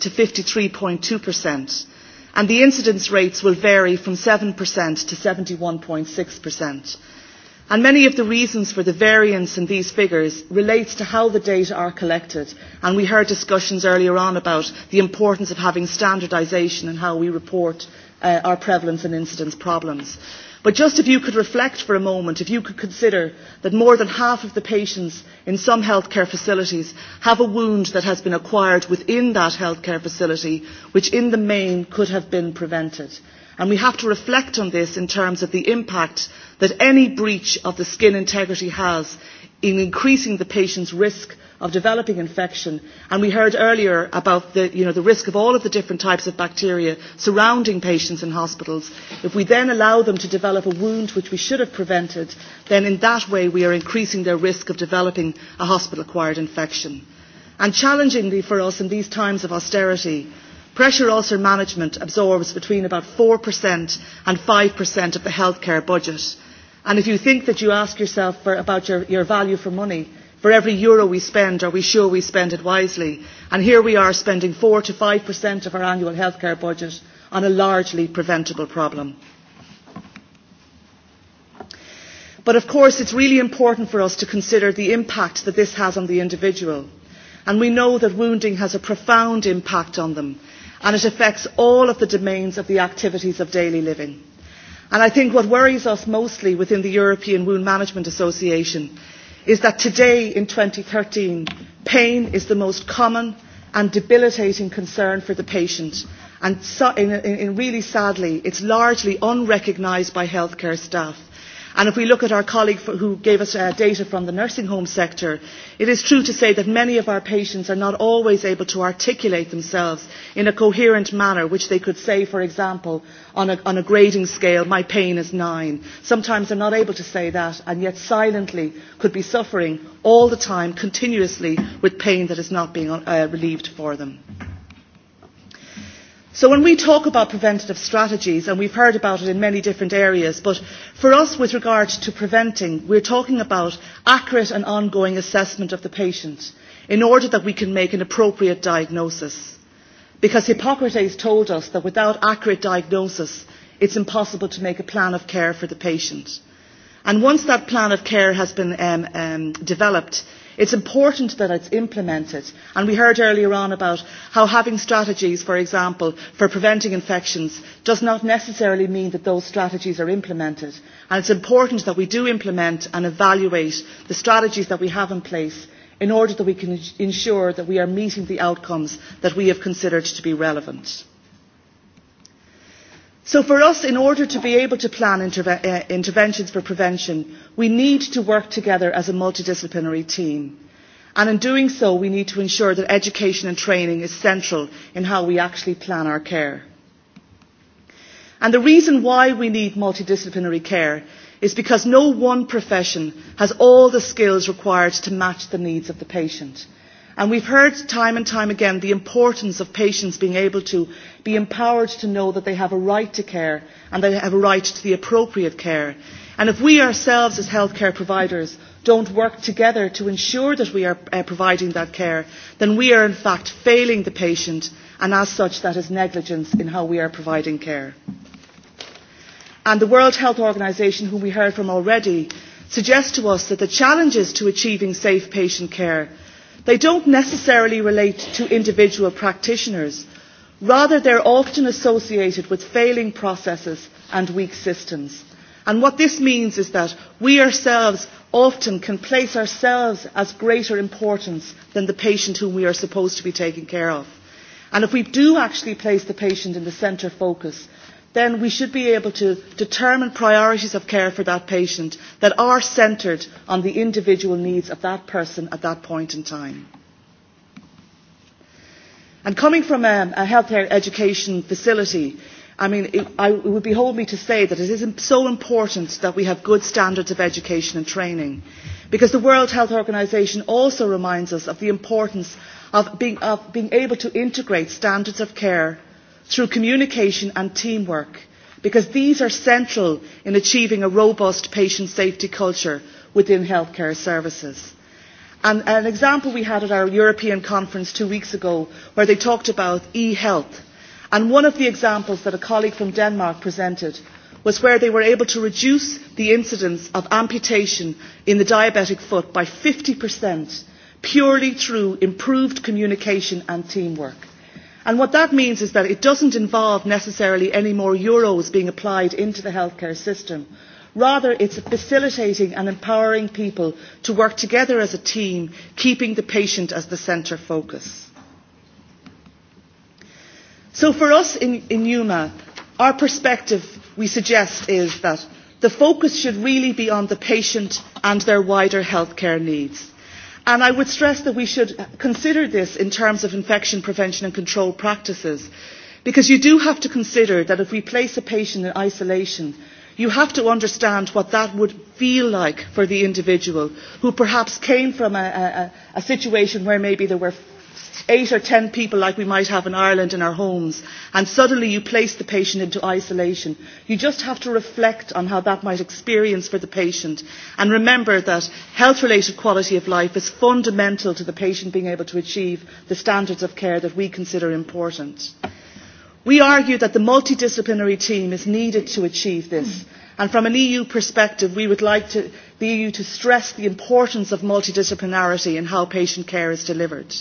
to 53.2% and the incidence rates will vary from 7% to 71.6%. And many of the reasons for the variance in these figures relates to how the data are collected. And we heard discussions earlier on about the importance of having standardisation and how we report uh, our prevalence and incidence problems. But just if you could reflect for a moment, if you could consider that more than half of the patients in some healthcare facilities have a wound that has been acquired within that healthcare facility, which in the main could have been prevented. And we have to reflect on this in terms of the impact that any breach of the skin integrity has in increasing the patient's risk of developing infection. And we heard earlier about the, you know, the risk of all of the different types of bacteria surrounding patients in hospitals. If we then allow them to develop a wound which we should have prevented, then in that way we are increasing their risk of developing a hospital-acquired infection. And challengingly for us in these times of austerity, Pressure ulcer management absorbs between about 4% and 5% of the healthcare budget. And if you think that you ask yourself for, about your, your value for money, For every euro we spend, are we sure we spend it wisely? And here we are spending 4 to 5% of our annual healthcare budget on a largely preventable problem. But of course, it's really important for us to consider the impact that this has on the individual. And we know that wounding has a profound impact on them, and it affects all of the domains of the activities of daily living. And I think what worries us mostly within the European Wound Management Association is that today in 2013, pain is the most common and debilitating concern for the patient. And so, in, in, in really sadly, it's largely unrecognised by healthcare staff if we look at our colleague who gave us uh, data from the nursing home sector, it is true to say that many of our patients are not always able to articulate themselves in a coherent manner, which they could say, for example, on a, on a grading scale, my pain is nine. Sometimes they're not able to say that, and yet silently could be suffering all the time, continuously, with pain that is not being uh, relieved for them. So when we talk about preventative strategies, and we've heard about it in many different areas, but for us with regard to preventing, we're talking about accurate and ongoing assessment of the patient in order that we can make an appropriate diagnosis. Because Hippocrates told us that without accurate diagnosis, it's impossible to make a plan of care for the patient. And once that plan of care has been um, um, developed, It's important that it's implemented. And we heard earlier on about how having strategies, for example, for preventing infections does not necessarily mean that those strategies are implemented. And it's important that we do implement and evaluate the strategies that we have in place in order that we can ensure that we are meeting the outcomes that we have considered to be relevant. So for us, in order to be able to plan interve uh, interventions for prevention, we need to work together as a multidisciplinary team. And in doing so, we need to ensure that education and training is central in how we actually plan our care. And the reason why we need multidisciplinary care is because no one profession has all the skills required to match the needs of the patient. And we've heard time and time again the importance of patients being able to be empowered to know that they have a right to care and that they have a right to the appropriate care. And if we ourselves as healthcare providers don't work together to ensure that we are uh, providing that care, then we are in fact failing the patient and as such that is negligence in how we are providing care. And the World Health Organization, whom we heard from already, suggests to us that the challenges to achieving safe patient care, they don't necessarily relate to individual practitioners, Rather, they're often associated with failing processes and weak systems. And what this means is that we ourselves often can place ourselves as greater importance than the patient whom we are supposed to be taking care of. And if we do actually place the patient in the centre focus, then we should be able to determine priorities of care for that patient that are centred on the individual needs of that person at that point in time. And coming from a, a healthcare education facility, I mean, it, I, it would behold me to say that it is so important that we have good standards of education and training, because the World Health Organization also reminds us of the importance of being, of being able to integrate standards of care through communication and teamwork, because these are central in achieving a robust patient safety culture within healthcare services. And an example we had at our European conference two weeks ago where they talked about e-health. And one of the examples that a colleague from Denmark presented was where they were able to reduce the incidence of amputation in the diabetic foot by 50% purely through improved communication and teamwork. And what that means is that it doesn't involve necessarily any more euros being applied into the healthcare system, Rather, it is facilitating and empowering people to work together as a team, keeping the patient as the centre focus. So for us in, in UMA, our perspective we suggest is that the focus should really be on the patient and their wider healthcare needs. And I would stress that we should consider this in terms of infection prevention and control practices, because you do have to consider that if we place a patient in isolation, you have to understand what that would feel like for the individual who perhaps came from a, a, a situation where maybe there were eight or ten people like we might have in Ireland in our homes, and suddenly you place the patient into isolation. You just have to reflect on how that might experience for the patient and remember that health-related quality of life is fundamental to the patient being able to achieve the standards of care that we consider important. We argue that the multidisciplinary team is needed to achieve this. And from an EU perspective, we would like to, the EU to stress the importance of multidisciplinarity in how patient care is delivered.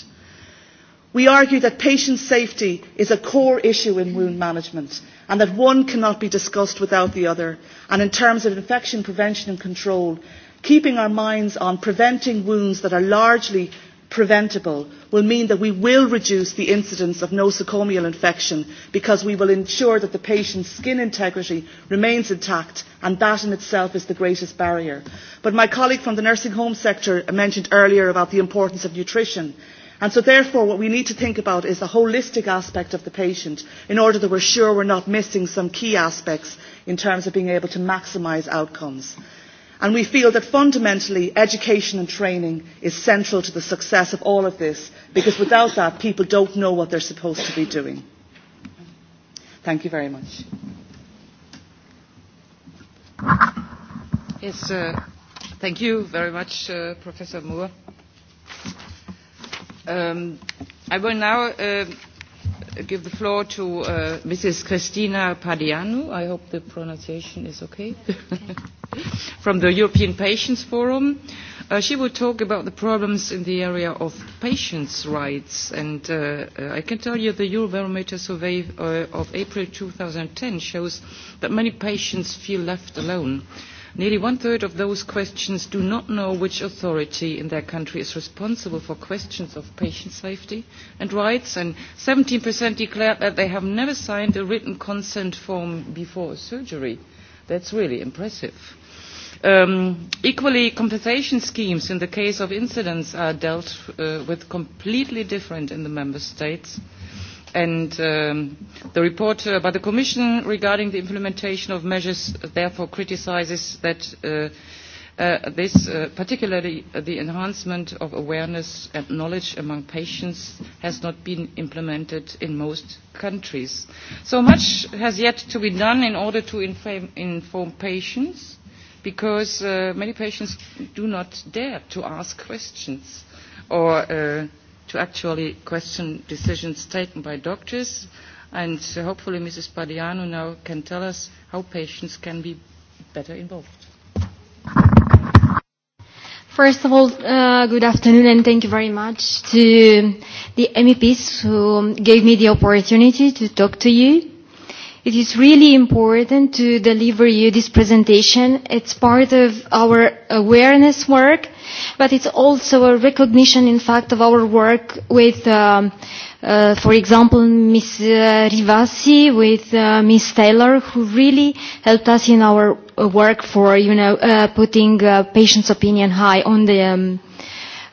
We argue that patient safety is a core issue in wound management and that one cannot be discussed without the other. And in terms of infection prevention and control, keeping our minds on preventing wounds that are largely preventable will mean that we will reduce the incidence of nosocomial infection because we will ensure that the patient's skin integrity remains intact and that in itself is the greatest barrier. But my colleague from the nursing home sector mentioned earlier about the importance of nutrition. And so therefore what we need to think about is the holistic aspect of the patient in order that we're sure we're not missing some key aspects in terms of being able to maximise outcomes. And we feel that fundamentally education and training is central to the success of all of this because without that people don't know what they're supposed to be doing. Thank you very much. Yes, uh, thank you very much, uh, Professor Moore. Um, I will now uh, give the floor to uh, Mrs. Christina Padianu. I hope the pronunciation is okay. okay from the European Patients Forum. Uh, she will talk about the problems in the area of patients' rights. And uh, uh I can tell you the Eurobarometer survey uh, of April 2010 shows that many patients feel left alone. Nearly one-third of those questions do not know which authority in their country is responsible for questions of patient safety and rights, and 17% declared that they have never signed a written consent form before a surgery. That's really impressive. Um, equally, compensation schemes in the case of incidents are dealt uh, with completely different in the member states. And um, the report uh, by the Commission regarding the implementation of measures therefore criticizes that uh, uh, this, uh, particularly uh, the enhancement of awareness and knowledge among patients, has not been implemented in most countries. So much has yet to be done in order to inform, inform patients because uh, many patients do not dare to ask questions or uh, to actually question decisions taken by doctors. And so hopefully Mrs. Padiano now can tell us how patients can be better involved. First of all, uh, good afternoon and thank you very much to the MEPs who gave me the opportunity to talk to you. It is really important to deliver you this presentation. It's part of our awareness work, but it's also a recognition, in fact, of our work with, um, uh, for example, Ms. Uh, Rivasi, with uh, Ms. Taylor, who really helped us in our uh, work for, you know, uh, putting uh, patients' opinion high on the, um,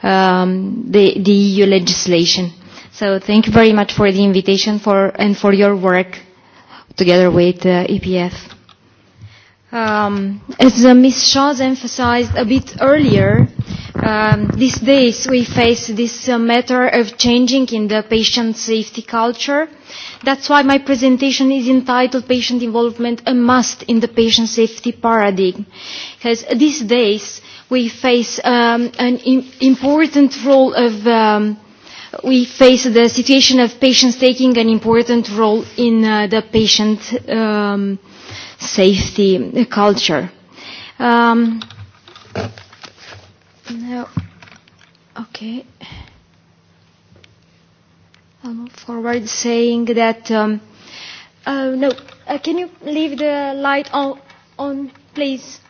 um, the, the EU legislation. So thank you very much for the invitation for, and for your work together with uh, EPF. Um, as uh, Ms. Shaws emphasized a bit earlier, um, these days we face this uh, matter of changing in the patient safety culture. That's why my presentation is entitled Patient Involvement a Must in the Patient Safety Paradigm. Because these days we face um, an im important role of um, we face the situation of patients taking an important role in uh, the patient um, safety culture. Um, no. Okay. I'll move forward saying that. Um, uh, no, uh, can you leave the light on, on please?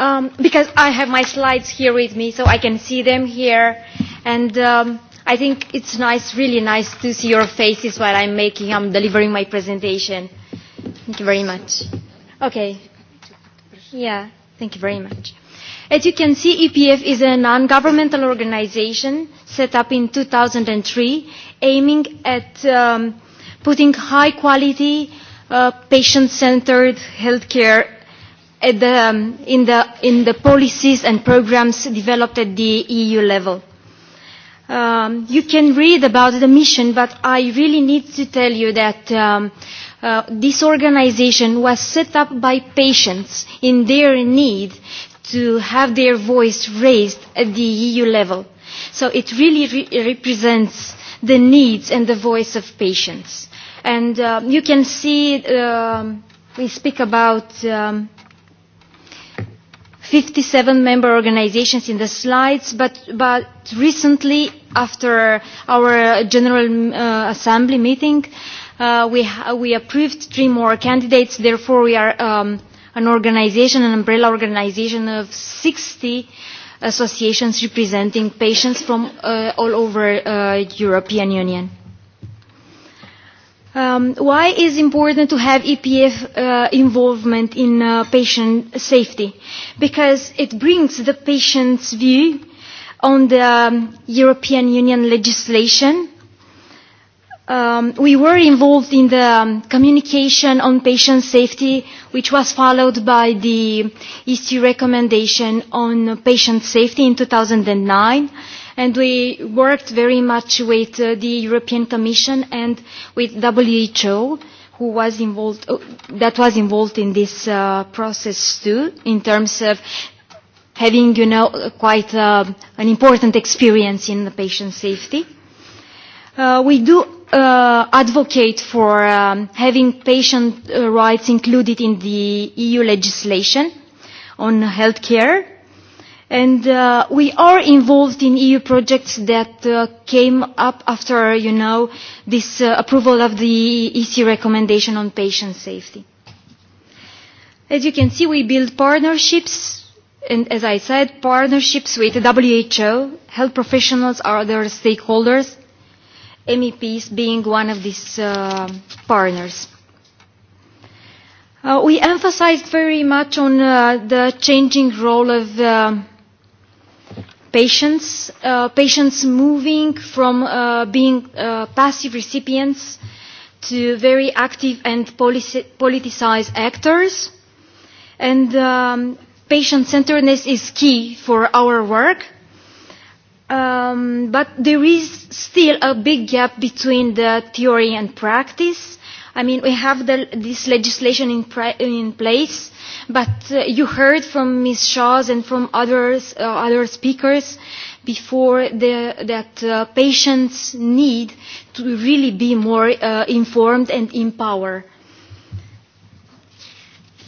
um, because I have my slides here with me, so I can see them here. And um, I think it's nice, really nice to see your faces while I'm making, I'm delivering my presentation. Thank you very much. Okay. Yeah, thank you very much. As you can see, EPF is a non-governmental organization set up in 2003 aiming at um, putting high quality, uh, patient-centered healthcare at the, um, in, the, in the policies and programs developed at the EU level. Um, you can read about the mission, but I really need to tell you that um, uh, this organization was set up by patients in their need to have their voice raised at the EU level. So it really re represents the needs and the voice of patients. And uh, you can see, um, we speak about um, fifty seven member organisations in the slides but, but recently after our general uh, assembly meeting uh, we, we approved three more candidates therefore we are um, an organisation an umbrella organisation of 60 associations representing patients from uh, all over the uh, european union. Um, why is important to have EPF uh, involvement in uh, patient safety? Because it brings the patient's view on the um, European Union legislation. Um, we were involved in the um, communication on patient safety, which was followed by the EC recommendation on patient safety in 2009 and we worked very much with uh, the European Commission and with WHO who was involved, uh, that was involved in this uh, process too in terms of having you know, quite uh, an important experience in the patient safety. Uh, we do uh, advocate for um, having patient uh, rights included in the EU legislation on healthcare And uh, we are involved in EU projects that uh, came up after, you know, this uh, approval of the EC recommendation on patient safety. As you can see, we build partnerships, and as I said, partnerships with WHO, health professionals, other stakeholders, MEPs being one of these uh, partners. Uh, we emphasized very much on uh, the changing role of uh, patients, uh, patients moving from uh, being uh, passive recipients to very active and politicized actors. And um, patient-centeredness is key for our work. Um, but there is still a big gap between the theory and practice. I mean, we have the, this legislation in, in place, But uh, you heard from Ms. Shaws and from others, uh, other speakers before the, that uh, patients need to really be more uh, informed and empowered.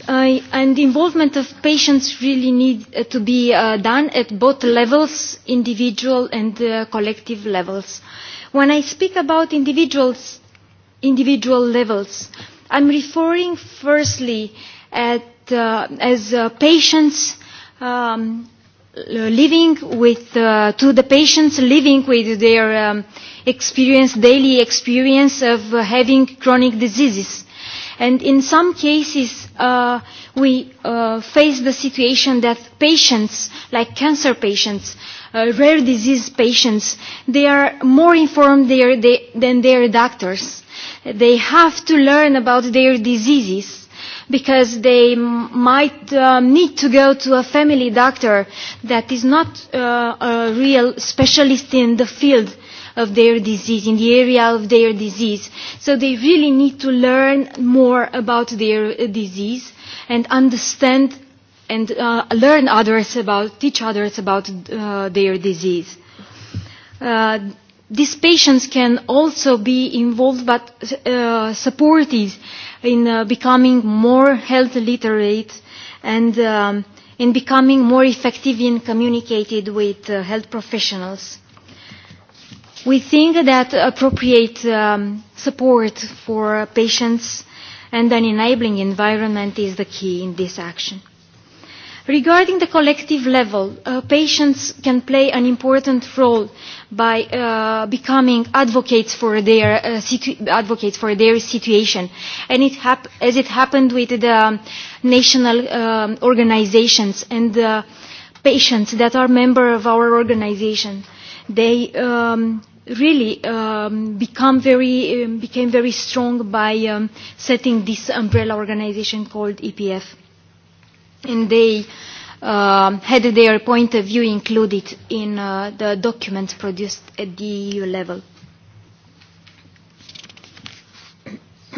Uh, and the involvement of patients really need uh, to be uh, done at both levels, individual and uh, collective levels. When I speak about individuals, individual levels, I'm referring firstly at uh, as uh, patients um, living with, uh, to the patients living with their um, experience, daily experience of uh, having chronic diseases. And in some cases, uh, we uh, face the situation that patients, like cancer patients, uh, rare disease patients, they are more informed they are, they, than their doctors. They have to learn about their diseases because they might um, need to go to a family doctor that is not uh, a real specialist in the field of their disease, in the area of their disease. So they really need to learn more about their uh, disease and understand and uh, learn others about, teach others about uh, their disease. Uh, these patients can also be involved but uh, supported in uh, becoming more health literate and um, in becoming more effective in communicating with uh, health professionals. We think that appropriate um, support for patients and an enabling environment is the key in this action. Regarding the collective level, uh, patients can play an important role by uh, becoming advocates for their uh, situ advocates for their situation, and it hap as it happened with the um, national um, organizations and the patients that are member of our organization, they um, really um, become very um, became very strong by um, setting this umbrella organization called EPF and they uh, had their point of view included in uh, the documents produced at the EU level.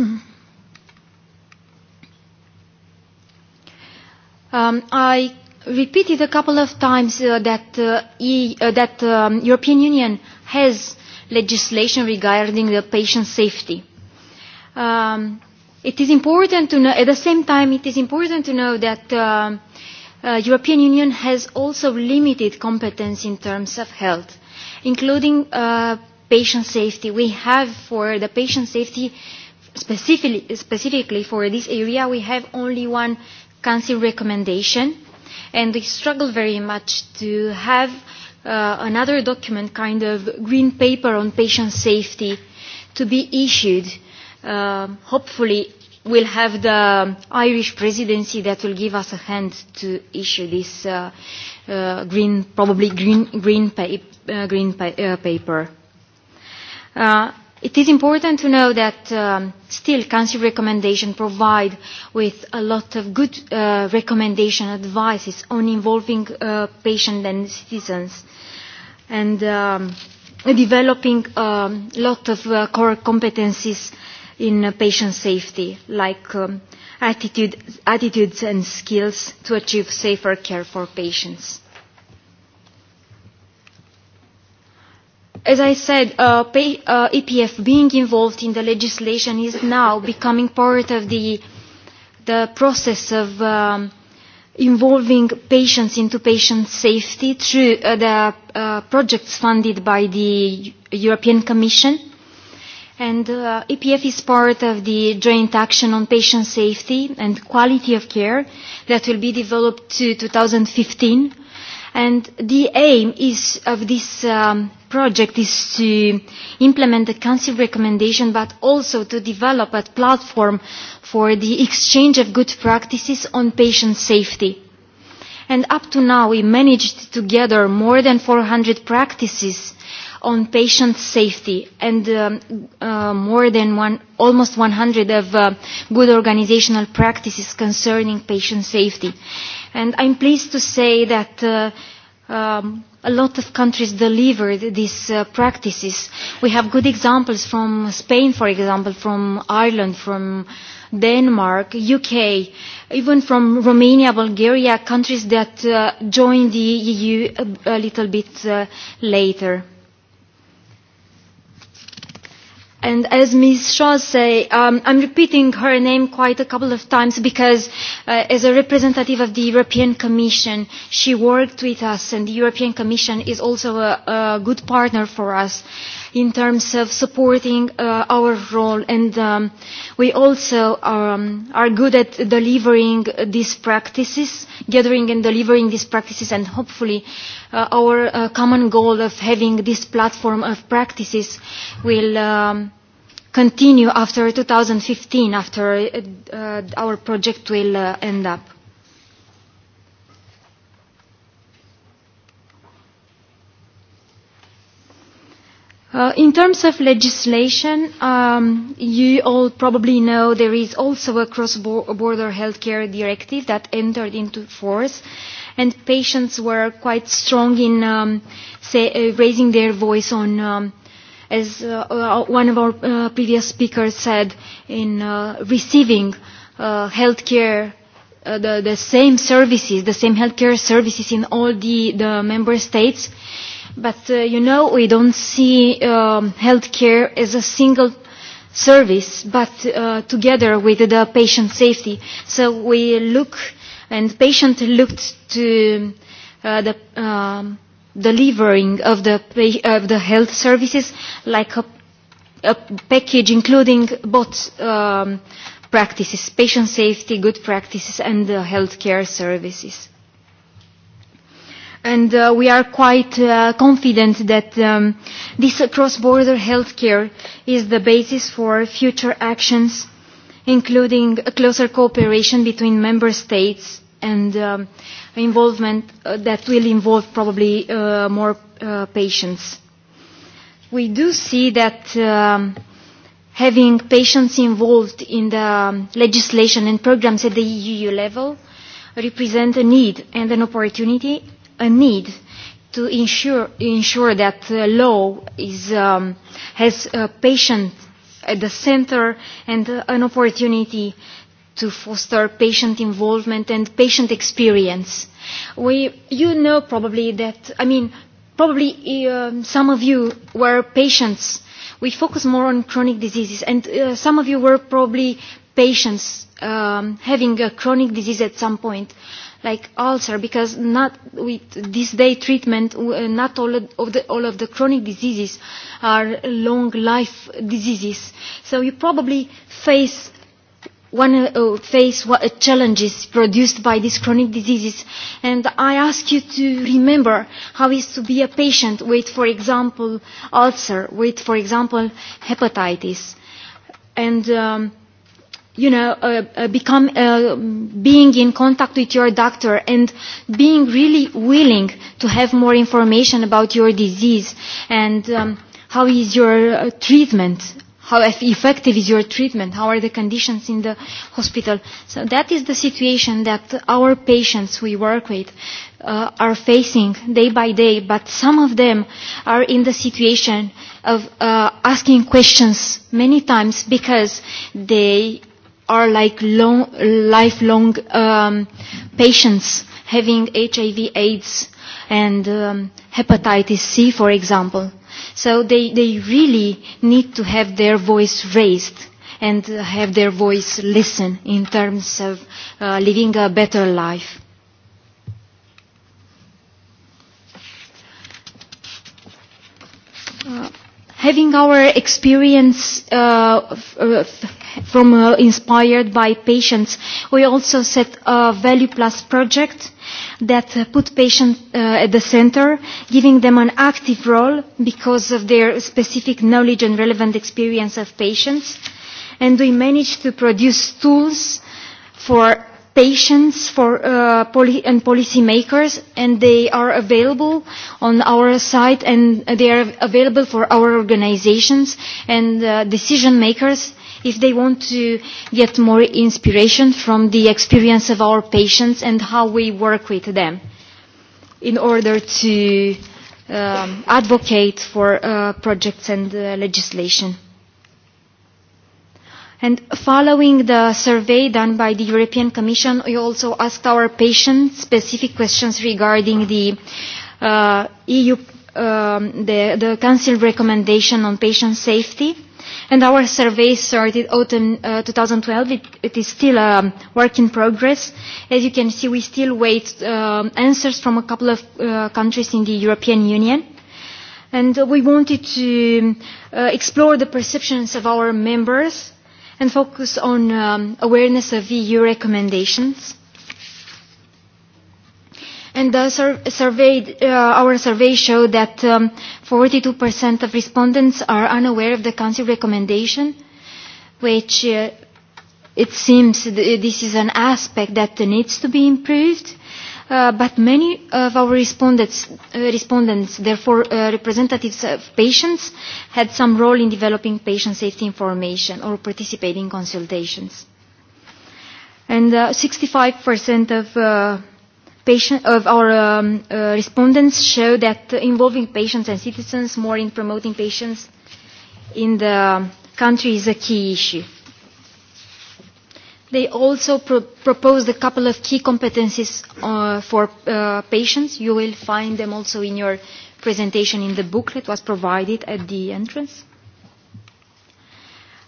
um, I repeated a couple of times uh, that, uh, e, uh, that um, European Union has legislation regarding the patient safety. Um, It is important to know, at the same time, it is important to know that uh, uh, European Union has also limited competence in terms of health, including uh, patient safety. We have for the patient safety, specifically, specifically for this area, we have only one council recommendation, and we struggle very much to have uh, another document, kind of green paper on patient safety, to be issued uh, hopefully we'll have the Irish presidency that will give us a hand to issue this uh, uh, green, probably green, green, pa uh, green pa uh, paper. Uh, it is important to know that um, still council recommendations provide with a lot of good uh, recommendation advices on involving uh, patients and citizens and um, developing a um, lot of uh, core competencies in patient safety, like um, attitude, attitudes and skills to achieve safer care for patients. As I said, uh, pay, uh, EPF being involved in the legislation is now becoming part of the, the process of um, involving patients into patient safety through uh, the uh, projects funded by the European Commission And uh, EPF is part of the joint action on patient safety and quality of care that will be developed to 2015. And the aim is of this um, project is to implement the Council recommendation but also to develop a platform for the exchange of good practices on patient safety. And up to now we managed to gather more than 400 practices on patient safety and um, uh, more than one, almost 100 of uh, good organizational practices concerning patient safety. And I'm pleased to say that uh, um, a lot of countries delivered these uh, practices. We have good examples from Spain, for example, from Ireland, from Denmark, UK, even from Romania, Bulgaria, countries that uh, joined the EU a, a little bit uh, later. And as Ms. Shaw say, um, I'm repeating her name quite a couple of times because uh, as a representative of the European Commission, she worked with us and the European Commission is also a, a good partner for us in terms of supporting uh, our role and um, we also are, um, are good at delivering these practices, gathering and delivering these practices and hopefully uh, uh, our uh, common goal of having this platform of practices will um, continue after 2015, after uh, uh, our project will uh, end up. Uh, in terms of legislation, um, you all probably know there is also a cross-border healthcare directive that entered into force. Uh, and patients were quite strong in um, say, uh, raising their voice on, um, as uh, uh, one of our uh, previous speakers said, in uh, receiving uh, healthcare uh, the, the same services, the same healthcare services in all the, the member states. But uh, you know, we don't see um, healthcare as a single service, but uh, together with the patient safety. So we look and patient looked to uh, the um, delivering of the, of the health services like a, a package including both um, practices, patient safety, good practices and the healthcare services. And uh, we are quite uh, confident that um, this cross-border healthcare is the basis for future actions, including a closer cooperation between member states and um, involvement uh, that will involve probably uh, more uh, patients. We do see that um, having patients involved in the um, legislation and programs at the EU level represent a need and an opportunity, a need to ensure, ensure that uh, law is, um, has a patient at the center and uh, an opportunity uh, to foster patient involvement and patient experience. We, you know probably that, I mean, probably uh, some of you were patients. We focus more on chronic diseases, and uh, some of you were probably patients um, having a chronic disease at some point, like ulcer, because not with this day treatment, uh, not all of the, all of the chronic diseases are long life diseases. So you probably face one uh, oh, face what, uh, challenges produced by these chronic diseases. And I ask you to remember how it is to be a patient with, for example, ulcer, with, for example, hepatitis. And... Um, you know, uh, uh, become uh, being in contact with your doctor and being really willing to have more information about your disease and um, how is your uh, treatment how effective is your treatment, how are the conditions in the hospital. So that is the situation that our patients we work with uh, are facing day by day, but some of them are in the situation of uh, asking questions many times because they are like long, lifelong um, patients having HIV, AIDS, and um, hepatitis C, for example. So they, they really need to have their voice raised and have their voice listened in terms of uh, living a better life. Uh, having our experience uh, uh from uh, inspired by patients, we also set a value plus project that uh, put patients uh, at the center, giving them an active role because of their specific knowledge and relevant experience of patients. And we managed to produce tools for patients for, uh, poli and policymakers, and they are available on our site, and they are available for our organizations and uh, decision makers if they want to get more inspiration from the experience of our patients and how we work with them in order to um, advocate for uh, projects and uh, legislation. And following the survey done by the European Commission, we also asked our patients specific questions regarding the uh, EU, um, the, the Council recommendation on patient safety And our survey started autumn uh, 2012. It, it is still a um, work in progress. As you can see, we still wait um, answers from a couple of uh, countries in the European Union. And uh, we wanted to uh, explore the perceptions of our members and focus on um, awareness of EU recommendations. And the sur surveyed, uh, our survey showed that um, 42% of respondents are unaware of the Council recommendation, which uh, it seems th this is an aspect that needs to be improved. Uh, but many of our respondents, uh, respondents therefore uh, representatives of patients, had some role in developing patient safety information or participating in consultations. And uh, 65% of uh, patient, of our um, uh, respondents show that involving patients and citizens more in promoting patients in the country is a key issue. They also pro proposed a couple of key competencies uh, for uh, patients. You will find them also in your presentation in the booklet was provided at the entrance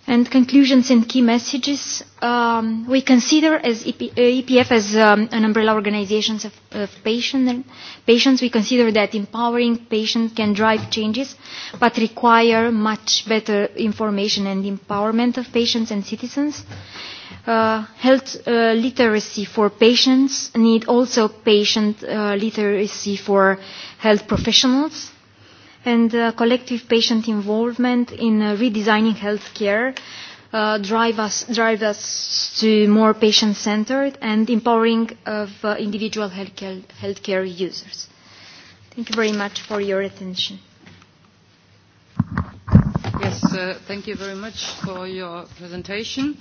and conclusions and key messages. Um, we consider as EP, uh, EPF as um, an umbrella organization of, of patient, patients. We consider that empowering patients can drive changes, but require much better information and empowerment of patients and citizens. Uh, health uh, literacy for patients need also patient uh, literacy for health professionals and uh, collective patient involvement in uh, redesigning healthcare uh, drive, us, drive us to more patient-centered and empowering of uh, individual healthcare, healthcare users. Thank you very much for your attention. Yes, uh, thank you very much for your presentation.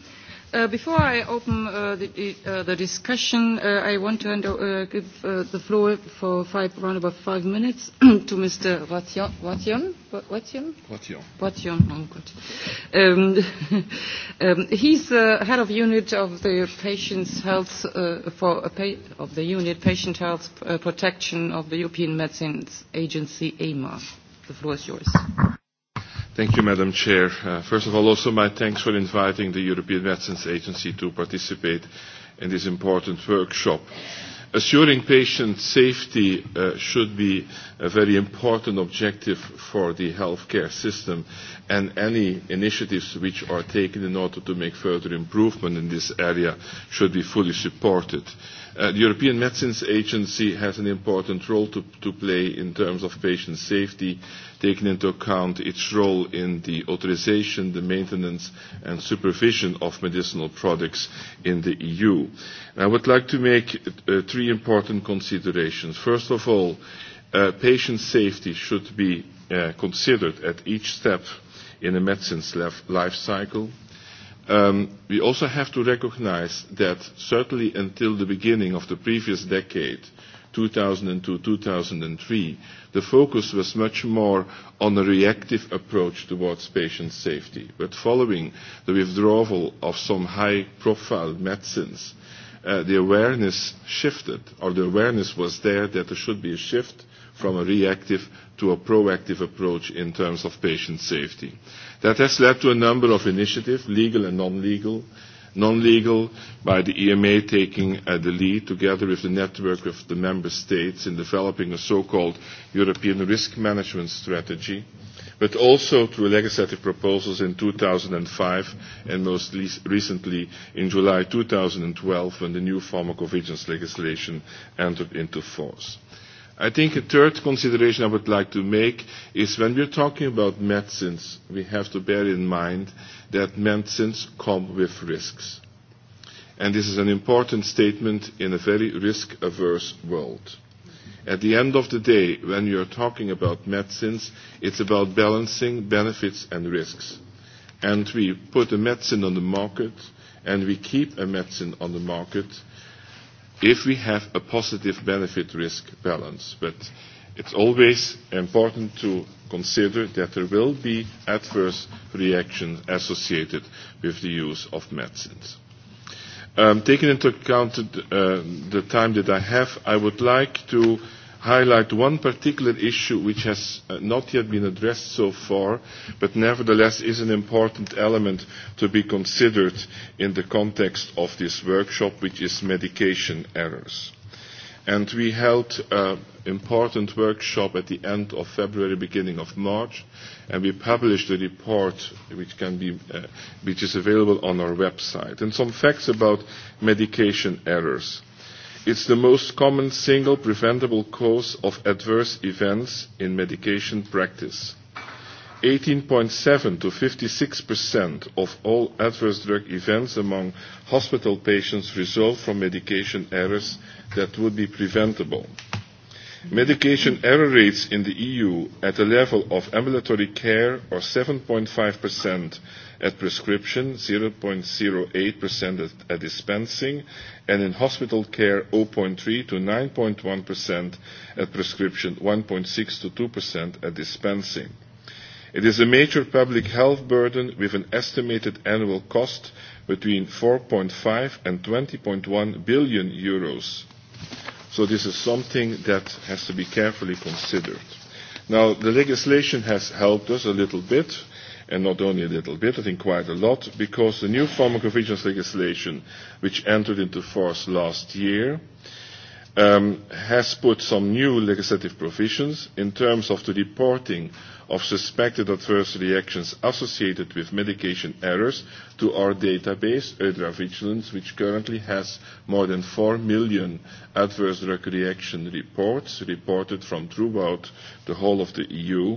Uh, before I open uh, the, uh, the discussion, uh, I want to hand, uh, give uh, the floor for five, around about five minutes to Mr. Wation. Wation? Wation? Wation. Oh, good. Um, um, he's the head of unit of the patient's health uh, for a pa- of the unit patient health uh, protection of the European Medicines Agency (EMA). The floor is yours. Thank you, Madam Chair. Uh, first of all, also my thanks for inviting the European Medicines Agency to participate in this important workshop. Assuring patient safety uh, should be a very important objective for the healthcare system and any initiatives which are taken in order to make further improvement in this area should be fully supported. Uh, the European Medicines Agency has an important role to, to play in terms of patient safety taking into account its role in the authorization, the maintenance and supervision of medicinal products in the EU. And I would like to make uh, three important considerations. First of all, uh, patient safety should be uh, considered at each step in a medicine's life cycle. Um, we also have to recognize that certainly until the beginning of the previous decade, uh, 2002, 2003, the focus was much more on a reactive approach towards patient safety. But following the withdrawal of some high-profile medicines, uh, the awareness shifted, or the awareness was there that there should be a shift from a reactive to a proactive approach in terms of patient safety. That has led to a number of initiatives, legal and non-legal, uh, non-legal by the EMA taking uh, the lead together with the network of the member states in developing a so-called European risk management strategy, but also through legislative proposals in 2005 and most recently in July 2012 when the new pharmacovigilance legislation entered into force. I think a third consideration I would like to make is when we're talking about medicines, we have to bear in mind that medicines come with risks. And this is an important statement in a very risk-averse world. At the end of the day, when you're talking about medicines, it's about balancing benefits and risks. And we put a medicine on the market, and we keep a medicine on the market, if we have a positive benefit risk balance. But it's always important to consider that there will be adverse reactions associated with the use of medicines. Um, taking into account uh, the time that I have, I would like to highlight one particular issue which has uh, not yet been addressed so far, but nevertheless is an important element to be considered in the context of this workshop, which is medication errors. And we held an uh, important workshop at the end of February, beginning of March, and we published a report which, can be, uh, which is available on our website. And some facts about medication errors. It's the most common single preventable cause of adverse events in medication practice. 18.7 to 56% of all adverse drug events among hospital patients result from medication errors that would be preventable. Medication error rates in the EU at the level of ambulatory care are 7.5% at prescription, 0.08% at, at dispensing, and in hospital care 0.3 to 9.1% at prescription, 1.6 to 2% at dispensing. It is a major public health burden with an estimated annual cost between 4.5 and 20.1 billion euros. So this is something that has to be carefully considered. Now, the legislation has helped us a little bit, and not only a little bit, I think quite a lot, because the new pharmacovigilance legislation, which entered into force last year, um, has put some new legislative provisions in terms of the reporting of suspected adverse reactions associated with medication errors to our database, Vigilance, which currently has more than 4 million adverse drug reaction reports reported from throughout the whole of the EU,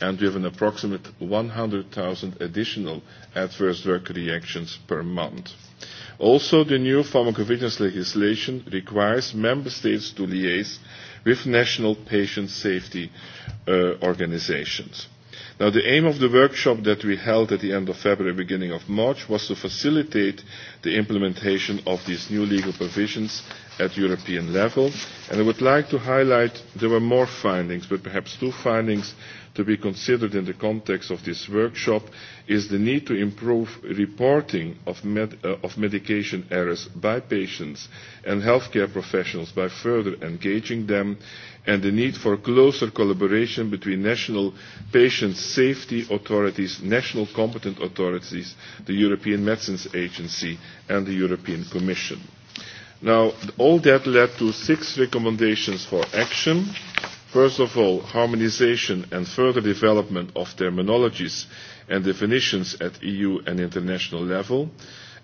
and we have an approximate 100,000 additional adverse drug reactions per month. Also, the new pharmacovigilance legislation requires member states to liaise with national patient safety uh, organizations. Now, the aim of the workshop that we held at the end of February, beginning of March, was to facilitate the implementation of these new legal provisions at European level. And I would like to highlight, there were more findings, but perhaps two findings to be considered in the context of this workshop is the need to improve reporting of, med uh, of medication errors by patients and healthcare professionals by further engaging them and the need for closer collaboration between national patient safety authorities, national competent authorities, the European Medicines Agency and the European Commission. Now, all that led to six recommendations for action. First of all, harmonization and further development of terminologies and definitions at EU and international level,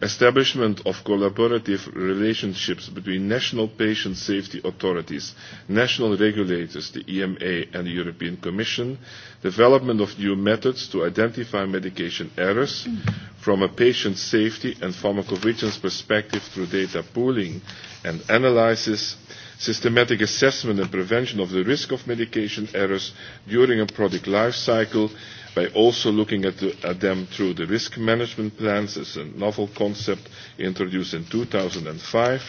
establishment of collaborative relationships between national patient safety authorities, national regulators, the EMA and the European Commission, development of new methods to identify medication errors from a patient safety and pharmacovigilance perspective through data pooling and analysis, systematic assessment and prevention of the risk of medication errors during a product life cycle by also looking at, the, at them through the risk management plans as a novel concept introduced in 2005.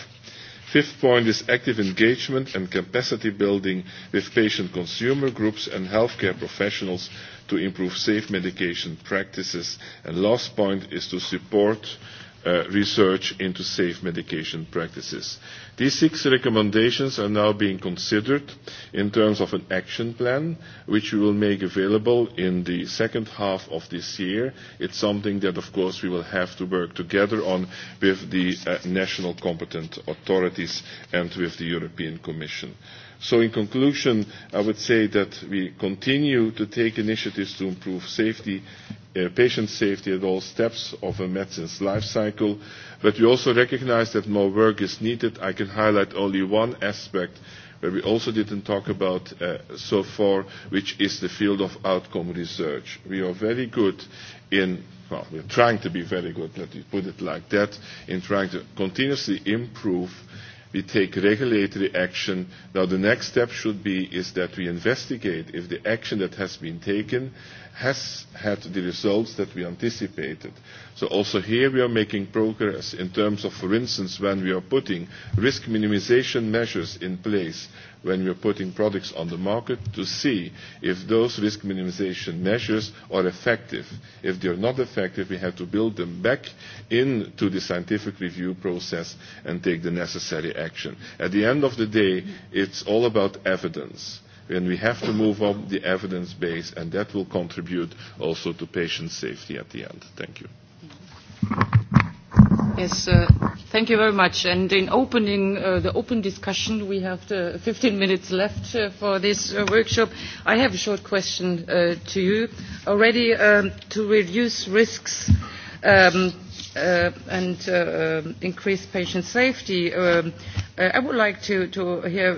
Fifth point is active engagement and capacity building with patient consumer groups and healthcare professionals to improve safe medication practices. And last point is to support uh, research into safe medication practices. These six recommendations are now being considered in terms of an action plan, which we will make available in the second half of this year. It's something that, of course, we will have to work together on with the uh, national competent authorities and with the European Commission. So in conclusion, I would say that we continue to take initiatives to improve safety uh, patient safety at all steps of a medicine's life cycle. But we also recognize that more work is needed. I can highlight only one aspect where we also didn't talk about uh, so far, which is the field of outcome research. We are very good in well, we're trying to be very good, let me put it like that, in trying to continuously improve. We take regulatory action. Now, the next step should be is that we investigate if the action that has been taken has had the results that we anticipated. So also here we are making progress in terms of, for instance, when we are putting risk minimization measures in place, when we are putting products on the market to see if those risk minimization measures are effective. If they are not effective, we have to build them back into the scientific review process and take the necessary action. At the end of the day, it's all about evidence and we have to move up the evidence base, and that will contribute also to patient safety at the end. Thank you. Yes, uh, thank you very much. And in opening uh, the open discussion, we have the 15 minutes left uh, for this uh, workshop. I have a short question uh, to you. Already um, to reduce risks, um, uh, and uh, uh, increase patient safety. Um, uh, I would like to, to hear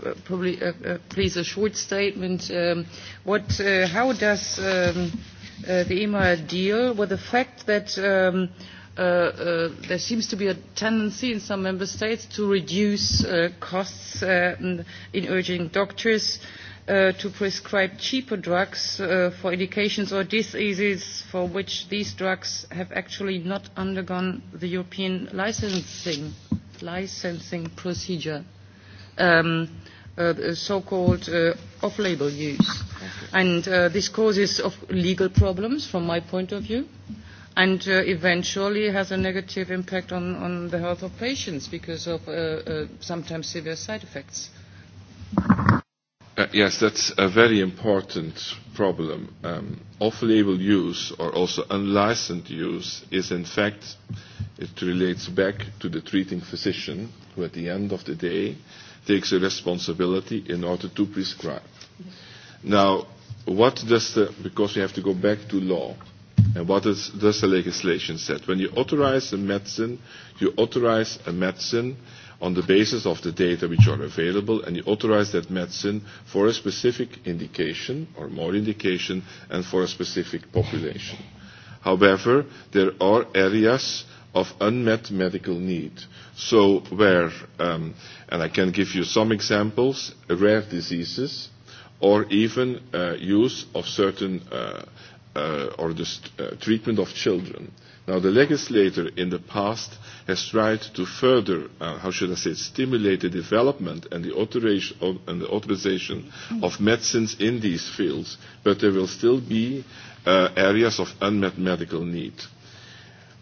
uh, uh, probably, uh, uh, please a short statement. Um, what, uh, how does um, uh, the EMA deal with the fact that um, uh, uh, there seems to be a tendency in some member states to reduce uh, costs uh, in urging doctors? Uh, uh, to prescribe cheaper drugs uh, for indications or diseases for which these drugs have actually not undergone the European licensing, licensing procedure, um, uh, so-called uh, off-label use. And uh, this causes of legal problems from my point of view and uh, eventually has a negative impact on, on the health of patients because of uh, uh, sometimes severe side effects. Uh, yes, that's a very important problem. Um, off-label use or also unlicensed use is in fact, it relates back to the treating physician who at the end of the day takes a responsibility in order to prescribe. Now, what does the, because we have to go back to law, and what is, does the legislation said? When you authorize a medicine, you authorize a medicine on the basis of the data which are available and you authorize that medicine for a specific indication or more indication and for a specific population. However, there are areas of unmet medical need. So where, um, and I can give you some examples, rare diseases or even uh, use of certain uh, uh, or the uh, treatment of children. Now, the legislator in the past has tried to further, uh, how should I say, stimulate the development and the authorization, and the authorization of medicines in these fields, but there will still be uh, areas of unmet medical need.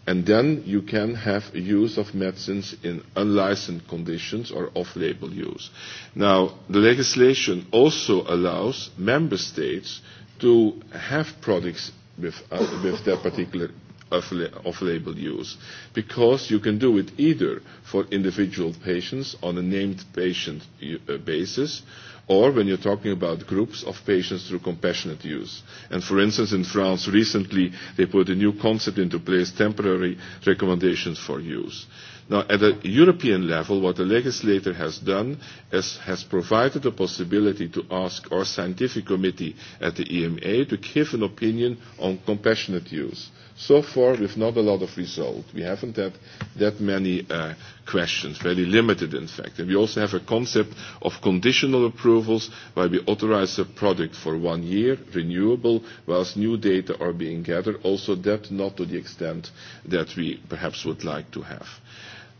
And then you can have use of medicines in unlicensed conditions or off-label use. Now, the legislation also allows member states to have products with, uh, with that particular off-label use because you can do it either for individual patients on a named patient uh, basis or when you're talking about groups of patients through compassionate use. And for instance, in France recently, they put a new concept into place, temporary recommendations for use. Now, at a European level, what the legislator has done is has provided the possibility to ask our scientific committee at the EMA to give an opinion on compassionate use. So far, with not a lot of result. We haven't had that many uh, questions, very limited, in fact. And we also have a concept of conditional approvals, where we authorize a product for one year, renewable, whilst new data are being gathered. Also, that not to the extent that we perhaps would like to have.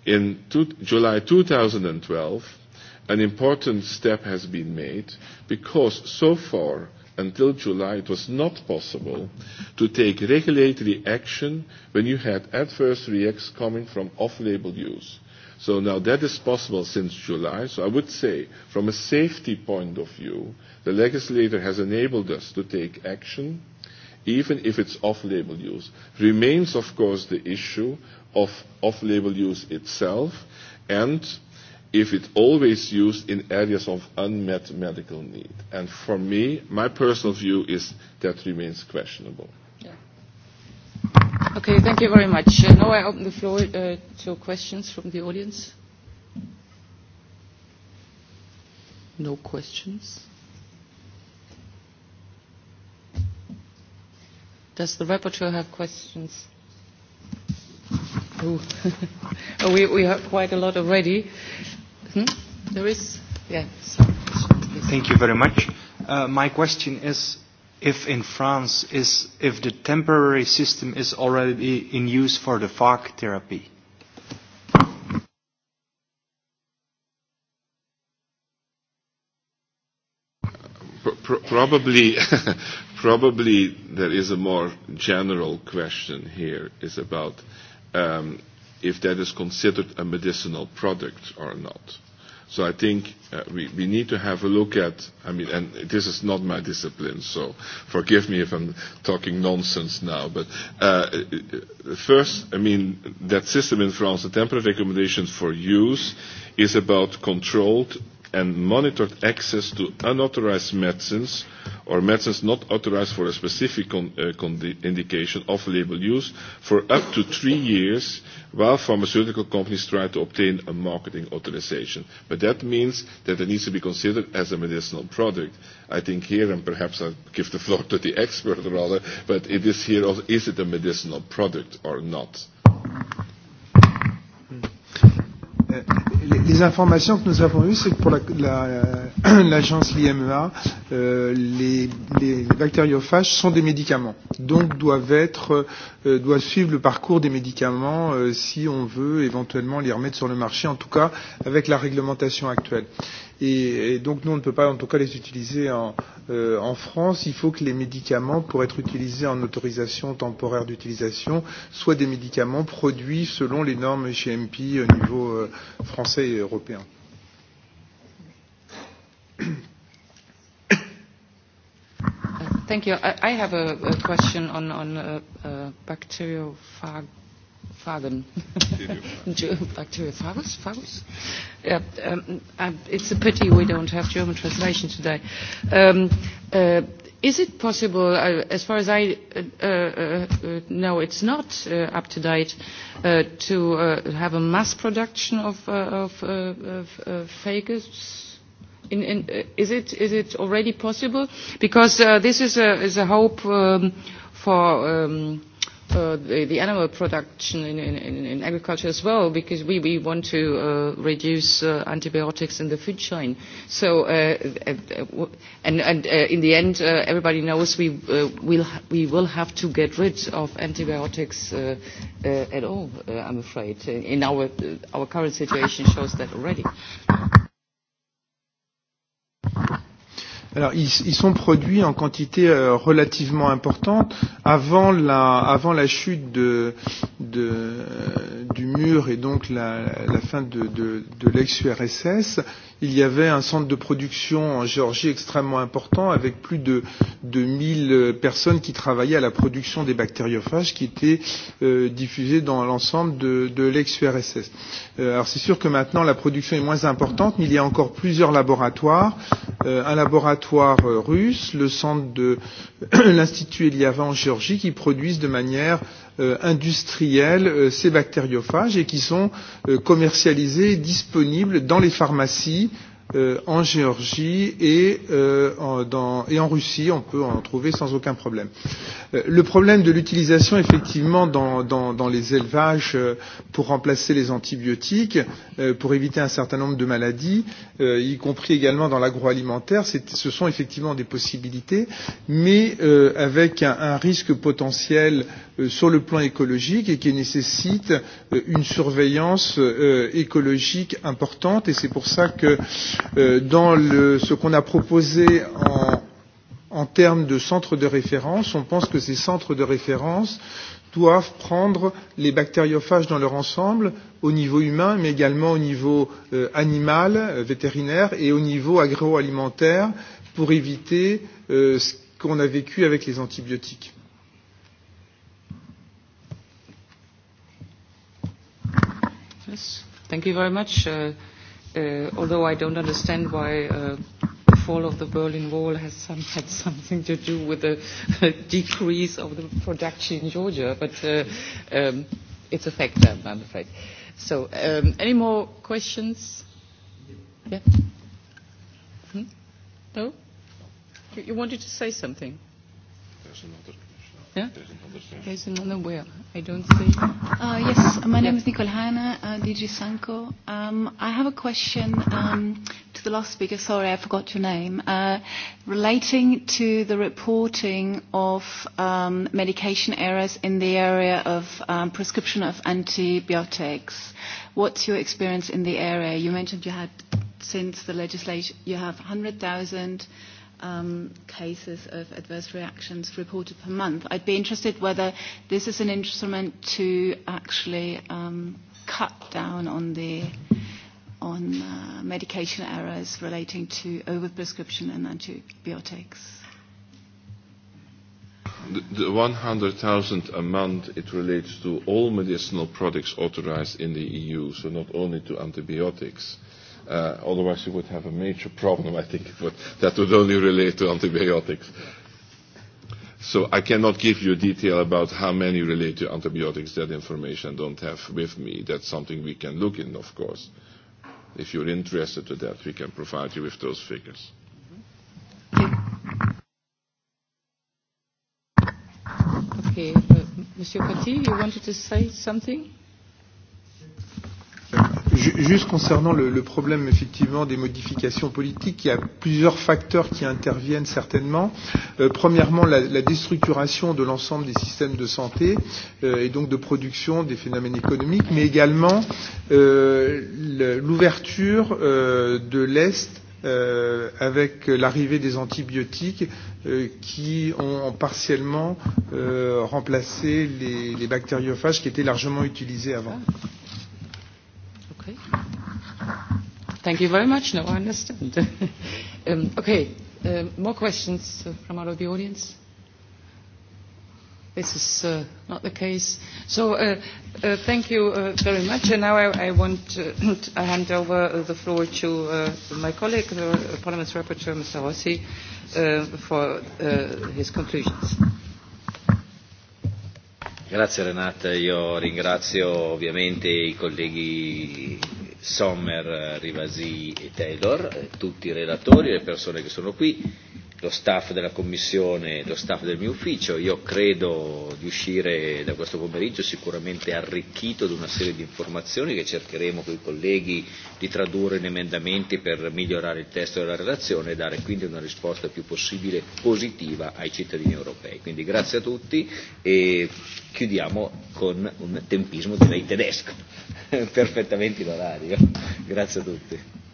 In two, July 2012, an important step has been made because so far until July, it was not possible to take regulatory action when you had adverse reacts coming from off-label use. So now that is possible since July. So I would say, from a safety point of view, the legislator has enabled us to take action, even if it's off-label use. Remains, of course, the issue of off-label use itself and if it's always used in areas of unmet medical need. And for me, my personal view is that remains questionable. Yeah. Okay, thank you very much. Uh, now I open the floor uh, to questions from the audience. No questions? Does the rapporteur have questions? Oh, we, we have quite a lot already. Hmm? There is? Yeah, Thank you very much. Uh, my question is if in France is if the temporary system is already in use for the FARC therapy. probably, probably there is a more general question here is about um, if that is considered a medicinal product or not. So I think uh, we, we need to have a look at, I mean, and this is not my discipline, so forgive me if I'm talking nonsense now, but uh, first, I mean, that system in France, the temporary recommendations for use is about controlled and monitored access to unauthorized medicines or medicines not authorized for a specific con, uh, con indication of label use for up to three years while pharmaceutical companies try to obtain a marketing authorization. But that means that it needs to be considered as a medicinal product. I think here, and perhaps I'll give the floor to the expert rather, but it is here also, is it a medicinal product or not? les, informations que nous avons eues, c'est que pour l'agence la, la, euh, l'IMEA, euh, les, les, les bactériophages sont des médicaments, donc doivent, être, euh, doivent suivre le parcours des médicaments euh, si on veut éventuellement les remettre sur le marché, en tout cas avec la réglementation actuelle. Et, et donc nous, on ne peut pas en tout cas les utiliser en, euh, en France. Il faut que les médicaments, pour être utilisés en autorisation temporaire d'utilisation, soient des médicaments produits selon les normes GMP au euh, niveau euh, français et européen. Thank you. I, I have a, a question on, on uh, uh, bacteriophage Fragen. Back to Fagus. Fagus. Yeah, um, it's a pity we don't have German translation today. Um, uh, is it possible, uh, as far as I uh, uh, uh, know, it's not uh, up to date, uh, to uh, have a mass production of, uh, of, uh, of uh, fagus? In, in, uh, is, it, is it already possible? Because uh, this is a, is a hope um, for. Um, uh, the, the animal production in, in, in agriculture as well, because we, we want to uh, reduce uh, antibiotics in the food chain. So, uh, uh, uh and, and uh, in the end, uh, everybody knows we, uh, will, we will have to get rid of antibiotics uh, uh, at all, uh, I'm afraid. In our, uh, our current situation shows that already. Alors, ils, ils sont produits en quantité euh, relativement importante. Avant la, avant la chute de, de, euh, du mur et donc la, la fin de, de, de l'ex-URSS, il y avait un centre de production en Géorgie extrêmement important avec plus de, de 1000 personnes qui travaillaient à la production des bactériophages qui étaient euh, diffusés dans l'ensemble de, de l'ex-URSS. Euh, alors c'est sûr que maintenant la production est moins importante, mais il y a encore plusieurs laboratoires. Euh, un laboratoire euh, russe, le centre de l'Institut Eliava en Géorgie qui produisent de manière euh, industriels euh, ces bactériophages et qui sont euh, commercialisés et disponibles dans les pharmacies euh, en Géorgie et, euh, en, dans, et en Russie. On peut en trouver sans aucun problème. Euh, le problème de l'utilisation effectivement dans, dans, dans les élevages euh, pour remplacer les antibiotiques, euh, pour éviter un certain nombre de maladies, euh, y compris également dans l'agroalimentaire, ce sont effectivement des possibilités, mais euh, avec un, un risque potentiel euh, Euh, sur le plan écologique et qui nécessite euh, une surveillance euh, écologique importante et c'est pour ça que dans le, ce qu'on a proposé en, en termes de centres de référence, on pense que ces centres de référence doivent prendre les bactériophages dans leur ensemble, au niveau humain, mais également au niveau euh, animal, euh, vétérinaire et au niveau agroalimentaire, pour éviter euh, ce qu'on a vécu avec les antibiotiques. Yes, thank you very much. Uh, uh, although I don't understand why uh, the fall of the Berlin Wall has some, had something to do with the decrease of the production in Georgia, but uh, um, it's a fact, I'm, I'm afraid. So, um, any more questions? Yeah. Hmm? No? You, you wanted to say something? There's another. Yeah? There's another where. I don't see. Uh, yes, my name is Nicole Hanna, uh, DG Sanko. Um, I have a question um, to the last speaker. Sorry, I forgot your name. Uh, relating to the reporting of um, medication errors in the area of um, prescription of antibiotics. What's your experience in the area? You mentioned you had, since the legislation, you have 100,000 um, cases of adverse reactions reported per month. I'd be interested whether this is an instrument to actually um, cut down on the on uh, medication errors relating to overprescription and antibiotics. The, the 100,000 a month, it relates to all medicinal products authorized in the EU, so not only to antibiotics. Uh, otherwise, you would have a major problem, I think, but that would only relate to antibiotics. So I cannot give you a detail about how many relate to antibiotics. That information I don't have with me. That's something we can look in, of course. If you're interested in that, we can provide you with those figures. Okay, uh, Monsieur Petit, you wanted to say something? Juste concernant le, le problème effectivement des modifications politiques, il y a plusieurs facteurs qui interviennent certainement. Euh, premièrement, la, la déstructuration de l'ensemble des systèmes de santé euh, et donc de production des phénomènes économiques, mais également euh, l'ouverture euh, de l'Est euh, avec l'arrivée des antibiotiques euh, qui ont partiellement euh, remplacé les, les bactériophages qui étaient largement utilisés avant. Okay. Thank you very much. No, I understand. um, okay. Um, more questions uh, from out of the audience? This is uh, not the case. So uh, uh, thank you uh, very much. And now I, I want to, uh, hand over uh, the floor to uh, my colleague, the Parliament's Rapporteur, Mr. Rossi, uh, for uh, his conclusions. Grazie Renate, io ringrazio ovviamente i colleghi Sommer, Rivasi e Taylor, tutti i relatori e le persone che sono qui lo staff della Commissione e lo staff del mio ufficio. Io credo di uscire da questo pomeriggio sicuramente arricchito di una serie di informazioni che cercheremo con i colleghi di tradurre in emendamenti per migliorare il testo della relazione e dare quindi una risposta più possibile positiva ai cittadini europei. Quindi grazie a tutti e chiudiamo con un tempismo direi tedesco, perfettamente in orario. Grazie a tutti.